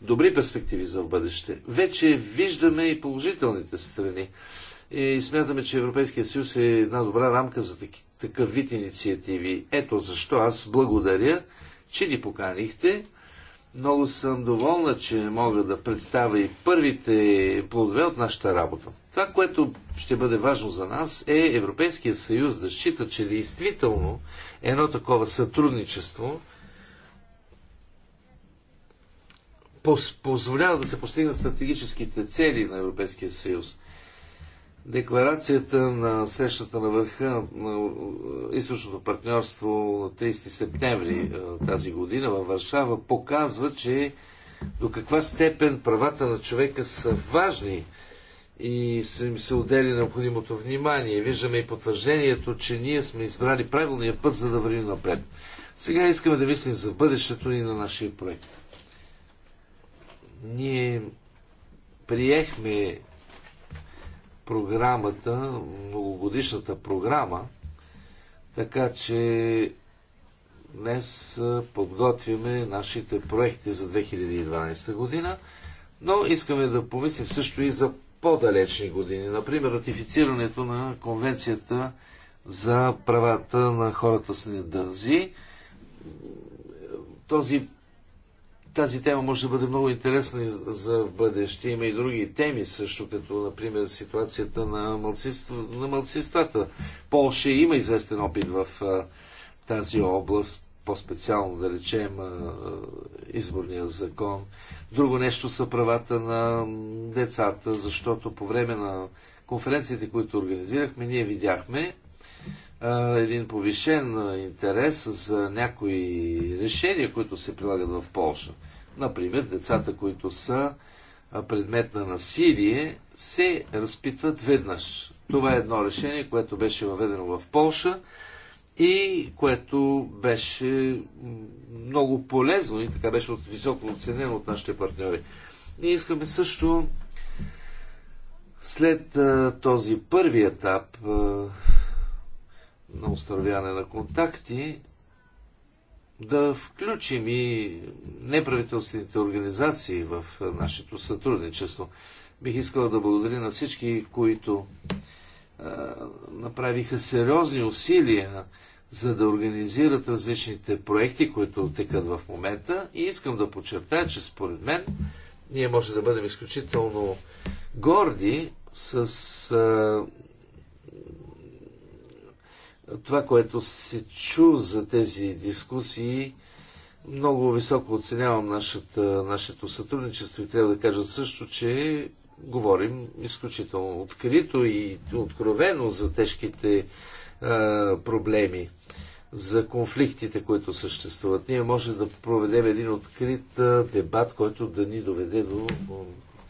добри перспективи за в бъдеще. Вече виждаме и положителните страни. И смятаме, че Европейския съюз е една добра рамка за такъв вид инициативи. Ето защо аз благодаря, че ни поканихте. Много съм доволна, че мога да представя и първите плодове от нашата работа. Това, което ще бъде важно за нас е Европейския съюз да счита, че действително едно такова сътрудничество позволява да се постигнат стратегическите цели на Европейския съюз. Декларацията на срещата на върха на източното партньорство на 30 септември е, тази година във Варшава показва, че до каква степен правата на човека са важни и се им се отдели необходимото внимание. Виждаме и потвърждението, че ние сме избрали правилния път, за да вървим напред. Сега искаме да мислим за бъдещето и на нашия проект. Ние приехме програмата, многогодишната програма, така че днес подготвяме нашите проекти за 2012 година, но искаме да помислим също и за по-далечни години. Например, ратифицирането на Конвенцията за правата на хората с недъзи. Този тази тема може да бъде много интересна за в бъдеще. Има и други теми също, като например ситуацията на, малцинство, на малцинствата. Полша има известен опит в а, тази област, по-специално да речем а, изборния закон. Друго нещо са правата на децата, защото по време на конференциите, които организирахме, ние видяхме, един повишен интерес за някои решения, които се прилагат в Польша. Например, децата, които са предмет на насилие, се разпитват веднъж. Това е едно решение, което беше въведено в Польша и което беше много полезно и така беше от високо оценено от нашите партньори. И искаме също след този първи етап на установяване на контакти, да включим и неправителствените организации в нашето сътрудничество. Бих искала да благодаря на всички, които а, направиха сериозни усилия за да организират различните проекти, които текат в момента. И искам да подчертая, че според мен ние може да бъдем изключително горди с а, това, което се чу за тези дискусии, много високо оценявам нашата, нашето сътрудничество и трябва да кажа също, че говорим изключително открито и откровено за тежките а, е, проблеми, за конфликтите, които съществуват. Ние може да проведем един открит а, е, дебат, който да ни доведе до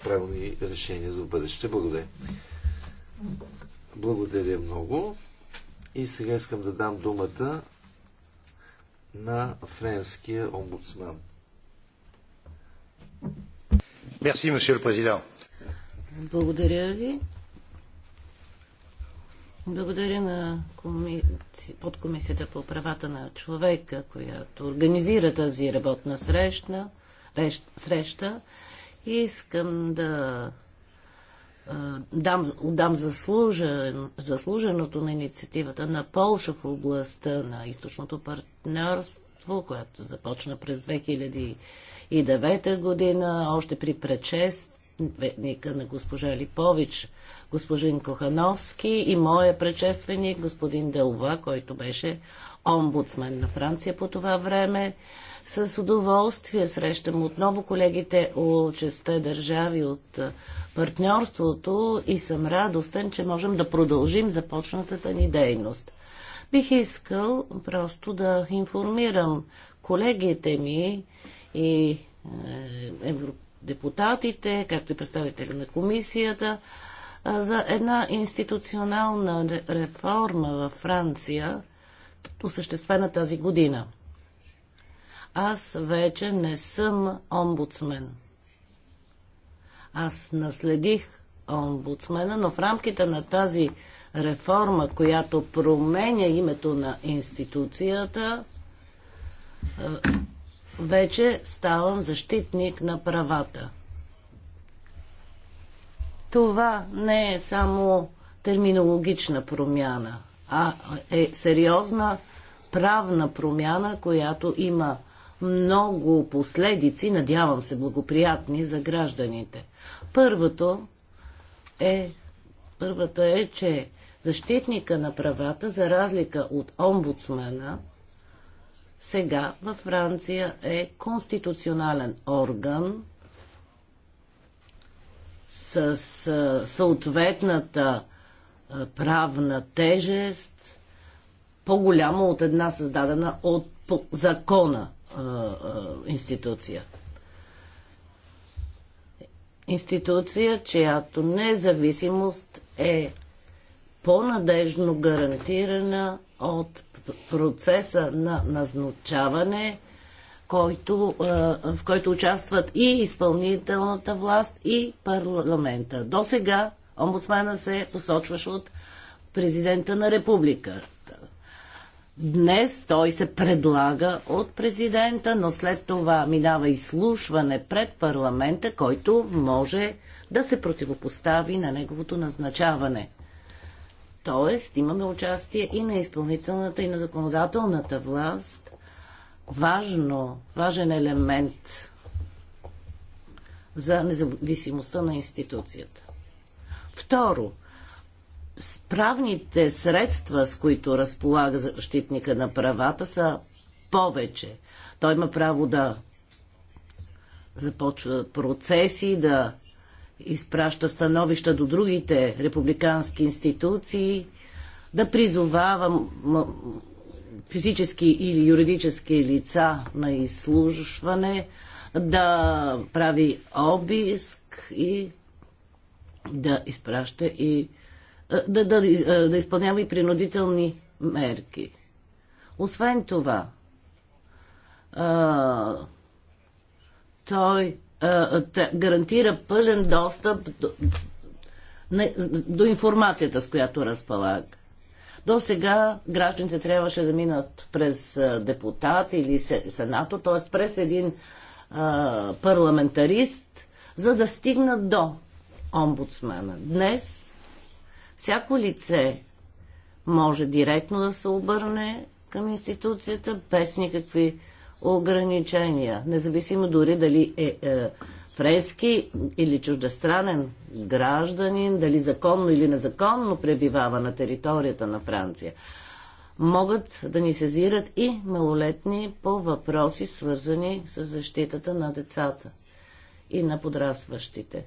правилни решения за бъдеще. Благодаря. Благодаря много. И сега искам да дам думата на френския омбудсман. Мерси, месье президент. Благодаря ви. Благодаря на коми... подкомисията по правата на човека, която организира тази работна срещна, рещ... среща. Искам да дам, дам заслужен, заслуженото на инициативата на Полша в областта на източното партньорство, което започна през 2009 година, още при предшественика на госпожа Липович, господин Кохановски и моя предшественик, господин Делова, който беше омбудсмен на Франция по това време. С удоволствие срещам отново колегите от честа държави от партньорството и съм радостен, че можем да продължим започнатата ни дейност. Бих искал просто да информирам колегите ми и е, евродепутатите, както и представители на комисията, за една институционална реформа във Франция, осъществена тази година. Аз вече не съм омбудсмен. Аз наследих омбудсмена, но в рамките на тази реформа, която променя името на институцията, е, вече ставам защитник на правата. Това не е само терминологична промяна, а е сериозна правна промяна, която има много последици, надявам се благоприятни за гражданите. Първото е, първата е, че защитника на правата, за разлика от омбудсмена, сега във Франция е конституционален орган с съответната правна тежест, по-голяма от една създадена от закона институция. Институция, чиято независимост е по-надежно гарантирана от процеса на назначаване, който, в който участват и изпълнителната власт, и парламента. До сега омбудсмана се посочваше от президента на република, Днес той се предлага от президента, но след това минава изслушване пред парламента, който може да се противопостави на неговото назначаване. Тоест, имаме участие и на изпълнителната, и на законодателната власт. Важно, важен елемент за независимостта на институцията. Второ, справните средства, с които разполага защитника на правата, са повече. Той има право да започва процеси, да изпраща становища до другите републикански институции, да призовава физически или юридически лица на изслужване, да прави обиск и да изпраща и е, да, да, е, да изпълнява и принудителни мерки. Освен това, а, той а, та, гарантира пълен достъп до, не, до информацията, с която разполага. До сега гражданите трябваше да минат през депутат или сенато, т.е. през един а, парламентарист, за да стигнат до омбудсмена Днес Всяко лице може директно да се обърне към институцията без никакви ограничения, независимо дори дали е, е фрески или чуждестранен гражданин, дали законно или незаконно пребивава на територията на Франция. Могат да ни сезират и малолетни по въпроси, свързани с защитата на децата и на подрастващите.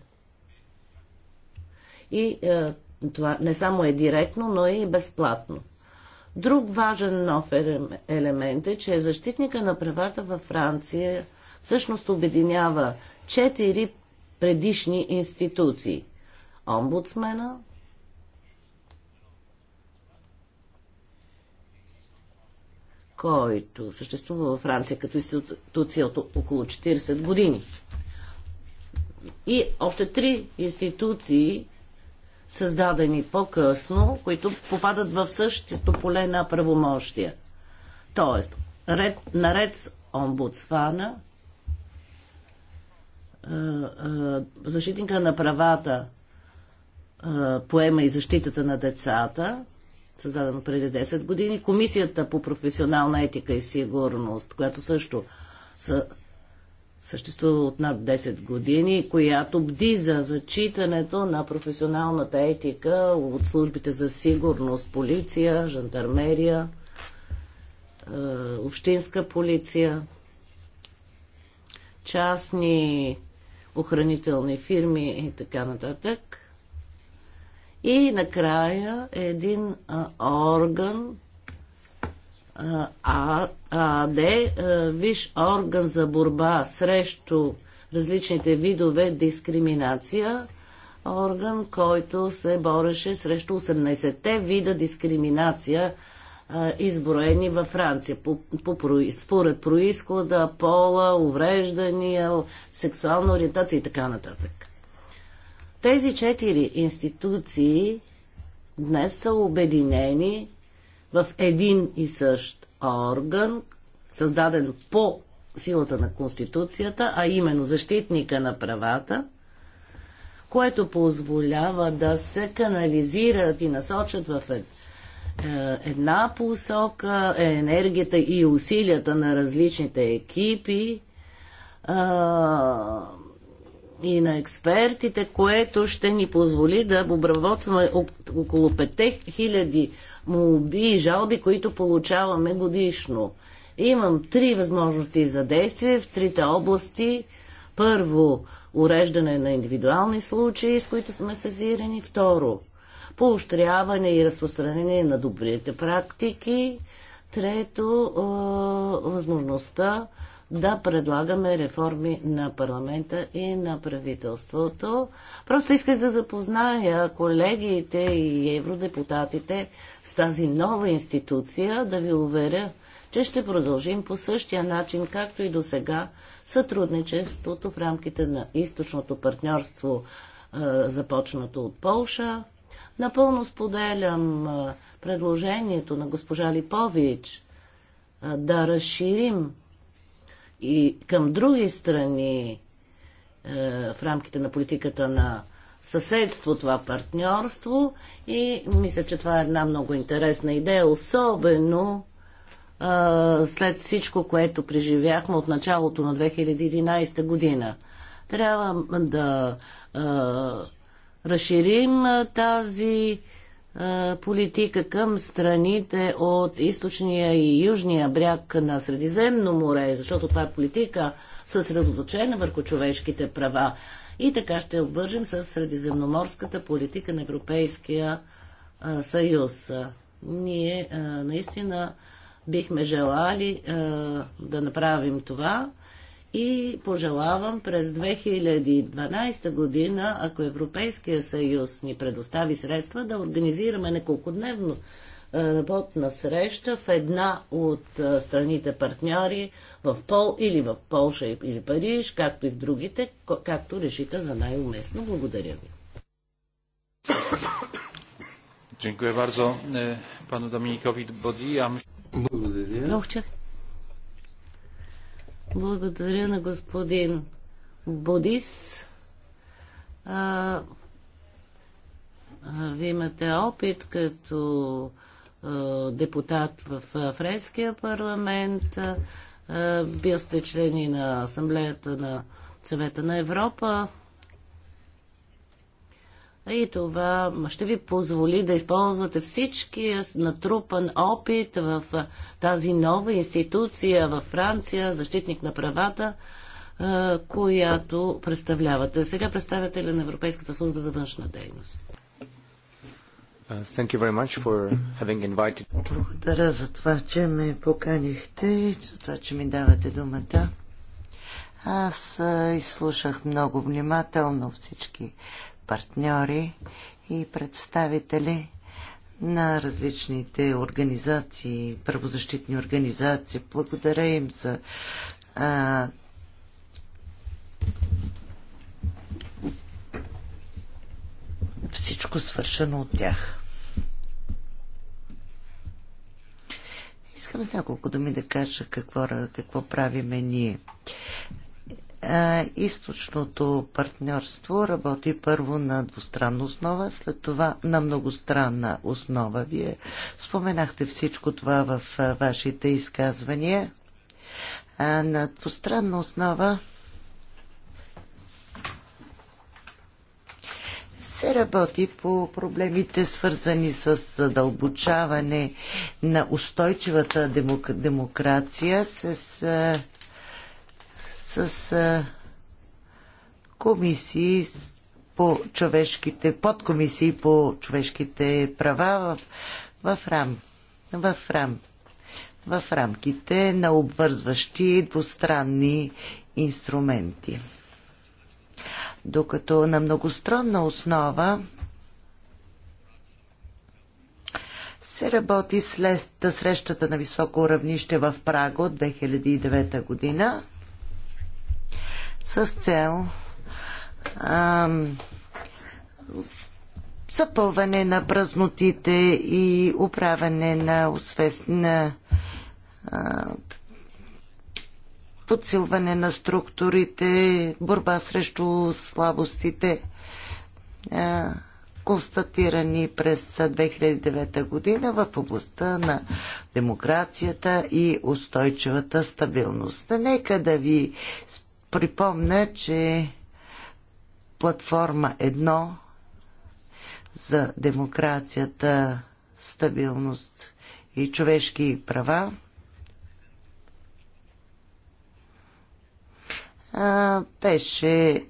И е, това не само е директно, но и безплатно. Друг важен нов елемент е, че защитника на правата във Франция всъщност обединява четири предишни институции. Омбудсмена, който съществува във Франция като институция от около 40 години. И още три институции, създадени по-късно, които попадат в същото поле на правомощия. Тоест, ред, наред с омбудсвана, защитника на правата поема и защитата на децата, създадено преди 10 години, Комисията по професионална етика и сигурност, която също съществува от над 10 години, която бди за зачитането на професионалната етика от службите за сигурност, полиция, жандармерия, е, общинска полиция, частни охранителни фирми и така нататък. И накрая е един орган, АД, е, виш орган за борба срещу различните видове дискриминация, орган, който се бореше срещу 18-те вида дискриминация, изброени във Франция, по, по, според происхода, пола, увреждания, сексуална ориентация и така нататък. Тези четири институции днес са обединени в един и същ орган, създаден по силата на Конституцията, а именно защитника на правата, което позволява да се канализират и насочат в е, е, една посока е, енергията и усилията на различните екипи, и на експертите, което ще ни позволи да обработваме около 5000 молби и жалби, които получаваме годишно. Имам три възможности за действие в трите области. Първо, уреждане на индивидуални случаи, с които сме сезирани. Второ, поощряване и разпространение на добрите практики. Трето, възможността да предлагаме реформи на парламента и на правителството. Просто исках да запозная колегиите и евродепутатите с тази нова институция, да ви уверя, че ще продължим по същия начин, както и до сега, сътрудничеството в рамките на източното партньорство, е, започнато от Полша. Напълно споделям е, предложението на госпожа Липович е, да разширим и към други страни е, в рамките на политиката на съседство, това партньорство и мисля, че това е една много интересна идея, особено е, след всичко, което преживяхме от началото на 2011 година. Трябва да е, разширим тази политика към страните от източния и южния бряг на Средиземно море, защото това е политика съсредоточена върху човешките права. И така ще обвържим с средиземноморската политика на Европейския а, съюз. Ние а, наистина бихме желали а, да направим това и пожелавам през 2012 година, ако Европейския съюз ни предостави средства, да организираме неколкодневно е, работна среща в една от е, страните партньори в Пол или в Полша или Париж, както и в другите, както решите за най-уместно. Благодаря ви. Dziękuję bardzo е, panu Dominikowi Bodi. Благодаря. Благодаря на господин Бодис. А, вие имате опит като а, депутат в Френския парламент. А, бил сте члени на Асамблеята на Съвета на Европа. И това ще ви позволи да използвате всички натрупан опит в тази нова институция във Франция, защитник на правата, която представлявате. Сега представяте на Европейската служба за външна дейност. Uh, invited... Благодаря за това, че ме поканихте и за това, че ми давате думата. Аз изслушах много внимателно всички партньори и представители на различните организации, правозащитни организации. Благодаря им за а, всичко свършено от тях. Искам с няколко думи да кажа какво, какво правиме ние. Е, източното партньорство работи първо на двустранна основа, след това на многостранна основа. Вие споменахте всичко това в е, вашите изказвания. А е, на двустранна основа се работи по проблемите свързани с задълбочаване на устойчивата демокрация, с с комисии по човешките, подкомисии по човешките права в, в, рам, в, рам, в рамките на обвързващи двустранни инструменти. Докато на многостранна основа се работи след срещата на високо равнище в Прага от 2009 година с цел ам, запълване на празнотите и управяне на освестна подсилване на структурите, борба срещу слабостите, а, констатирани през 2009 година в областта на демокрацията и устойчивата стабилност. Нека да ви припомня, че платформа 1 за демокрацията, стабилност и човешки права беше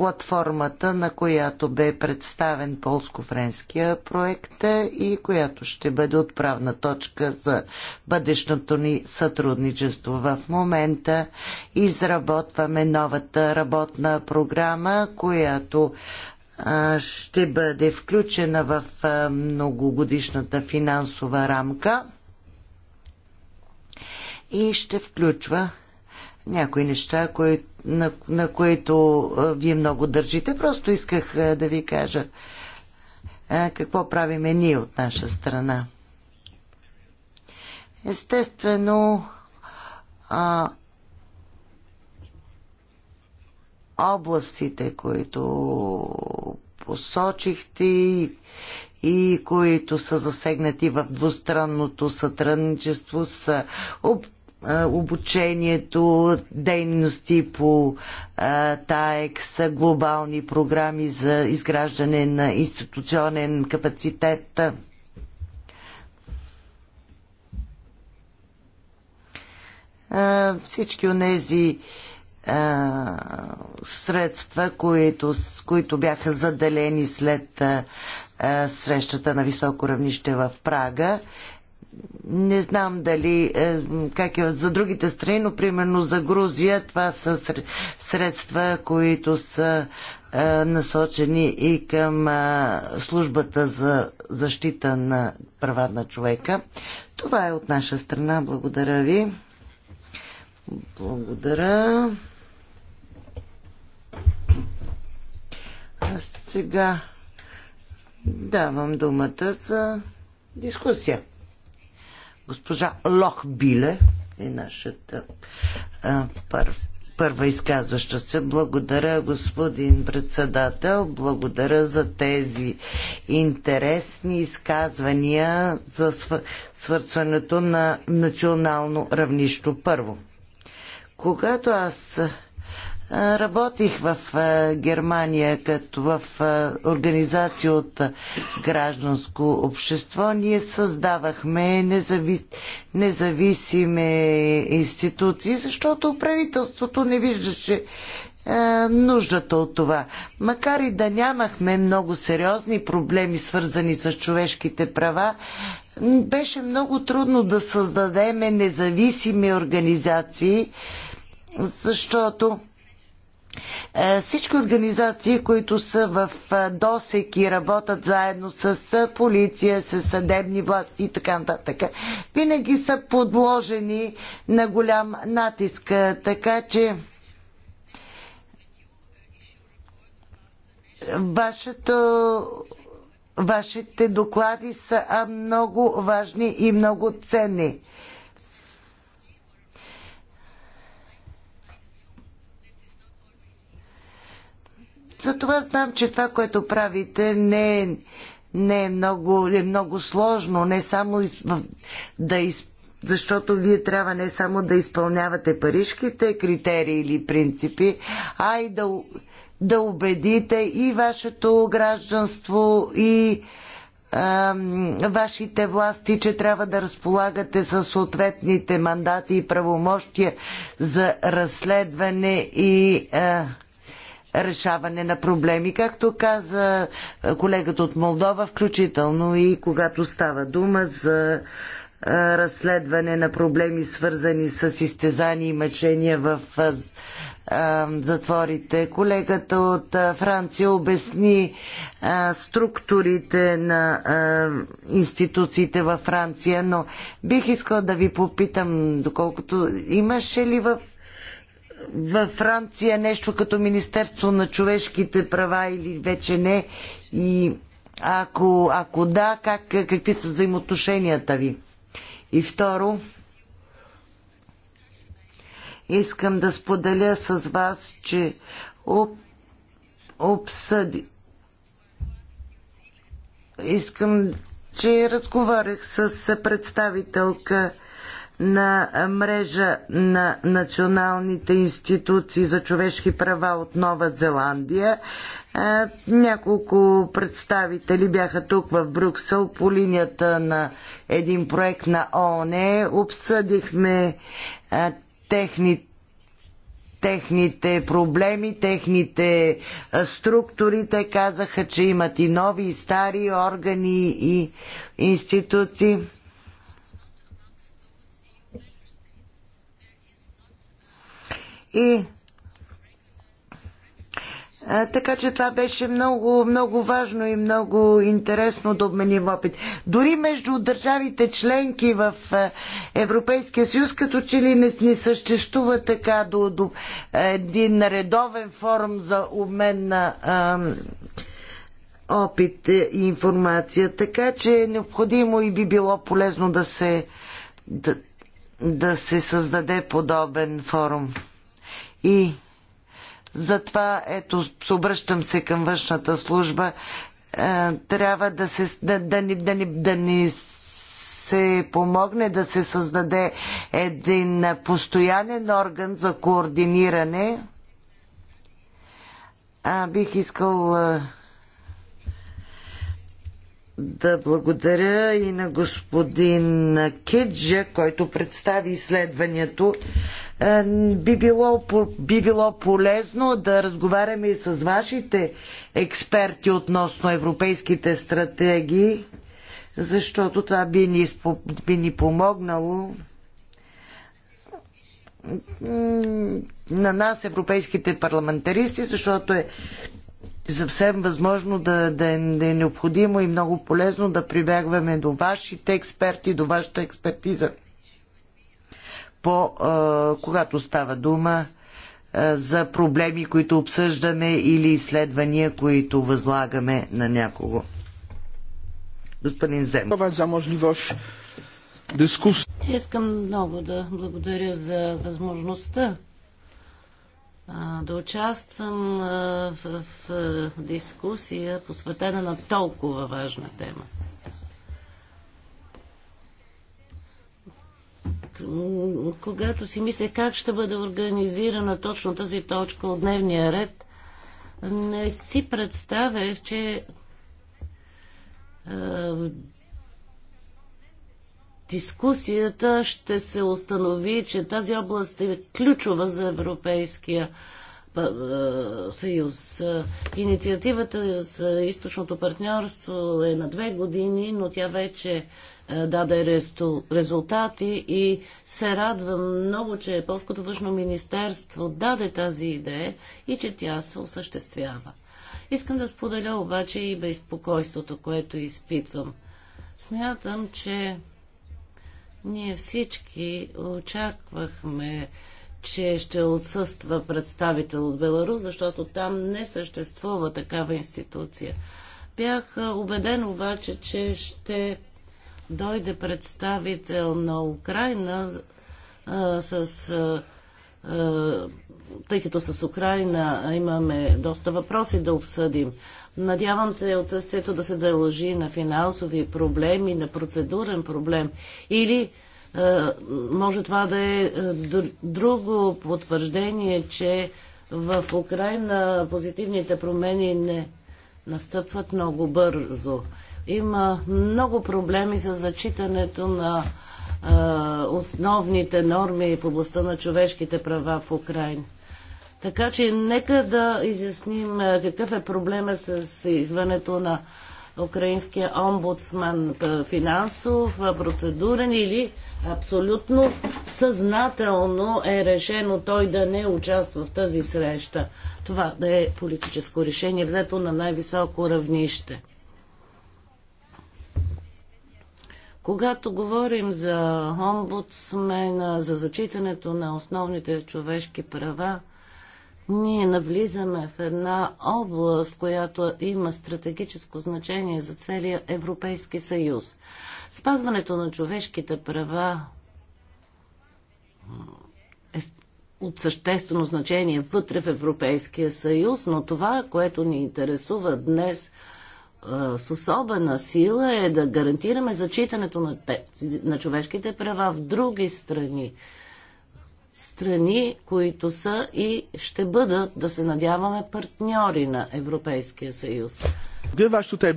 платформата, на която бе представен полско-френския проект и която ще бъде отправна точка за бъдещото ни сътрудничество. В момента изработваме новата работна програма, която ще бъде включена в многогодишната финансова рамка и ще включва някои неща, които на, на които вие много държите. Просто исках да ви кажа какво правиме ние от наша страна. Естествено, а, областите, които посочихте и които са засегнати в двустранното сътрудничество са обучението, дейности по ТАЕКС, глобални програми за изграждане на институционен капацитет. Всички от тези средства, които, които бяха заделени след срещата на високо равнище в Прага, не знам дали е, как е за другите страни, но примерно за Грузия това са средства, които са е, насочени и към е, службата за защита на права на човека. Това е от наша страна. Благодаря ви. Благодаря. А сега давам думата за дискусия. Госпожа Лохбиле е нашата а, пър, първа изказваща се. Благодаря, господин председател. Благодаря за тези интересни изказвания за свързването на национално равнищо. Първо, когато аз Работих в Германия като в организация от гражданско общество. Ние създавахме независ... независими институции, защото правителството не виждаше нуждата от това. Макар и да нямахме много сериозни проблеми, свързани с човешките права, беше много трудно да създадеме независими организации, защото е, всички организации, които са в е, досек и работят заедно с е, полиция, с съдебни власти и така нататък, винаги са подложени на голям натиск. Така че вашето Вашите доклади са много важни и много ценни. Затова знам, че това, което правите, не е, не е, много, е много сложно, не само да изпълнявате защото вие трябва не само да изпълнявате парижките критерии или принципи, а и да, да убедите и вашето гражданство, и ам, вашите власти, че трябва да разполагате със съответните мандати и правомощия за разследване и а, решаване на проблеми. Както каза е, колегата от Молдова, включително и когато става дума за е, разследване на проблеми, свързани с изтезания и мъчения в е, затворите. Колегата от Франция обясни структурите на институциите във Франция, но бих искала да ви попитам, доколкото имаше ли в във Франция е нещо като Министерство на човешките права или вече не? И ако, ако да, как, какви са взаимоотношенията ви? И второ, искам да споделя с вас, че об, обсъди. Искам, че разговарях с представителка на мрежа на националните институции за човешки права от Нова Зеландия. Е, няколко представители бяха тук в Брюксел по линията на един проект на ООН. Обсъдихме е, техните техните проблеми, техните е, структури. Те казаха, че имат и нови, и стари органи и институции. И така че това беше много, много важно и много интересно да обменим опит. Дори между държавите членки в Европейския съюз, като че ли не, не съществува така до, до един редовен форум за обмен на а, опит и информация. Така че е необходимо и би било полезно да се, да, да се създаде подобен форум. И затова, ето, обръщам се към външната служба, е, трябва да, се, да, да, ни, да, ни, да ни се помогне да се създаде един постоянен орган за координиране. А, бих искал а, е, да благодаря и на господин Кеджа, който представи изследването. Е, би било, би било полезно да разговаряме и с вашите експерти относно европейските стратегии, защото това би ни, би ни помогнало на нас, европейските парламентаристи, защото е съвсем възможно да, да, е, да е необходимо и много полезно да прибягваме до вашите експерти, до вашата експертиза, по, а, когато става дума а, за проблеми, които обсъждаме или изследвания, които възлагаме на някого. Господин Зем. за можливост дискус. Искам много да благодаря за възможността да участвам в, в дискусия, посветена на толкова важна тема. Когато си мисля как ще бъде организирана точно тази точка от дневния ред, не си представях, че дискусията ще се установи, че тази област е ключова за Европейския е, съюз. Инициативата за източното партньорство е на две години, но тя вече е, даде резултати и се радвам много, че Полското външно министерство даде тази идея и че тя се осъществява. Искам да споделя обаче и безпокойството, което изпитвам. Смятам, че ние всички очаквахме, че ще отсъства представител от Беларус, защото там не съществува такава институция. Бях убеден обаче, че ще дойде представител на Украина а, с. А, е, тъй като с Украина имаме доста въпроси да обсъдим. Надявам се отсъствието да се дължи на финансови проблеми, на процедурен проблем или е, може това да е, е друго потвърждение, че в Украина позитивните промени не настъпват много бързо. Има много проблеми с зачитането на основните норми в областта на човешките права в Украина. Така че нека да изясним какъв е проблема с изването на украинския омбудсман финансов, процедурен или абсолютно съзнателно е решено той да не участва в тази среща. Това да е политическо решение, взето на най-високо равнище. Когато говорим за омбудсмена, за зачитането на основните човешки права, ние навлизаме в една област, която има стратегическо значение за целия Европейски съюз. Спазването на човешките права е от съществено значение вътре в Европейския съюз, но това, което ни интересува днес – с особена сила е да гарантираме зачитането на, те, на човешките права в други страни. Страни, които са и ще бъдат, да се надяваме, партньори на Европейския съюз. Grywać tutaj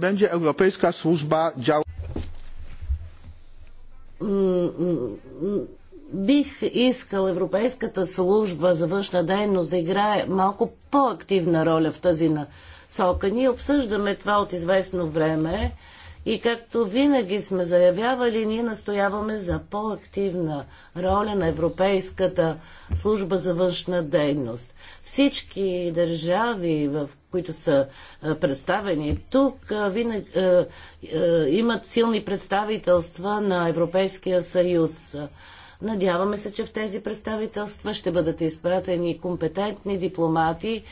Бих искал Европейската служба за външна дейност да играе малко по-активна роля в тази на посока. Ние обсъждаме това от известно време и както винаги сме заявявали, ние настояваме за по-активна роля на Европейската служба за външна дейност. Всички държави, в които са представени тук, винаги, е, е, имат силни представителства на Европейския съюз. Надяваме се, че в тези представителства ще бъдат изпратени компетентни дипломати,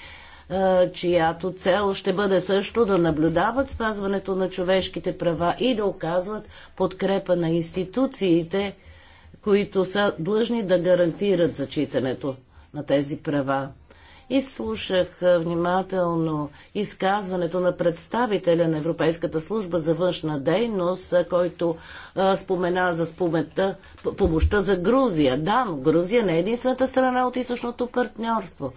чиято цел ще бъде също да наблюдават спазването на човешките права и да оказват подкрепа на институциите, които са длъжни да гарантират зачитането на тези права. И слушах внимателно изказването на представителя на Европейската служба за външна дейност, който спомена за спомета, помощта за Грузия. Да, но Грузия не е единствената страна от източното партньорство.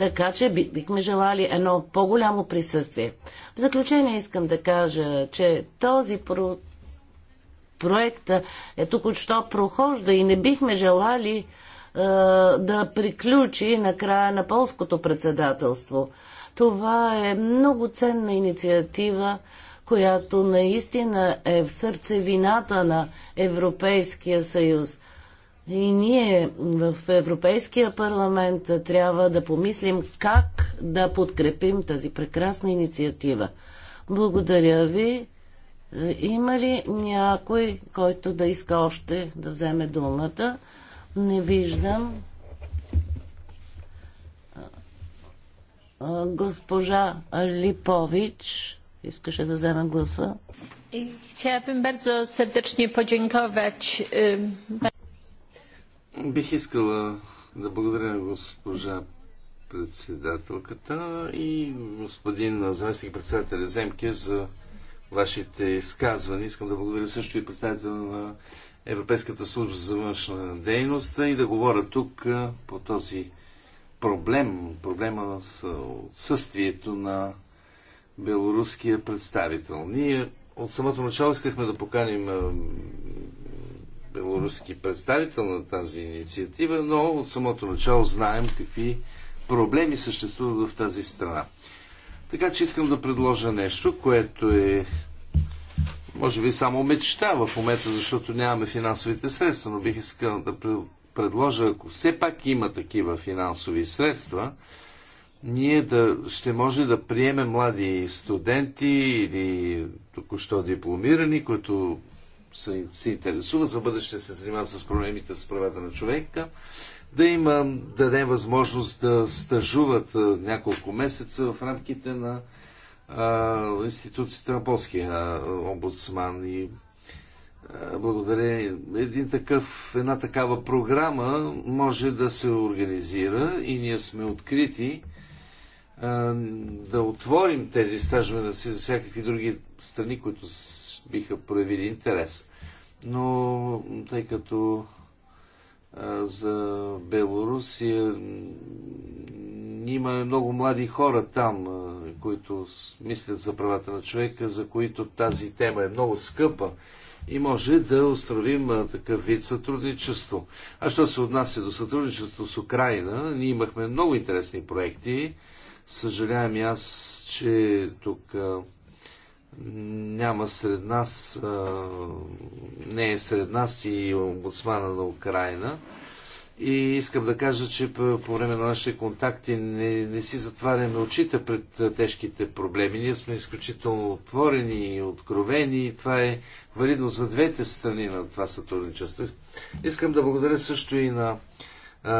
Така че бихме желали едно по-голямо присъствие. В заключение искам да кажа, че този про... проект е тук що прохожда и не бихме желали е, да приключи на края на полското председателство. Това е много ценна инициатива, която наистина е в сърцевината на Европейския съюз – и ние в Европейския парламент трябва да помислим как да подкрепим тази прекрасна инициатива. Благодаря ви. Има ли някой, който да иска още да вземе думата? Не виждам. Госпожа Липович искаше да вземе гласа. Chciałabym бързо serdecznie podziękować. Бих искала да благодаря госпожа председателката и господин заместник председател Земке за вашите изказвания. Искам да благодаря също и представител на Европейската служба за външна дейност и да говоря тук по този проблем, проблема с отсъствието на белоруския представител. Ние от самото начало искахме да поканим белоруски представител на тази инициатива, но от самото начало знаем какви проблеми съществуват в тази страна. Така че искам да предложа нещо, което е може би само мечта в момента, защото нямаме финансовите средства, но бих искал да предложа, ако все пак има такива финансови средства, ние да, ще може да приемем млади студенти или току-що дипломирани, които се, се интересуват за бъдеще, се занимават с проблемите с правата на човека, да им да дадем възможност да стажуват няколко месеца в рамките на а, институцията на полския омбудсман и благодарение един такъв, една такава програма може да се организира и ние сме открити а, да отворим тези стажове на всякакви други страни, които биха проявили интерес. Но тъй като а, за Белорусия има много млади хора там, а, които мислят за правата на човека, за които тази тема е много скъпа и може да устроим такъв вид сътрудничество. А що се отнася до сътрудничеството с Украина, ние имахме много интересни проекти. Съжалявам аз, че тук няма сред нас, не е сред нас и омбудсмана на Украина. И искам да кажа, че по време на нашите контакти не, не си затваряме очите пред тежките проблеми. Ние сме изключително отворени и откровени и това е валидно за двете страни на това сътрудничество. Искам да благодаря също и на, а,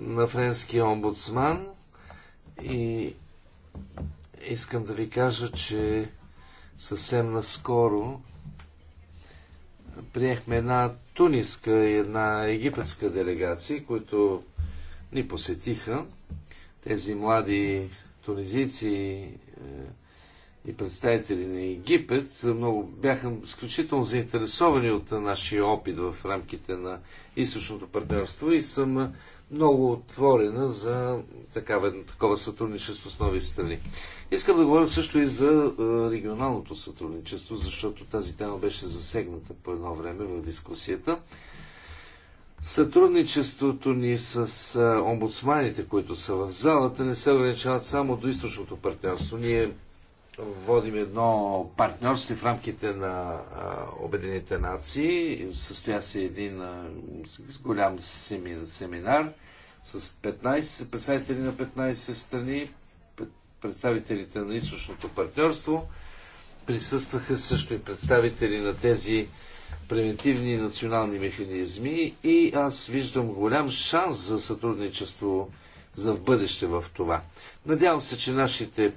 на френския омбудсман и искам да ви кажа, че Съвсем наскоро приехме една туниска и една египетска делегация, които ни посетиха. Тези млади тунизийци е, и представители на Египет много бяха изключително заинтересовани от нашия опит в рамките на източното партньорство и съм много отворена за такава, такова сътрудничество с нови страни. Искам да говоря също и за е, регионалното сътрудничество, защото тази тема беше засегната по едно време в дискусията. Сътрудничеството ни с е, омбудсманите, които са в залата, не се ограничават само до източното партньорство. Ние водим едно партньорство в рамките на Обединените нации. Състоя се един голям семинар с 15 представители на 15 страни, представителите на източното партньорство. Присъстваха също и представители на тези превентивни национални механизми и аз виждам голям шанс за сътрудничество за в бъдеще в това. Надявам се, че нашите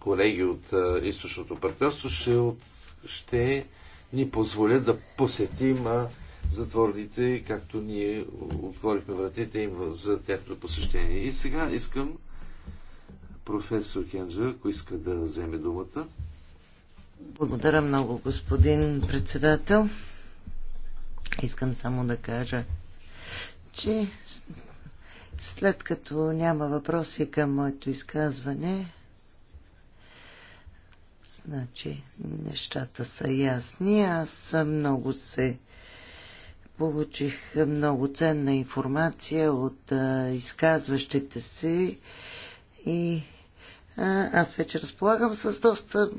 колеги от източното партньорство ще, от, ще ни позволят да посетим затворните, както ние отворихме вратите им за тяхното посещение. И сега искам професор Кенджа, ако иска да вземе думата. Благодаря много, господин председател. Искам само да кажа, че след като няма въпроси към моето изказване, Значи, нещата са ясни. Аз много се получих много ценна информация от а, изказващите се и а, аз вече разполагам с доста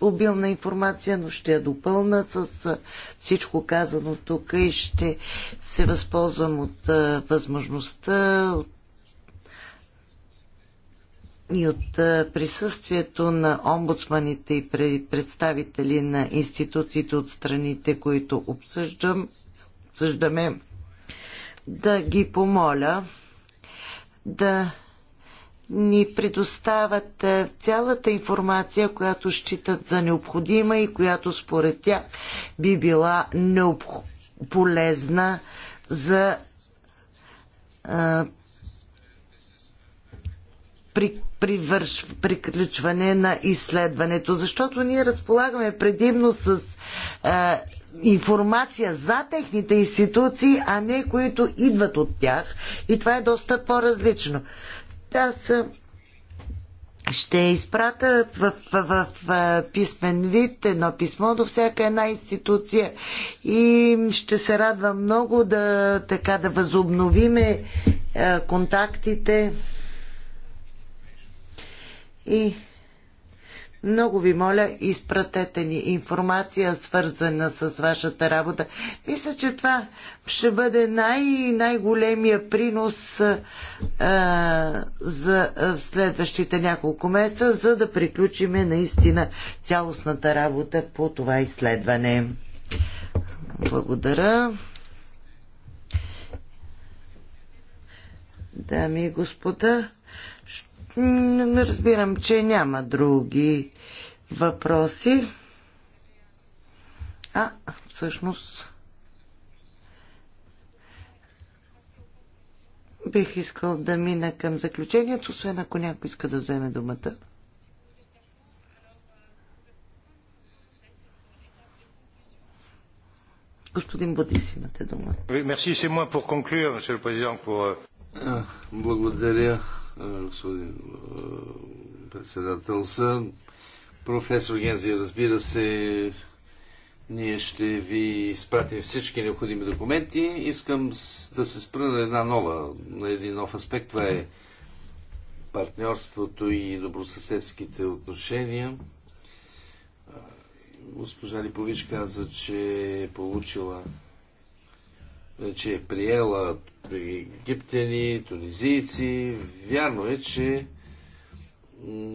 обилна информация, но ще я допълна с а, всичко казано тук и ще се възползвам от а, възможността, от и от присъствието на омбудсманите и представители на институциите от страните, които обсъждам, обсъждаме, да ги помоля да ни предоставят цялата информация, която считат за необходима и която според тях би била необ... полезна за а, при привърш, приключване на изследването, защото ние разполагаме предимно с е, информация за техните институции, а не които идват от тях. И това е доста по-различно. Аз е, ще изпрата в, в, в, в е, писмен вид едно писмо до всяка една институция и ще се радвам много да, така, да възобновиме е, контактите и много ви моля, изпратете ни информация, свързана с вашата работа. Мисля, че това ще бъде най- най-големия принос а, за в следващите няколко месеца, за да приключиме наистина цялостната работа по това изследване. Благодаря. Дами и господа, разбирам, че няма други въпроси. А, всъщност. Бих искал да мина към заключението, освен ако някой иска да вземе думата. Господин Бодис, имате думата. Euh, благодаря, е, господин е, председател, съм, професор Гензи. Разбира се, ние ще ви изпратим всички необходими документи. Искам да се спра на една нова, на един нов аспект. Това е партньорството и добросъседските отношения. Е, госпожа Липович каза, че е получила е, че е приела египтяни, тунизийци. Вярно е, че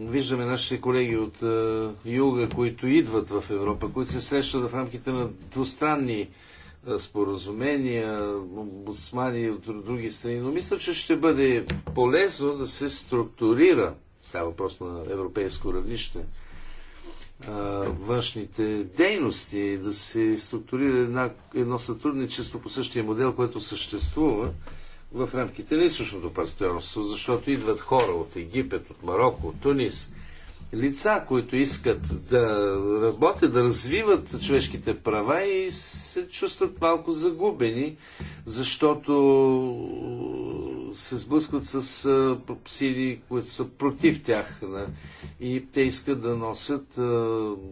виждаме нашите колеги от е, юга, които идват в Европа, които се срещат в рамките на двустранни е, споразумения, османи от други страни, но мисля, че ще бъде полезно да се структурира, става въпрос на европейско равнище, външните дейности, да се структурира една, едно сътрудничество по същия модел, което съществува в рамките на източното партньорство, защото идват хора от Египет, от Марокко, от Тунис, лица, които искат да работят, да развиват човешките права и се чувстват малко загубени, защото се сблъскват с сили, които са против тях. И те искат да носят,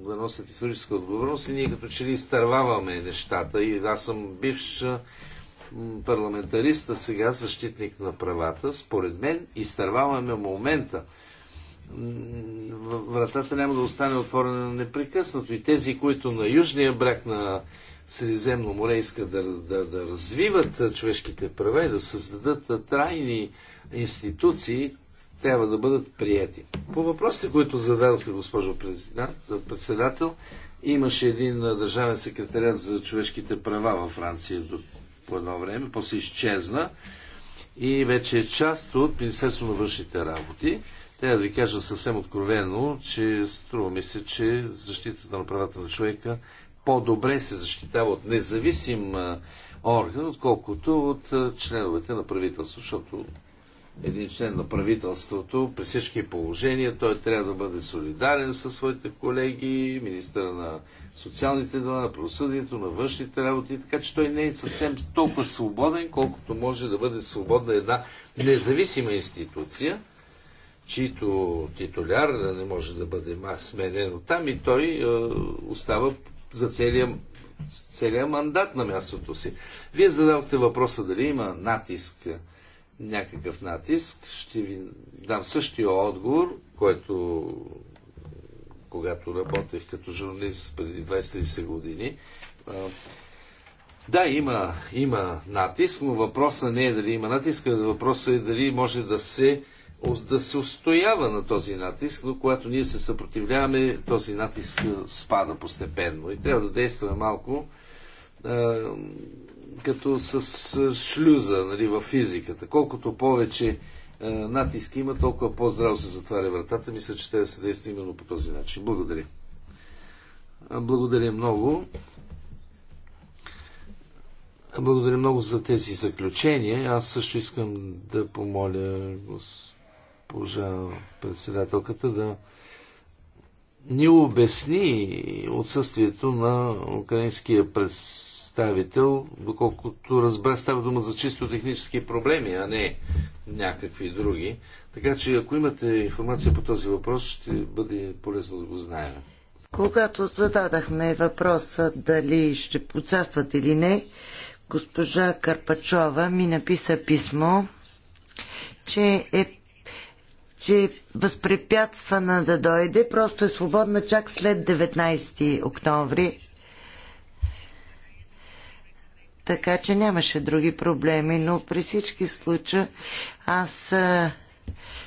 да носят историческа отговорност и ние като че ли изтърваваме нещата. И аз съм бивш парламентариста, сега защитник на правата. Според мен изтърваваме момента вратата няма да остане отворена непрекъснато. И тези, които на южния бряг на Средиземно море искат да, да, да развиват човешките права и да създадат трайни институции, трябва да бъдат прияти. По въпросите, които зададохте, госпожо председател, имаше един държавен секретарят за човешките права във Франция до по едно време, после изчезна и вече е част от Министерството на външните работи. Трябва да ви кажа съвсем откровено, че струва ми се, че защитата на правата на човека по-добре се защитава от независим орган, отколкото от членовете на правителство, защото един член на правителството при всички положения той трябва да бъде солидарен със своите колеги, министра на социалните дела, на правосъдието, на външните работи, така че той не е съвсем толкова свободен, колкото може да бъде свободна една независима институция, чието титуляр не може да бъде сменен от там и той е, остава за целия, целия мандат на мястото си. Вие зададохте въпроса дали има натиск, някакъв натиск. Ще ви дам същия отговор, който когато работех като журналист преди 20-30 години. Да, има, има натиск, но въпросът не е дали има натиск, а въпросът е дали може да се да се устоява на този натиск, но когато ние се съпротивляваме, този натиск спада постепенно. И трябва да действаме малко а, като с шлюза нали, в физиката. Колкото повече а, натиск има, толкова по-здраво се затваря вратата. Мисля, че трябва да се действа именно по този начин. Благодаря. Благодаря много. Благодаря много за тези заключения. Аз също искам да помоля господин госпожа председателката да ни обясни отсъствието на украинския представител, доколкото разбра, става дума за чисто технически проблеми, а не някакви други. Така че ако имате информация по този въпрос, ще бъде полезно да го знаем. Когато зададахме въпроса дали ще участват или не, госпожа Карпачова ми написа писмо, че е че е възпрепятствана да дойде, просто е свободна чак след 19 октомври. Така че нямаше други проблеми, но при всички случаи аз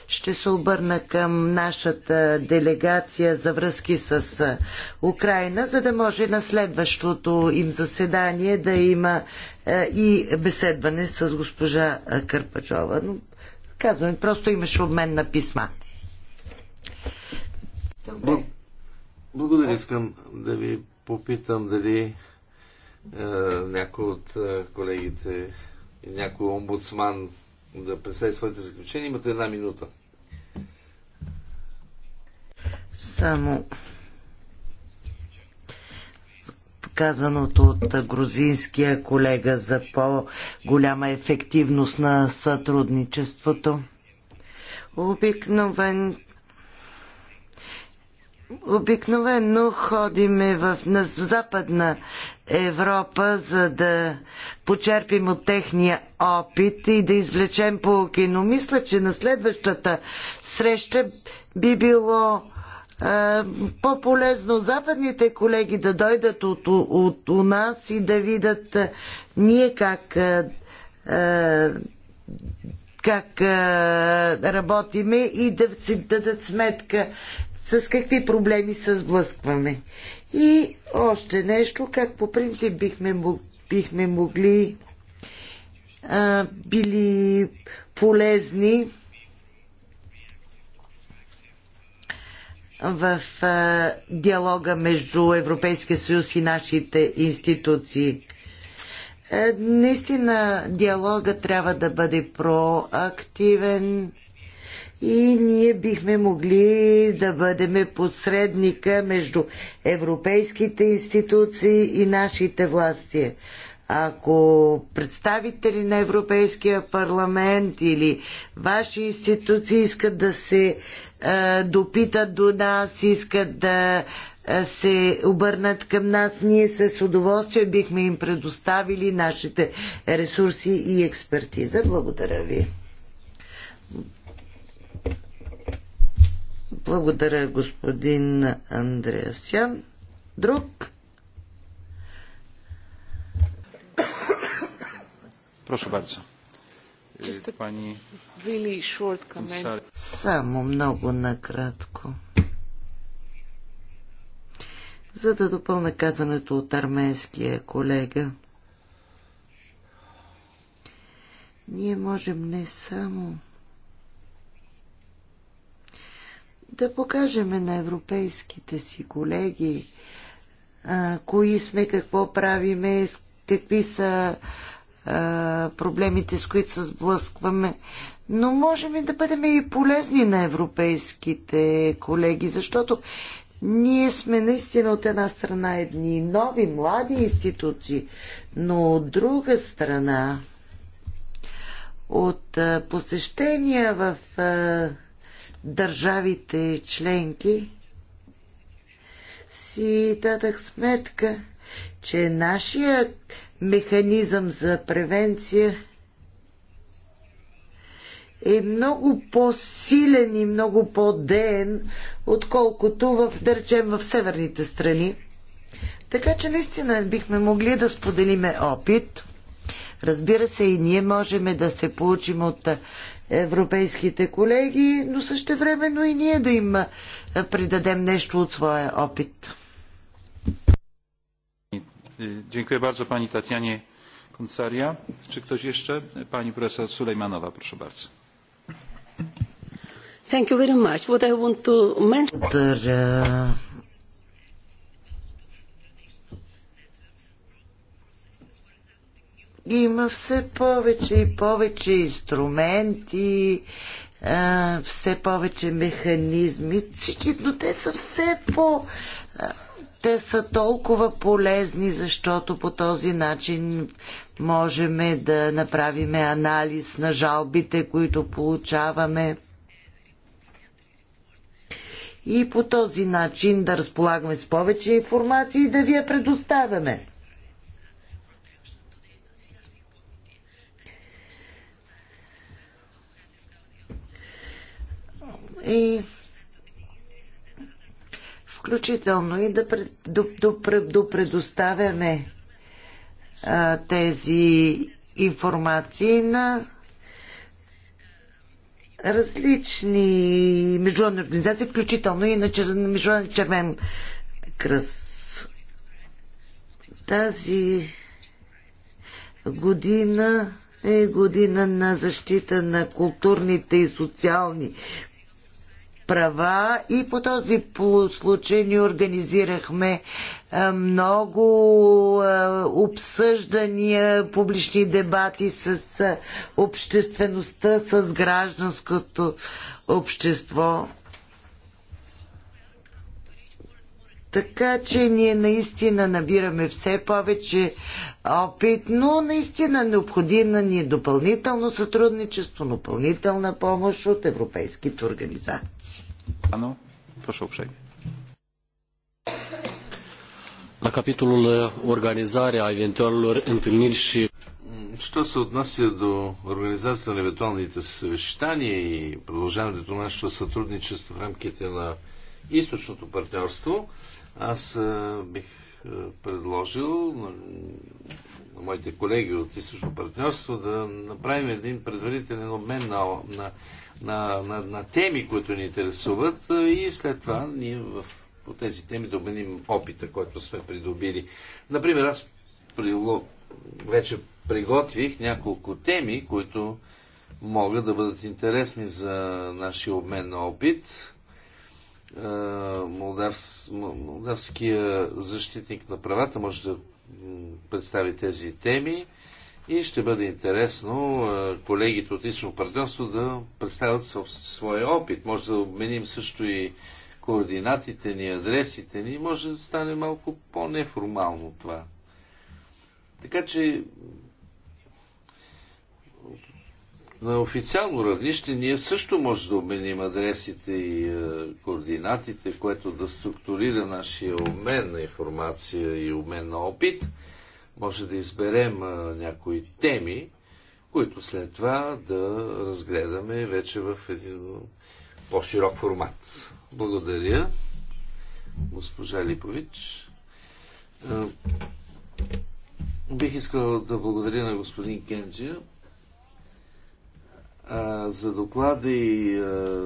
ще се обърна към нашата делегация за връзки с Украина, за да може на следващото им заседание да има и беседване с госпожа Кърпачова. Но Казвам, просто имаш от мен на писма. Добре. Благодаря. Искам да ви попитам дали е, някой от е, колегите и някой омбудсман да представи своите заключения. Имате една минута. Само казаното от грузинския колега за по-голяма ефективност на сътрудничеството. Обикновен Обикновено ходиме в, на Западна Европа, за да почерпим от техния опит и да извлечем полуки. Но мисля, че на следващата среща би било по-полезно западните колеги да дойдат от, от, у нас и да видят ние как как работиме и да си дадат сметка с какви проблеми се сблъскваме. И още нещо, как по принцип бихме, бихме могли а, били полезни в диалога между Европейския съюз и нашите институции. Е, наистина диалога трябва да бъде проактивен и ние бихме могли да бъдем посредника между европейските институции и нашите власти. Ако представители на Европейския парламент или ваши институции искат да се е, допитат до нас, искат да е, се обърнат към нас, ние с удоволствие бихме им предоставили нашите ресурси и експертиза. Благодаря ви. Благодаря, господин Андреасян. Друг? Прошу bardzo. Е, пани really short comment. Само много накратко. За да допълна казането от арменския колега. Ние можем не само да покажем на европейските си колеги а, кои сме, какво правиме, какви са а, проблемите, с които се сблъскваме, но можем и да бъдем и полезни на европейските колеги, защото ние сме наистина от една страна едни нови, млади институции, но от друга страна от посещения в държавите членки си дадах сметка, че нашия механизъм за превенция е много по-силен и много по-деен, отколкото в, да речем, в северните страни. Така че наистина бихме могли да споделиме опит. Разбира се, и ние можем да се получим от европейските колеги, но също времено и ние да им придадем нещо от своя опит. Дякую bardzo пани Татьяне Koncaria. Чи ktoś еще? Пани професор Сулейманова, прошу bardzo. Thank you very much. What I want to mention... Има все повече и повече инструменти, все повече механизми, но те са все по те са толкова полезни, защото по този начин можем да направим анализ на жалбите, които получаваме. И по този начин да разполагаме с повече информация и да ви я предоставяме. И включително и да допредоставяме тези информации на различни международни организации, включително и на Международен червен кръст. Тази година е година на защита на културните и социални права и по този случай ни организирахме много обсъждания, публични дебати с обществеността, с гражданското общество. Така че ние наистина набираме все повече опит, но наистина необходима ни е допълнително сътрудничество, допълнителна помощ от европейските организации. Ано, прошу uprzejmie. La capitolul uh, organizarea eventualelor întâlniri și Що се отнася до организация на евентуалните съвещания и продължаването на нашето сътрудничество в рамките на източното партньорство, аз бих предложил на, на моите колеги от източно партньорство да направим един предварителен обмен на, на, на, на, на теми, които ни интересуват и след това ние в, по тези теми да обменим опита, който сме придобили. Например, аз прилог, вече приготвих няколко теми, които могат да бъдат интересни за нашия обмен на опит е, Молдавс, молдавския защитник на правата може да представи тези теми и ще бъде интересно е, колегите от лично партньорство да представят своя опит. Може да обменим също и координатите ни, адресите ни. Може да стане малко по-неформално това. Така че на официално равнище ние също може да обменим адресите и е, координатите, което да структурира нашия обмен на информация и обмен на опит. Може да изберем е, някои теми, които след това да разгледаме вече в един по-широк формат. Благодаря, госпожа Липович. Е, бих искал да благодаря на господин Кенджия за доклада и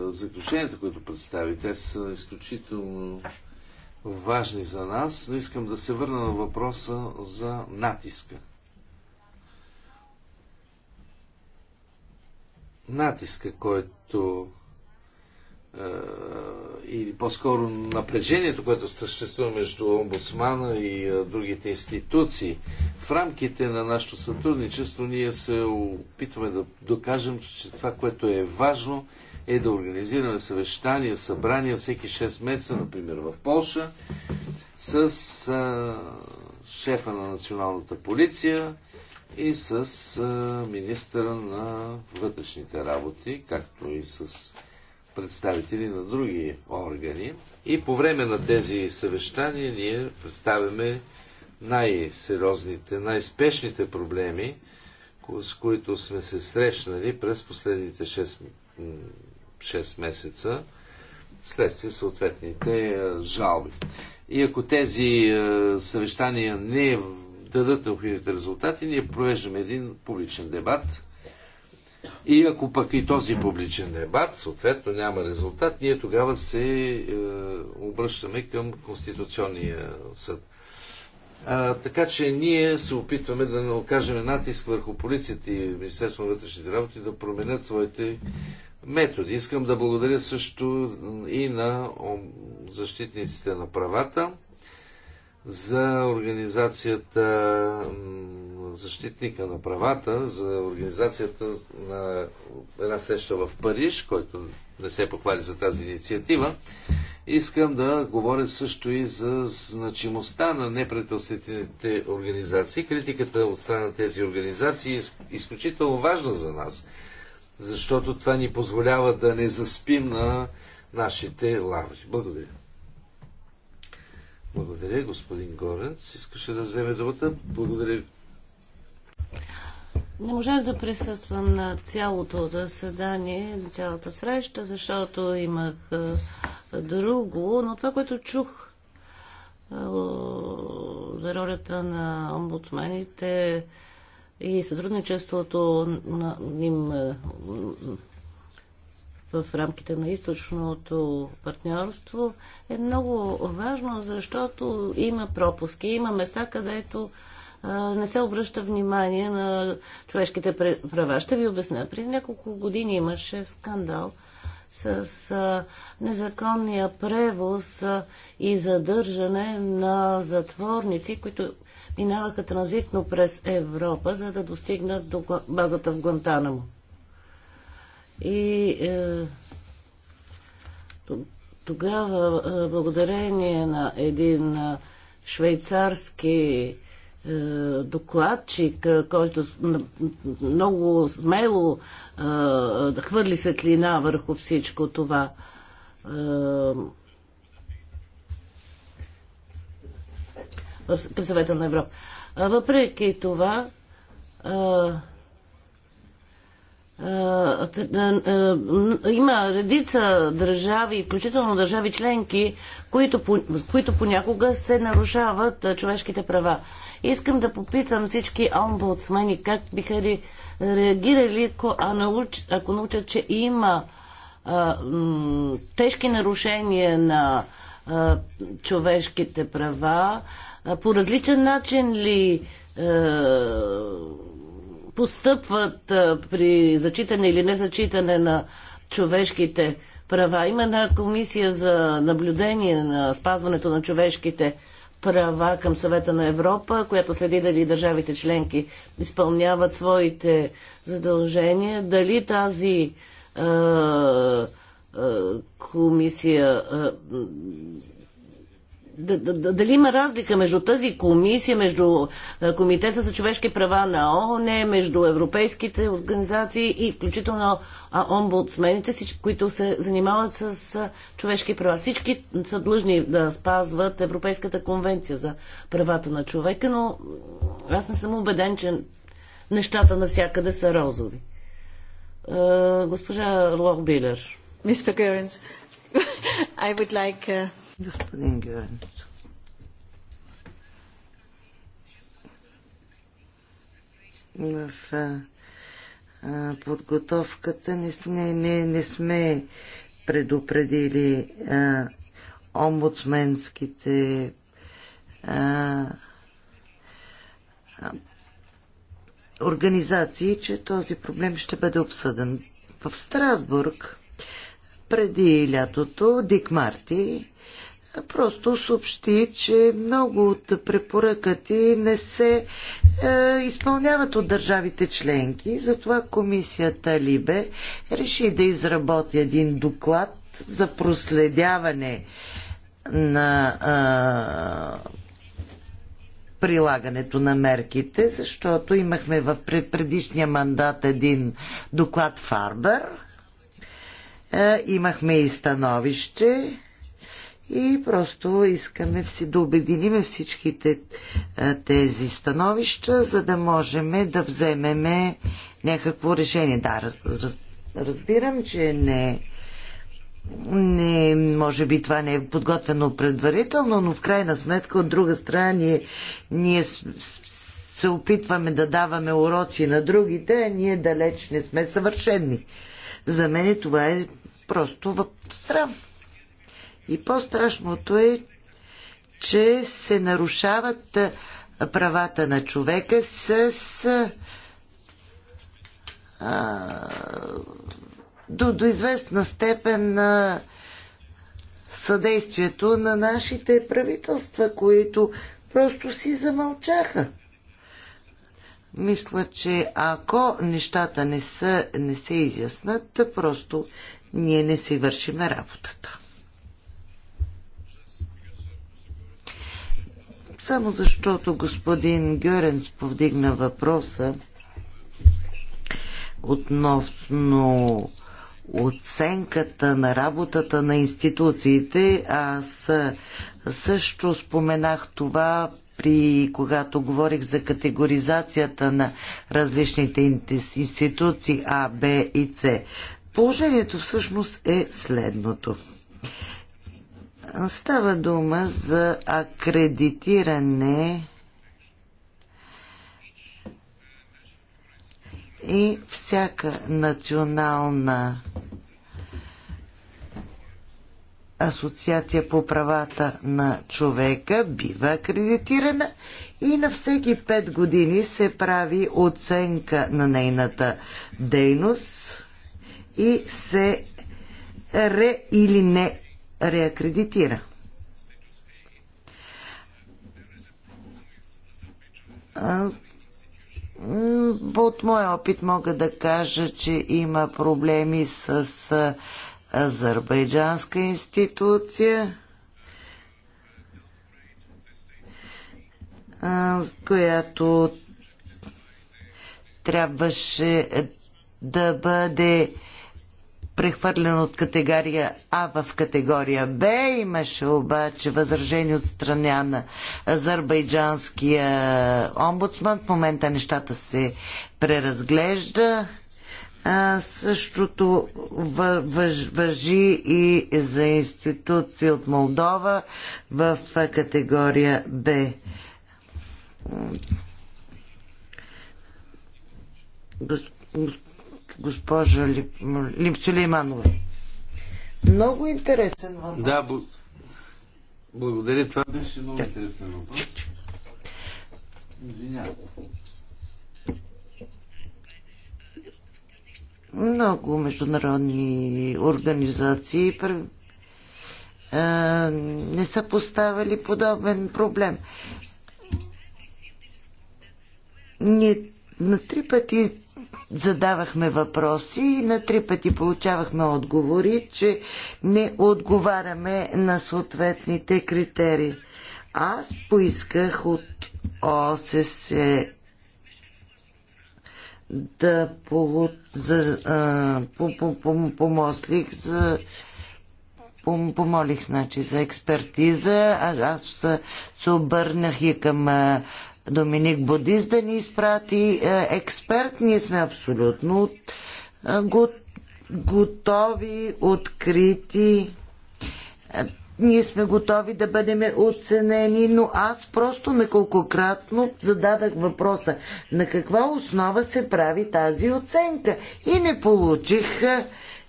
заключенията, които представи, те са изключително важни за нас, но искам да се върна на въпроса за натиска. Натиска, който е, или по-скоро напрежението, което съществува между омбудсмана и е, другите институции. В рамките на нашето сътрудничество ние се опитваме да докажем, че това, което е важно, е да организираме съвещания, събрания всеки 6 месеца, например в Польша, с а, е, шефа на националната полиция и с а, министъра на вътрешните работи, както и с представители на други органи. И по време на тези съвещания ние представяме най-сериозните, най-спешните проблеми, с които сме се срещнали през последните 6, 6 месеца, следствие съответните е, жалби. И ако тези е, съвещания не дадат необходимите резултати, ние провеждаме един публичен дебат и ако пък и този публичен дебат, съответно, няма резултат, ние тогава се е, обръщаме към Конституционния съд. А, така че ние се опитваме да не окажем натиск върху полицията и Министерство на вътрешните работи да променят своите методи. Искам да благодаря също и на защитниците на правата за организацията защитника на правата, за организацията на една среща в Париж, който не се похвали за тази инициатива. Искам да говоря също и за значимостта на неправителствените организации. Критиката от страна на тези организации е изключително важна за нас, защото това ни позволява да не заспим на нашите лаври. Благодаря. Благодаря, господин Горенц. Искаше да вземе думата. Благодаря ви. Не можах да присъствам на цялото заседание, на цялата среща, защото имах друго, но това, което чух за ролята на омбудсмените и сътрудничеството им в рамките на източното партньорство е много важно, защото има пропуски, има места, където не се обръща внимание на човешките права. Ще ви обясня. Преди няколко години имаше скандал с незаконния превоз и задържане на затворници, които минаваха транзитно през Европа, за да достигнат до базата в Гуантанамо. И е, тогава, е, благодарение на един е, швейцарски е, докладчик, е, който много смело е, хвърли светлина върху всичко това. Към съвета на Европа. Въпреки това, има редица държави, включително държави членки, които, които понякога се нарушават човешките права. Искам да попитам всички омбудсмени как биха реагирали, ако, а науч, ако научат, че има а, м, тежки нарушения на а, човешките права, а, по различен начин ли а, постъпват при зачитане или незачитане на човешките права. Има една комисия за наблюдение на спазването на човешките права към съвета на Европа, която следи дали държавите членки изпълняват своите задължения, дали тази е, е, комисия е, дали има разлика между тази комисия, между е, Комитета за човешки права на ООН, между европейските организации и включително омбудсмените, които се занимават с е, човешки права. Всички са длъжни да спазват Европейската конвенция за правата на човека, но аз не съм убеден, че нещата навсякъде са розови. Е, госпожа Лох Билер. Мистер Геренс, I would like uh... Господин Гюренц. В а, подготовката не, не, не, не сме предупредили а, омбудсменските а, а, организации, че този проблем ще бъде обсъден. В Страсбург преди лятото Дик Марти просто съобщи, че много от препоръкати не се е, изпълняват от държавите членки. Затова комисията Либе реши да изработи един доклад за проследяване на е, прилагането на мерките, защото имахме в предишния мандат един доклад Фарбър. Е, имахме и становище и просто искаме да обединиме всичките тези становища, за да можем да вземеме някакво решение. Да, раз, раз, разбирам, че не не, може би това не е подготвено предварително, но в крайна сметка от друга страна ние, ние се опитваме да даваме уроци на другите, а ние далеч не сме съвършени. За мен това е просто срам. И по-страшното е, че се нарушават правата на човека с а, до, до известна степен на съдействието на нашите правителства, които просто си замълчаха. Мисля, че ако нещата не, са, не се изяснат, просто ние не си вършим работата. Само защото господин Гюренс повдигна въпроса относно оценката на работата на институциите. Аз също споменах това при когато говорих за категоризацията на различните институции А, Б и С. Положението всъщност е следното. Става дума за акредитиране и всяка национална асоциация по правата на човека бива акредитирана и на всеки 5 години се прави оценка на нейната дейност и се ре или не реакредитира. От моя опит мога да кажа, че има проблеми с азербайджанска институция, която трябваше да бъде прехвърлен от категория А в категория Б. Имаше обаче възражение от страна на азербайджанския омбудсман. В момента нещата се преразглежда. А, същото въжи и за институции от Молдова в категория Б. Господин госпожа Лип... Лимсулейманова. Много интересен въпрос. Да, б... благодаря. Това беше много да. интересен въпрос. Извинявам. Много международни организации не са поставили подобен проблем. Ние на три пъти задавахме въпроси и на три пъти получавахме отговори, че не отговаряме на съответните критерии. Аз поисках от ОСС да полу... за, помослих за помолих значи, за експертиза. аз се обърнах и към а, Доминик Бодис да ни изпрати е, експерт. Ние сме абсолютно е, готови, открити. Е, ние сме готови да бъдем оценени, но аз просто неколкократно зададах въпроса на каква основа се прави тази оценка и не получих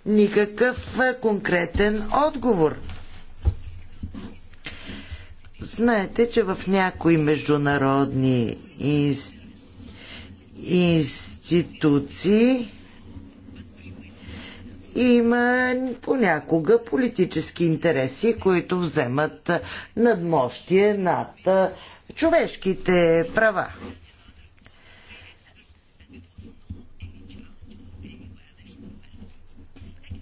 никакъв конкретен отговор. Знаете, че в някои международни институции има понякога политически интереси, които вземат надмощие над човешките права.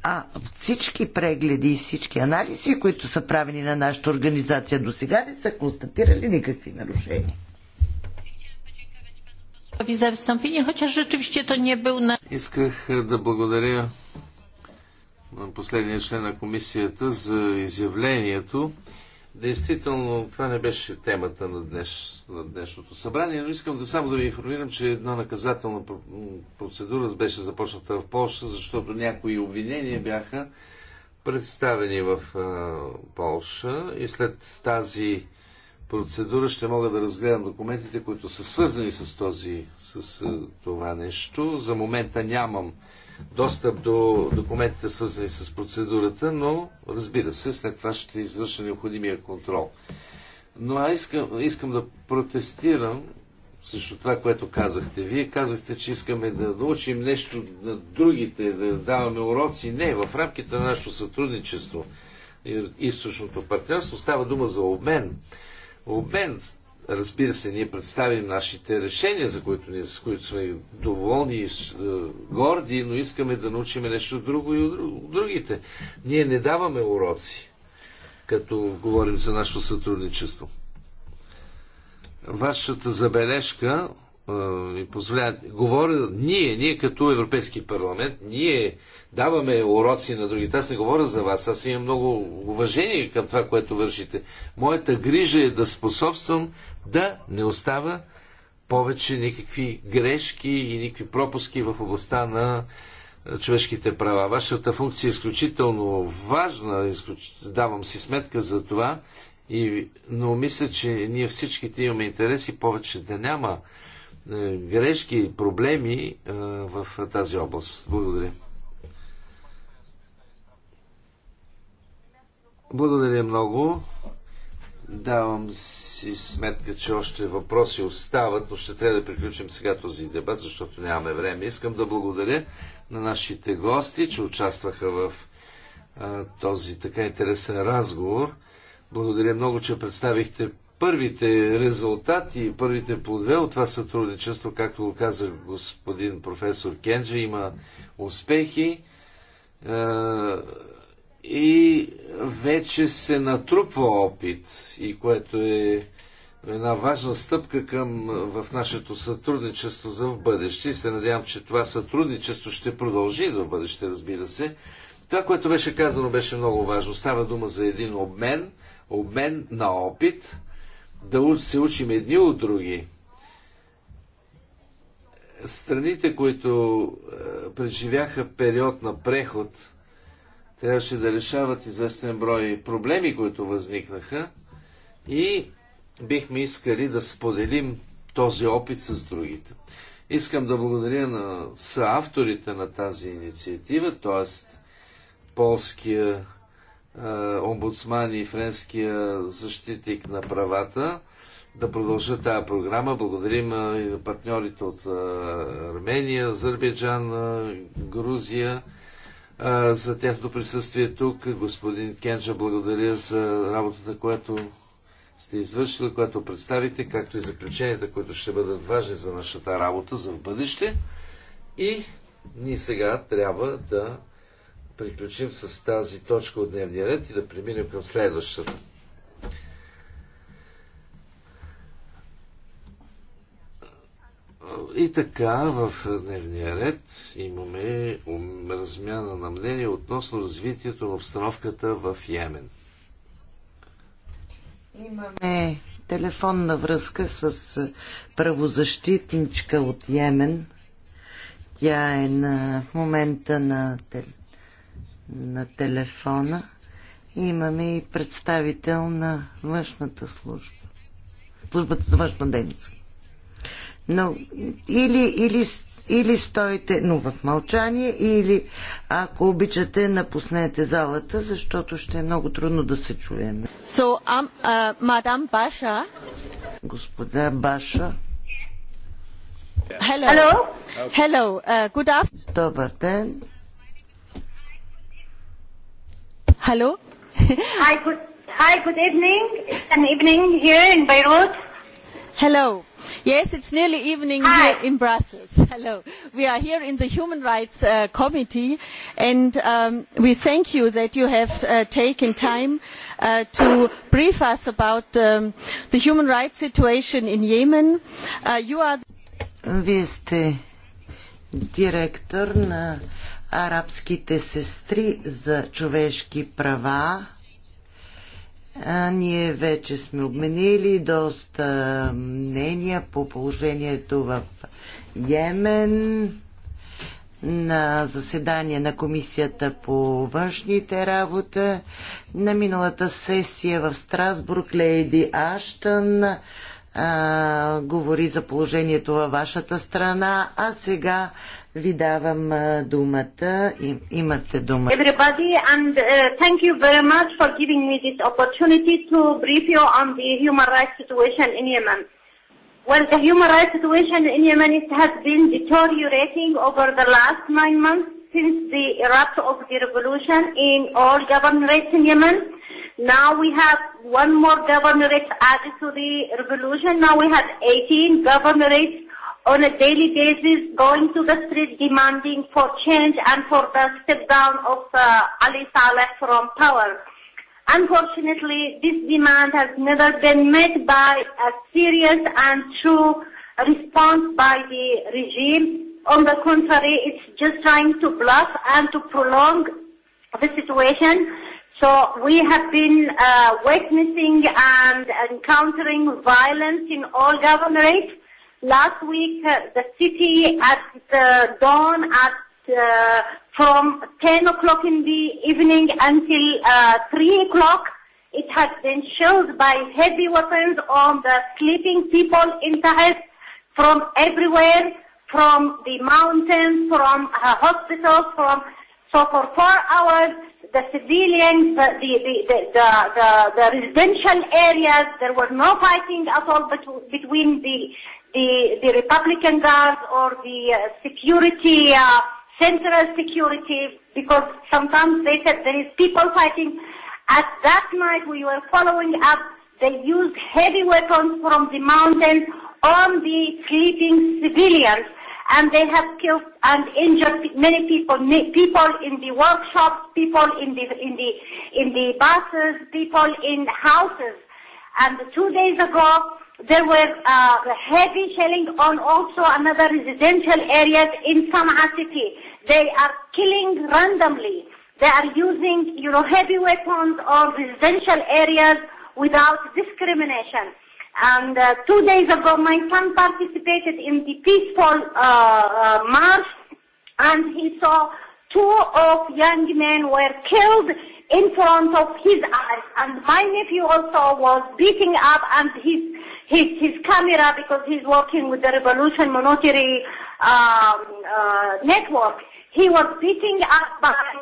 А всички прегледи и всички анализи, които са правени на нашата организация до сега, не са констатирали никакви нарушения. Исках да благодаря на последния член на комисията за изявлението. Действително, това не беше темата на, днеш, на днешното събрание, но искам да само да ви информирам, че една наказателна процедура беше започната в Польша, защото някои обвинения бяха представени в а, Полша и след тази процедура ще мога да разгледам документите, които са свързани с, този, с а, това нещо. За момента нямам достъп до документите, свързани с процедурата, но разбира се, след това ще извърша необходимия контрол. Но аз искам, искам да протестирам също това, което казахте. Вие казахте, че искаме да научим нещо на другите, да даваме уроци. Не, в рамките на нашето сътрудничество и източното партньорство става дума за обмен. Обмен Разбира се, ние представим нашите решения, за които ние, с които сме доволни и е, горди, но искаме да научим нещо друго и от другите. Ние не даваме уроци, като говорим за нашето сътрудничество. Вашата забележка ми позволяват, говоря, ние, ние като Европейски парламент, ние даваме уроци на другите. Аз не говоря за вас, аз имам много уважение към това, което вършите. Моята грижа е да способствам да не остава повече никакви грешки и никакви пропуски в областта на човешките права. Вашата функция е изключително важна, изключ... давам си сметка за това, и... но мисля, че ние всичките имаме интереси повече да няма е, грешки, проблеми е, в тази област. Благодаря. Благодаря много. Давам си сметка, че още въпроси остават, но ще трябва да приключим сега този дебат, защото нямаме време. Искам да благодаря на нашите гости, че участваха в а, е, този така интересен разговор. Благодаря много, че представихте първите резултати, първите плодове от това сътрудничество, както го каза господин професор Кенджи, има успехи е, и вече се натрупва опит и което е една важна стъпка към, в нашето сътрудничество за в бъдеще и се надявам, че това сътрудничество ще продължи за в бъдеще, разбира се. Това, което беше казано, беше много важно. Става дума за един обмен, обмен на опит, да се учим едни от други. Страните, които е, преживяха период на преход, трябваше да решават известен брой проблеми, които възникнаха и бихме искали да споделим този опит с другите. Искам да благодаря на съавторите на тази инициатива, т.е. полския е, омбудсман и френския защитник на правата да продължат тази програма. Благодарим е, и на партньорите от е, Армения, Азербайджан, Грузия за тяхното присъствие тук. Господин Кенджа, благодаря за работата, която сте извършили, която представите, както и заключенията, които ще бъдат важни за нашата работа за в бъдеще. И ние сега трябва да приключим с тази точка от дневния ред и да преминем към следващата. И така, в дневния ред имаме размяна на мнение относно развитието на обстановката в Йемен. Имаме телефонна връзка с правозащитничка от Йемен. Тя е на момента на телефон на телефона. Имаме и представител на външната служба. Службата за външна дейност. Но или, или, или стойте но в мълчание, или ако обичате, напуснете залата, защото ще е много трудно да се чуем. So, um, uh, Баша. Господа Баша. Hello. Hello. Hello. Uh, good afternoon. Добър ден. Hello? hi, good, hi, good evening. It's an evening here in Beirut. Hello. Yes, it's nearly evening Hi. here in Brussels. Hello. We are here in the Human Rights uh, Committee and um, we thank you that you have uh, taken time uh, to brief us about um, the human rights situation in Yemen. Uh, you are... Вие сте директор на арабските сестри за човешки права. А, ние вече сме обменили доста мнения по положението в Йемен на заседание на Комисията по външните работа. На миналата сесия в Страсбург Лейди Аштън а, говори за положението във вашата страна, а сега ви давам думата. имате дума. Everybody and uh, thank you very much for giving me this opportunity to brief you on the human rights situation in Yemen. Well, the human rights situation in Yemen has been deteriorating over the last nine months since the erupt of the revolution in all governorates in Yemen. Now we have one more governorate added to the revolution. Now we have 18 governorates on a daily basis going to the street demanding for change and for the step down of uh, Ali Saleh from power. Unfortunately, this demand has never been met by a serious and true response by the regime. On the contrary, it's just trying to bluff and to prolong the situation. So we have been uh, witnessing and encountering violence in all governorates Last week, uh, the city at the dawn at uh, from 10 o'clock in the evening until uh, 3 o'clock, it has been shelled by heavy weapons on the sleeping people in Tahes from everywhere, from the mountains, from uh, hospitals, from so for four hours the civilians, the, the, the, the, the, the residential areas, there was no fighting at all between the the, the Republican Guard or the uh, security, uh, central security, because sometimes they said there is people fighting. At that night we were following up, they used heavy weapons from the mountains on the sleeping civilians and they have killed and injured many people, people in the workshops, people in the, in the, in the buses, people in houses. And two days ago, There were uh, heavy shelling on also another residential areas in Sana'a city. They are killing randomly. They are using, you know, heavy weapons on residential areas without discrimination. And uh, two days ago, my son participated in the peaceful uh, uh, march, and he saw two of young men were killed in front of his eyes. And my nephew also was beating up, and his his his camera because he's working with the Revolution Monetary um, uh, Network. He was beating up by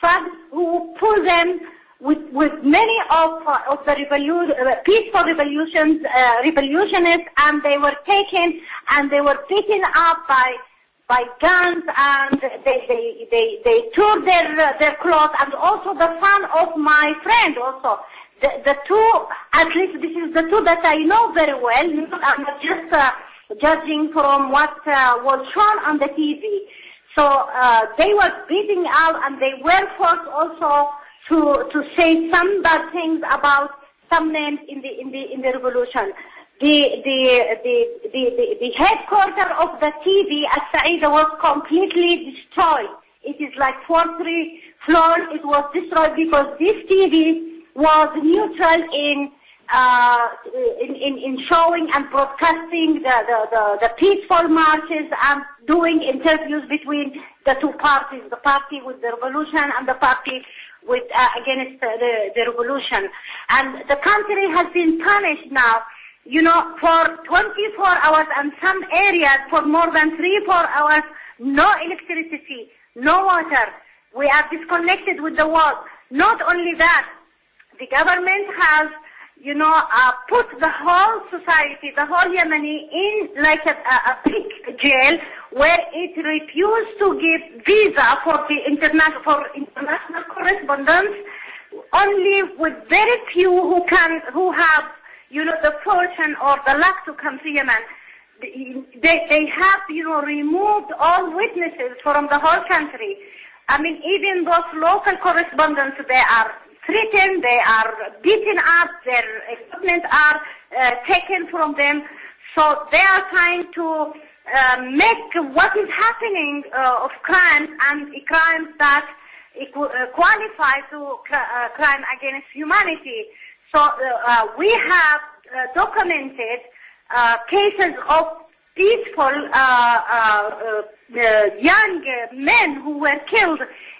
thugs who pulled them with with many of uh, of the revolu- uh, peaceful revolutions uh, revolutionists, and they were taken and they were beaten up by by guns and they they they, they tore their uh, their clothes and also the son of my friend also the, the two, at least this is the two that I know very well. I'm just uh, judging from what uh, was shown on the TV. So uh, they were beating out and they were forced also to, to say some bad things about some names in the, in the, in the revolution. The, the, the, the, the, the headquarter of the TV at Saida was completely destroyed. It is like four, three floors. It was destroyed because this TV was neutral in uh, in, in, in showing and broadcasting the, the, the, the peaceful marches and doing interviews between the two parties, the party with the revolution and the party with uh, against uh, the, the revolution. And the country has been punished now, you know, for 24 hours and some areas for more than three, four hours, no electricity, no water. We are disconnected with the world. Not only that, the government has, you know, uh, put the whole society, the whole Yemeni in like a, a a big jail where it refused to give visa for the international, for international correspondence only with very few who can, who have, you know, the fortune or the luck to come to Yemen. They, they have, you know, removed all witnesses from the whole country. I mean, even those local correspondents, they are threatened, they are beaten up, their equipment are uh, taken from them. So they are trying to uh, make what is happening uh, of crimes and crimes that qualify to uh, crime against humanity. So uh, uh, we have uh, documented uh, cases of peaceful uh, uh, uh, young men who were killed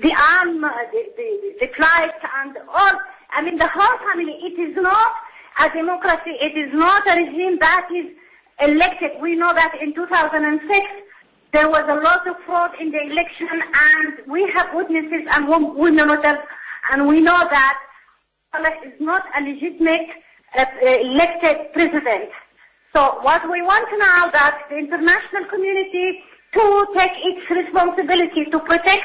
the arm, the, the, the plight, and all. I mean, the whole family. It is not a democracy. It is not a regime that is elected. We know that in 2006 there was a lot of fraud in the election, and we have witnesses and women and we know that Allah is not a legitimate uh, elected president. So what we want now that the international community to take its responsibility to protect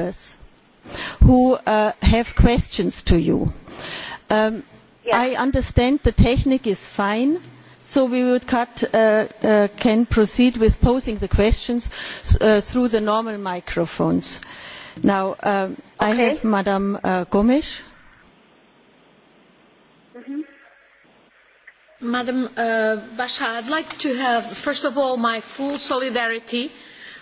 members who have questions to you. I understand the technique is fine, so we would can proceed with posing the questions through the normal microphones. Now, I have Madam Gomes. Madam Basha, I'd like to have, first of all, my full solidarity uh,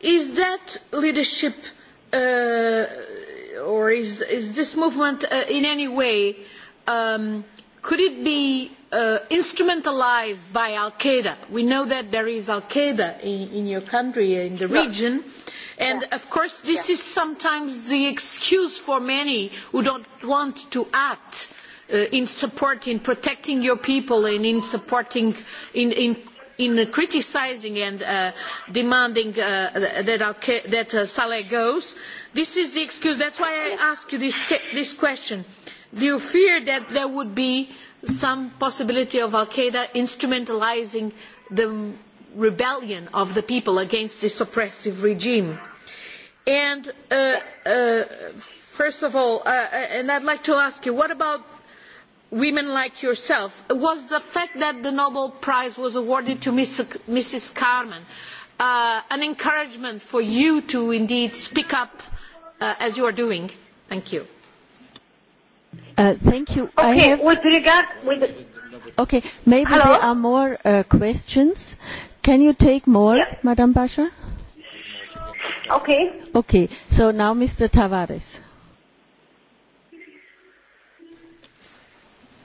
is that leadership or is, is this movement in any way could it be instrumentalised by Al Qaeda? We know that there is Al Qaeda in, your country, in the region. And of course, this is sometimes the excuse for many who don't want to act in supporting, protecting your people and in supporting, in, in in criticising and demanding that, Saleh goes. This is the excuse. That is why I ask you this, question. Do you fear that there would be some possibility of Al-Qaeda instrumentalising the rebellion of the people against this oppressive regime? And first of all, I would like to ask you, what about women like yourself was the fact that the Nobel Prize was awarded to Mrs. Carmen an encouragement for you to indeed speak up as you are doing? Thank you. thank you. Okay, with regard... With okay, maybe there are more questions. Can you take more, Madam Basha? Okay. Okay, so now Mr. Tavares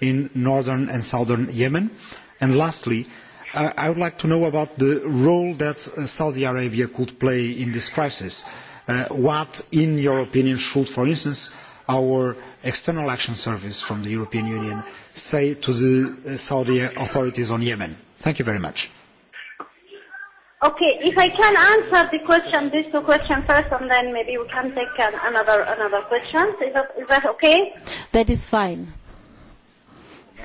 in northern and southern Yemen? And lastly, I would like to know about the role that Saudi Arabia could play in this crisis. what, in your opinion, should, for instance, our external action service from the European Union say to the Saudi authorities on Yemen? Thank you very much. Okay, if I can answer the question, these two questions first, and then maybe we can take another another question. Is that is that okay? That is fine.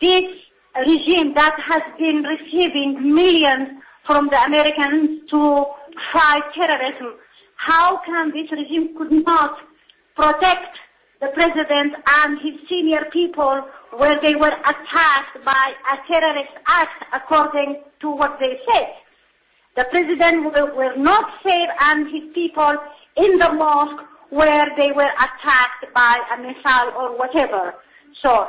This regime that has been receiving millions from the Americans to fight terrorism, how can this regime could not protect the president and his senior people where they were attacked by a terrorist act according to what they said. The president will not save and his people in the mosque where they were attacked by a missile or whatever. So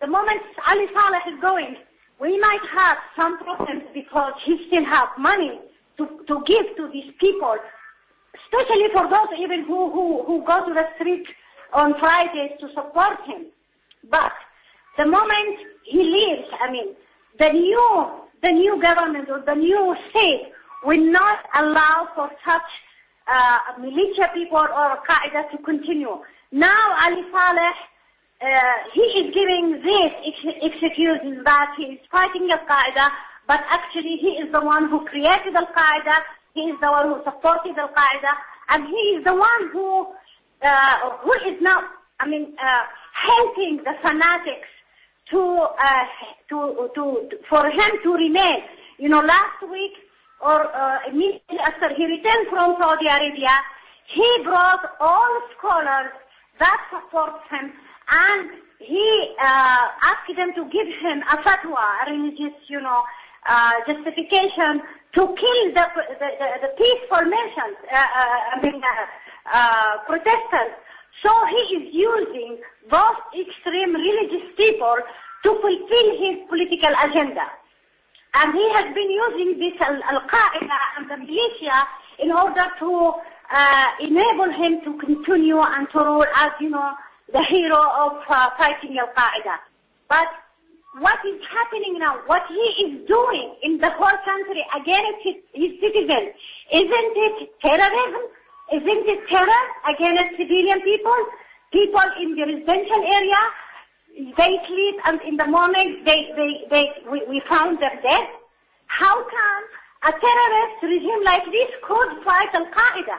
the moment Ali Saleh is going, we might have some problems because he still have money to, to give to these people, especially for those even who, who, who go to the street on Fridays to support him. But the moment he leaves, I mean, the new, the new government or the new state will not allow for such uh, militia people or Qaeda to continue. Now Ali Saleh uh, he is giving this ex- execution that he is fighting Al Qaeda, but actually he is the one who created Al Qaeda, he is the one who supported Al Qaeda, and he is the one who uh, who is now, I mean, uh, helping the fanatics to, uh, to to to for him to remain. You know, last week or uh, immediately after he returned from Saudi Arabia, he brought all scholars that support him and he uh, asked them to give him a fatwa, a religious, you know, uh, justification to kill the the, the, the peaceful merchants, uh, uh, I mean, uh, uh, protesters. So he is using both extreme religious people to fulfill his political agenda. And he has been using this al-Qaeda and the militia in order to uh, enable him to continue and to rule as, you know, the hero of uh, fighting Al-Qaeda. But what is happening now, what he is doing in the whole country against his, his citizens, isn't it terrorism? Isn't it terror against civilian people? People in the residential area, they sleep and in the morning they, they, they, we, we found them dead. How come a terrorist regime like this could fight Al-Qaeda?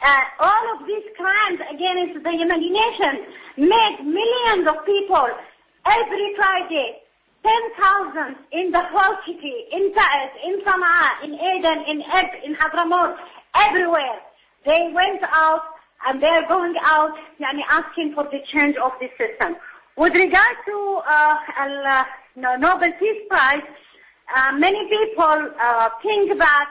Uh, all of these crimes against the imagination make millions of people every Friday, 10,000 in the whole city, in Taiz, in Sana'a, in Aden, in Eb, in Hadramaut, everywhere. They went out and they are going out yani, asking for the change of the system. With regard to uh, uh Nobel Peace Prize, uh, many people uh, think that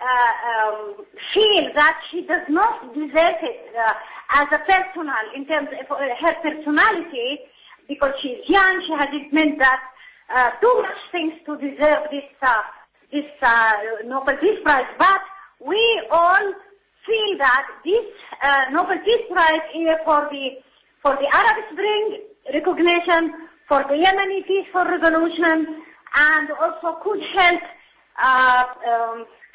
uh, um, feel that she does not deserve it uh, as a personal, in terms of her personality, because she's young, she has it meant that uh, too much things to deserve this uh, this uh, Nobel Peace Prize. But we all feel that this uh, Nobel Peace Prize is for the for the Arab Spring recognition, for the Yemeni peaceful revolution, and also could help uh, um,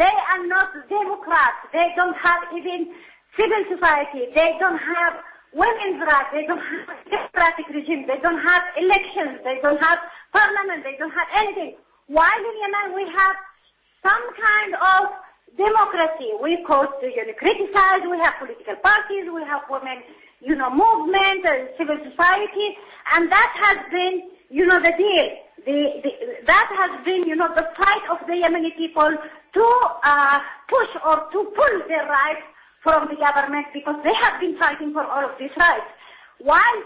They are not democrats. They don't have even civil society. They don't have women's rights. They don't have democratic regime. They don't have elections. They don't have parliament. They don't have anything. While in Yemen we have some kind of democracy. We cause to you know, criticize. We have political parties. We have women, you know, movement and civil society, and that has been, you know, the deal. The, the, that has been, you know, the fight of the Yemeni people to uh, push or to pull their rights from the government because they have been fighting for all of these rights. While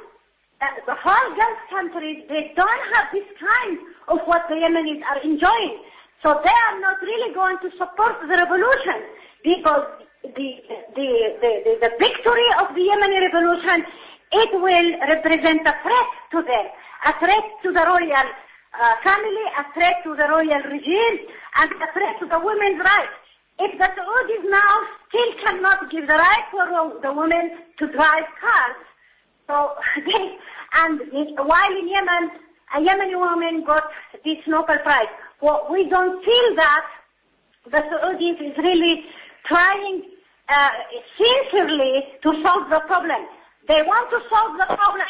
uh, the whole Gulf countries, they don't have this kind of what the Yemenis are enjoying. So they are not really going to support the revolution because the, the, the, the, the victory of the Yemeni revolution, it will represent a threat to them, a threat to the royal uh, family, a threat to the royal regime, and a threat to the women's rights. If the Saudis now still cannot give the right for the women to drive cars, so they, and while in Yemen, a Yemeni woman got this Nobel Prize. Well, we don't feel that the Saudis is really trying uh, sincerely to solve the problem. They want to solve the problem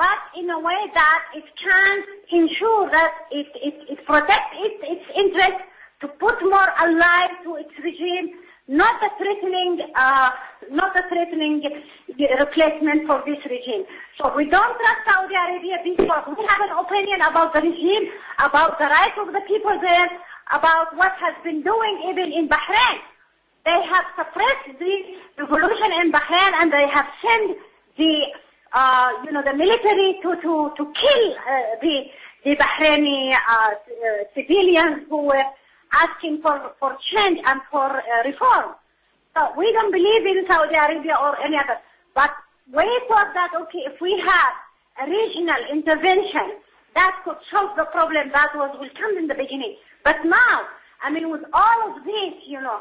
but in a way that it can ensure that it, it, it protects its, its interest to put more allies to its regime, not a threatening, uh, not a threatening replacement for this regime. So we don't trust Saudi Arabia because we have an opinion about the regime, about the rights of the people there, about what has been doing even in Bahrain. They have suppressed the revolution in Bahrain and they have sent the uh, you know, the military to, to, to kill uh, the, the Bahraini uh, uh, civilians who were asking for, for change and for uh, reform. So we don't believe in Saudi Arabia or any other. But we thought that, okay, if we have a regional intervention, that could solve the problem that was will come in the beginning. But now, I mean, with all of this, you know,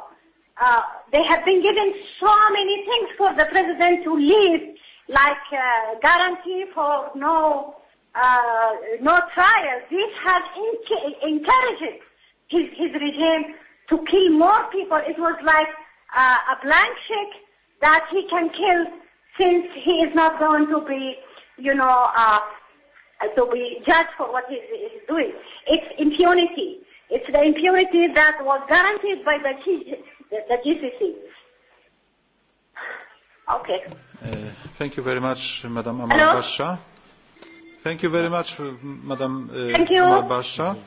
uh, they have been given so many things for the president to leave like uh, guarantee for no uh, no trial. This has enc- encouraged his, his regime to kill more people. It was like uh, a blank check that he can kill since he is not going to be, you know, uh, to be judged for what he's, he's doing. It's impunity. It's the impunity that was guaranteed by the, the GCC. Okay. Thank you very much, Madam Amal Basha. Thank you very much, Madam Thank you. Amal Basha.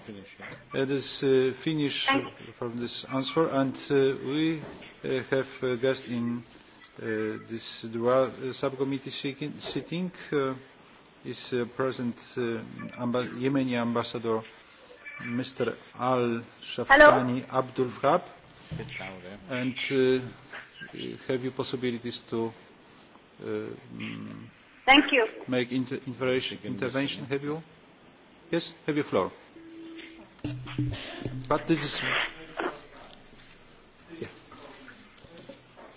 It is uh, finished from this answer, and uh, we uh, have a guest in uh, this dual uh, subcommittee sitting. Uh, is uh, present uh, amb Yemeni ambassador, Mr. Al Shafani Abdul Wahab, and uh, have you possibilities to Thank you. make inter intervention? Have you? Yes, have you floor. But this is...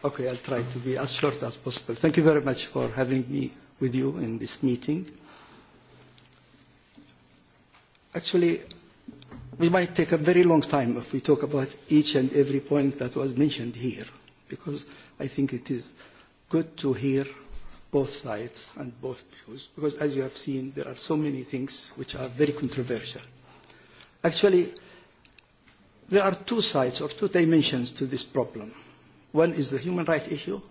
Okay, I'll try to be as short as possible. Thank you very much for having me with you in this meeting. Actually, we might take a very long time if we talk about each and every point that was mentioned here because I think it is good to hear both sides and both views, because as you have seen, there are so many things which are very controversial. Actually, there are two sides or two dimensions to this problem. One is the human rights issue,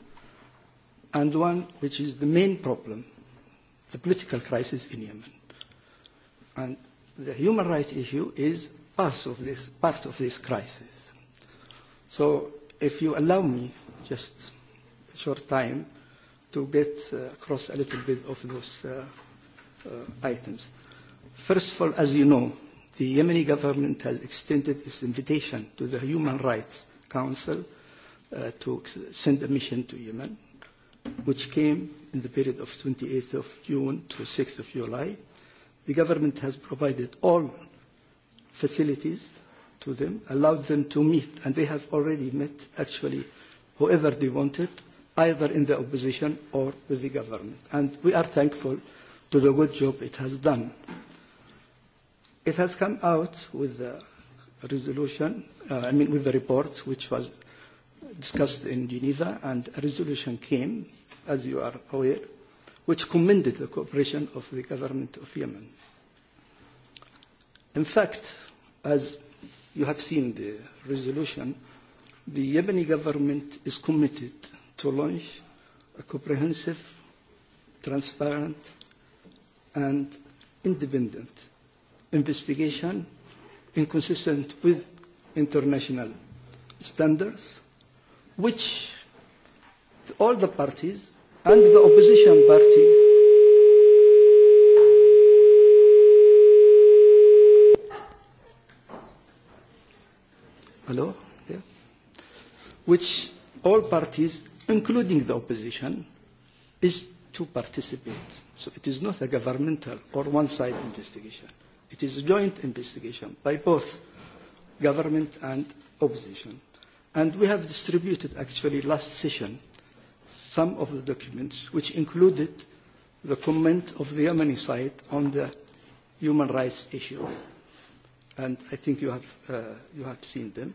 and one which is the main problem, the political crisis in Yemen. And the human rights issue is part of this, part of this crisis. So if you allow me just a short time to get across a little bit of those uh, uh, items. First of all, as you know, the Yemeni government has extended its invitation to the Human Rights Council uh, to send a mission to Yemen, which came in the period of 28th of June to 6th of July. The government has provided all facilities to them, allowed them to meet, and they have already met actually whoever they wanted, either in the opposition or with the government. And we are thankful to the good job it has done. It has come out with the resolution, uh, I mean with the report, which was discussed in Geneva, and a resolution came, as you are aware, which commended the cooperation of the government of Yemen. In fact, as You have seen the resolution. The Yemeni government is committed to launch a comprehensive, transparent, and independent investigation inconsistent with international standards, which all the parties and the opposition party Law, Yeah. Which all parties, including the opposition, is to participate. So it is not a governmental or one-side investigation. It is a joint investigation by both government and opposition. And we have distributed, actually, last session, some of the documents which included the comment of the Yemeni side on the human rights issue. And I think you have, uh, you have seen them.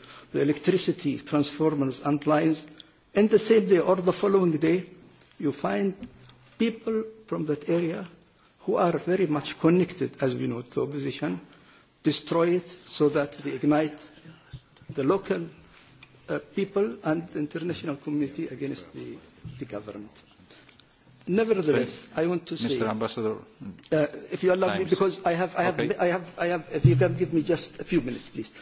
the electricity transformers and lines, and the same day or the following day, you find people from that area who are very much connected, as we know, to opposition, destroy it so that they ignite the local uh, people and the international community against the, the government. Nevertheless, I want to say, Mr. Ambassador, uh, if you allow me, because I have, I have, I have, I have, if you can give me just a few minutes, please. Uh,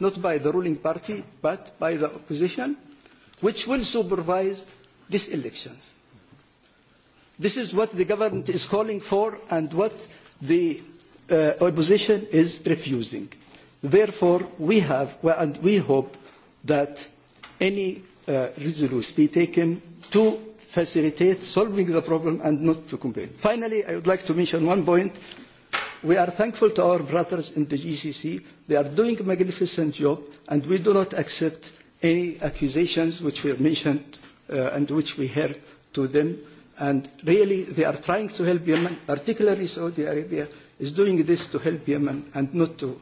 not by the ruling party, but by the opposition, which will supervise these elections. This is what the government is calling for and what the opposition is refusing. Therefore, we have and we hope that any resolution be taken to facilitate solving the problem and not to complain. Finally, I would like to mention one point We are thankful to our brothers in the GCC. They are doing a magnificent job, and we do not accept any accusations which were mentioned uh, and which we heard to them. And really, they are trying to help Yemen, particularly Saudi Arabia is doing this to help Yemen and not to,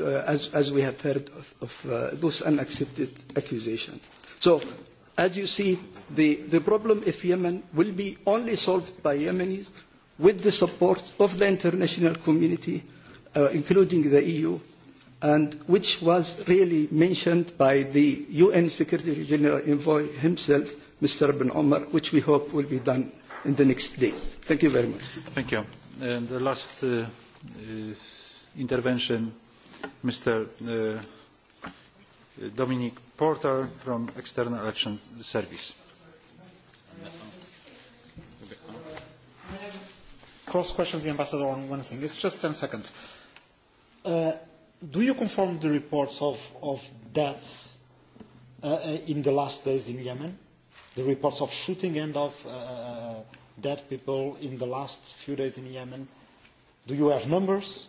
uh, as, as we have heard of, of uh, those unaccepted accusations. So, as you see, the, the problem of Yemen will be only solved by Yemenis with the support of the international community, uh, including the EU, and which was really mentioned by the UN Secretary General Envoy himself, Mr. Ben Omar, which we hope will be done in the next days. Thank you very much. Thank you. And the last uh, intervention, Mr. Uh, Dominic Porter from External Action Service. cross-question the ambassador on one thing. It's just 10 seconds. Uh, do you confirm the reports of, of deaths uh, in the last days in Yemen? The reports of shooting and of uh, dead people in the last few days in Yemen? Do you have numbers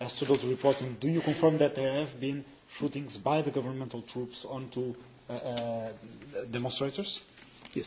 as to those reports? And do you confirm that there have been shootings by the governmental troops onto uh, uh, demonstrators? Yes.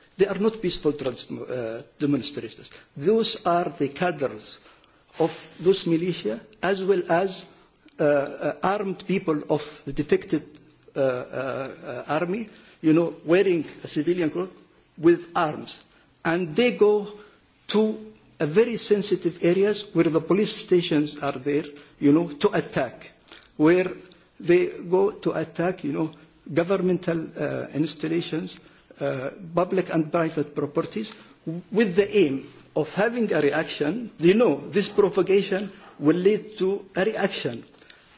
They are not peaceful uh, demonstrators. Those are the cadres of those militia as well as uh, uh, armed people of the defected uh, uh, army, you know, wearing a civilian cloth with arms. And they go to a very sensitive areas where the police stations are there, you know, to attack, where they go to attack, you know, governmental uh, installations public and private properties with the aim of having a reaction. They know this propagation will lead to a reaction.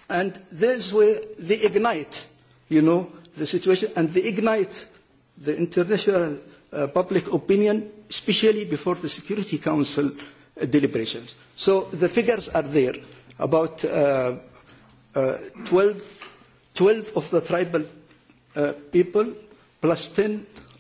And this way they ignite, you know, the situation and they ignite the international uh, public opinion, especially before the Security Council uh, deliberations. So the figures are there about uh, uh, 12, 12 of the tribal uh, people plus 10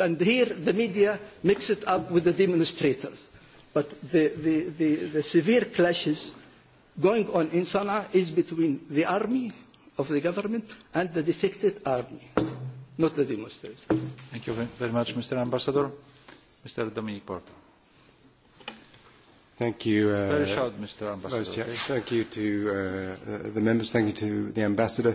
And here the media mix it up with the demonstrators. But the, the, the, the severe clashes going on in Sana'a is between the army of the government and the defected army, not the demonstrators. Thank you very much, Mr. Ambassador. Mr. Dominic Porto. Thank you. Uh, very short, Mr. Ambassador. Thank you to uh, the members. Thank you to the ambassador. Uh,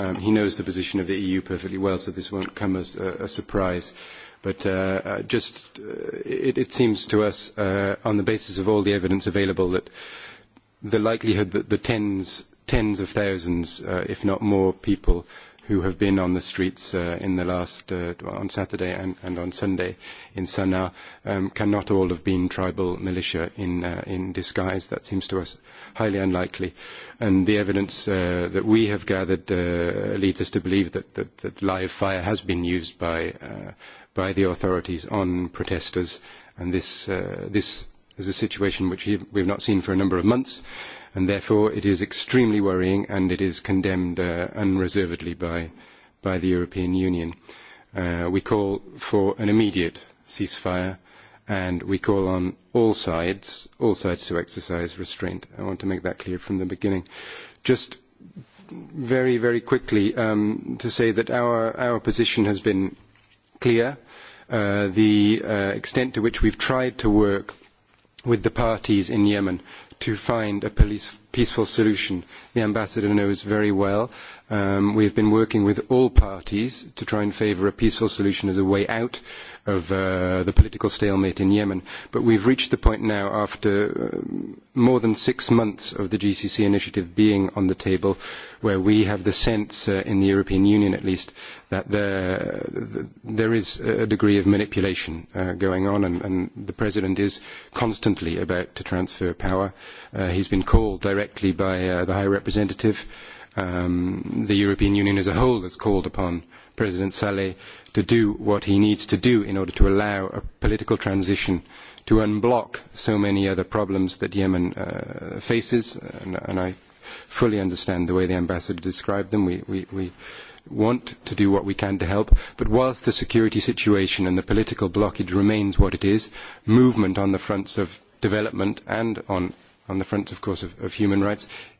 Um, he knows the position of the EU perfectly well, so this won't come as a, a surprise. But uh, just uh, it, it seems to us, uh, on the basis of all the evidence available, that the likelihood that the tens, tens of thousands, uh, if not more, people who have been on the streets uh, in the last uh, on Saturday and, and on Sunday in Sana'a um, cannot all have been tribal militia in uh, in disguise. That seems to us highly unlikely. And the evidence that we have gathered leads us to believe that, live fire has been used by, the authorities on protesters. And this, is a situation which we have not seen for a number of months. And therefore, it is extremely worrying and it is condemned unreservedly by, the European Union. we call for an immediate ceasefire and we call on all sides, all sides to exercise restraint. I want to make that clear from the beginning. Just very, very quickly um, to say that our, our position has been clear. Uh, the uh, extent to which we've tried to work with the parties in Yemen to find a police, peaceful solution, the ambassador knows very well. Um, we've been working with all parties to try and favour a peaceful solution as a way out of uh, the political stalemate in Yemen. But we've reached the point now, after more than six months of the GCC initiative being on the table, where we have the sense, uh, in the European Union at least, that there, there is a degree of manipulation uh, going on, and, and the President is constantly about to transfer power. Uh, he's been called directly by uh, the High Representative. Um, the European Union as a whole has called upon President Saleh to do what he needs to do in order to allow a political transition to unblock so many other problems that Yemen uh, faces. And, and I fully understand the way the ambassador described them. We, we, we want to do what we can to help. But whilst the security situation and the political blockage remains what it is, movement on the fronts of development and on, on the fronts, of course, of, of human rights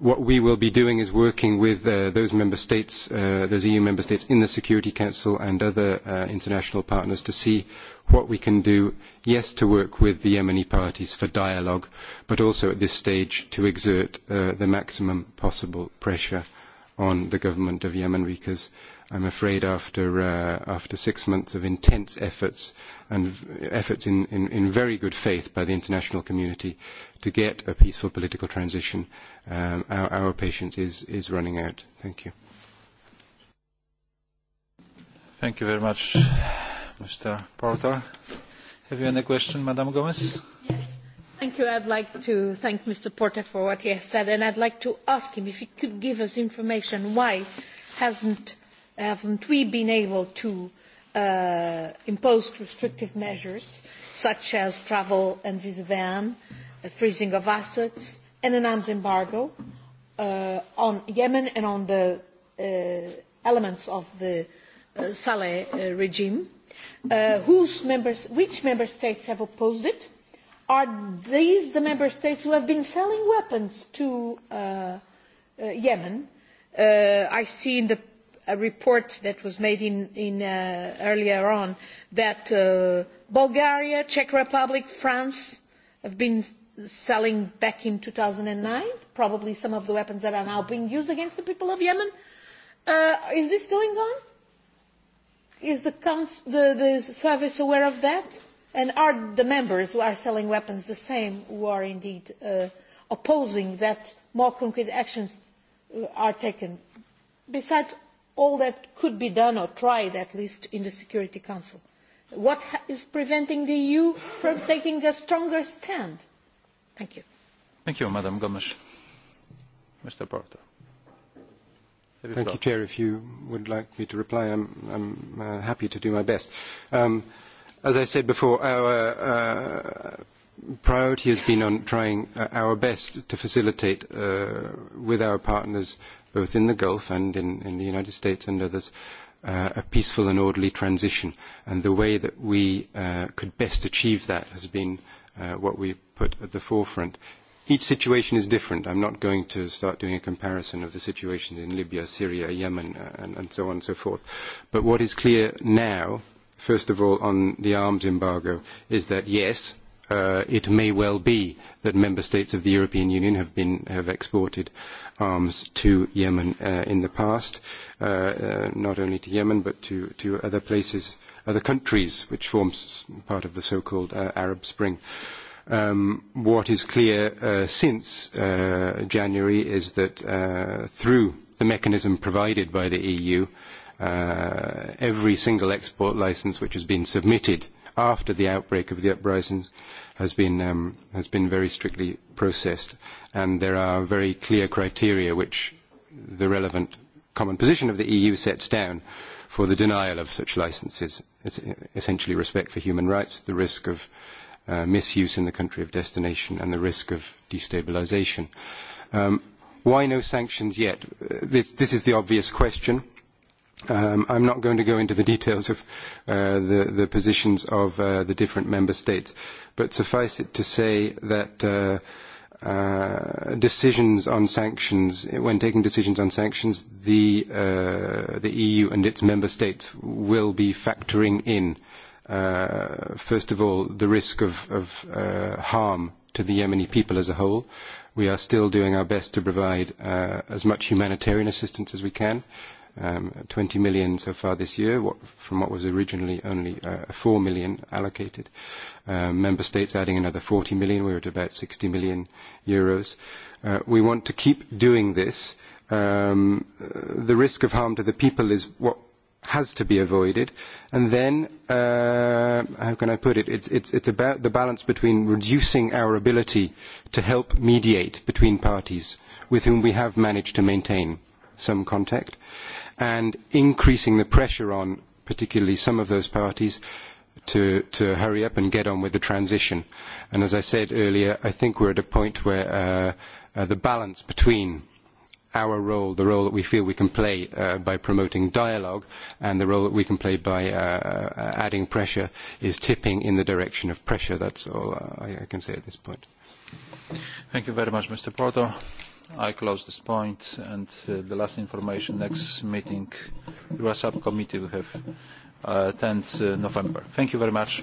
What we will be doing is working with those member states, those EU member states in the Security Council and other international partners to see what we can do, yes, to work with the Yemeni parties for dialogue, but also at this stage to exert the maximum possible pressure on the government of Yemen because I'm afraid after, uh, after six months of intense efforts and efforts in, in, in very good faith by the international community, to get a peaceful political transition. Um, our, our patience is, is running out. Thank you. Thank you very much, Mr. Porter. Have you any question, Madam Gomez? Yes. Thank you. I'd like to thank Mr. Porter for what he has said, and I'd like to ask him if he could give us information why hasn't haven't we been able to impose restrictive measures such as travel and visa ban uh, a freezing of assets, and an arms embargo on Yemen and on the elements of the Saleh regime. which member states have opposed it? Are these the member states who have been selling weapons to Yemen? I see in the a report that was made earlier on that Bulgaria, Czech Republic, France have been selling back in 2009, probably some of the weapons that are now being used against the people of Yemen. Uh, is this going on? Is the, council, the, the service aware of that? And are the members who are selling weapons the same who are indeed uh, opposing that more concrete actions are taken? Besides all that could be done or tried, at least in the Security Council, what ha- is preventing the EU from taking a stronger stand? Thank you. Thank you, Madam Gomes. Mr. Porter. Thank you, Chair. If you would like me to reply, I'm, I'm uh, happy to do my best. Um, as I said before, our uh, priority has been on trying uh, our best to facilitate uh, with our partners, both in the Gulf and in, in the United States and others, uh, a peaceful and orderly transition. And the way that we uh, could best achieve that has been uh, what we've put at the forefront. Each situation is different. I'm not going to start doing a comparison of the situations in Libya, Syria, Yemen, and, and so on and so forth. But what is clear now, first of all, on the arms embargo, is that yes, uh, it may well be that member states of the European Union have been have exported arms to Yemen uh, in the past, uh, uh, not only to Yemen but to to other places, other countries, which forms part of the so-called uh, Arab Spring. Uh, What is clear since January is that through the mechanism provided by the EU, every single export license which has been submitted after the outbreak of the uprisings has been very strictly processed, and there are very clear criteria which the relevant common position of the EU sets down for the denial of such licenses, It's essentially respect for human rights, the risk of misuse in the country of destination and the risk of destabilization. Um, why no sanctions yet? This, this is the obvious question. Um, I'm not going to go into the details of uh, the, the positions of uh, the different member states, but suffice it to say that uh, uh, decisions on sanctions, when taking decisions on sanctions, the, uh, the EU and its member states will be factoring in first of all, the risk of, harm to the Yemeni people as a whole. We are still doing our best to provide as much humanitarian assistance as we can. Um, 20 million so far this year, what, from what was originally only uh, 4 million allocated. member states adding another 40 million. We're at about 60 million euros. we want to keep doing this. the risk of harm to the people is what has to be avoided. And then, uh, how can I put it? It's, it's, it's about the balance between reducing our ability to help mediate between parties with whom we have managed to maintain some contact and increasing the pressure on particularly some of those parties to, to hurry up and get on with the transition. And as I said earlier, I think we're at a point where uh, uh, the balance between our role, the role that we feel we can play by promoting dialogue, and the role that we can play by adding pressure is tipping in the direction of pressure. That's all I, can say at this point. Thank you very much, Mr. Porto. I close this point, and the last information, next meeting, the subcommittee will have uh, 10th November. Thank you very much.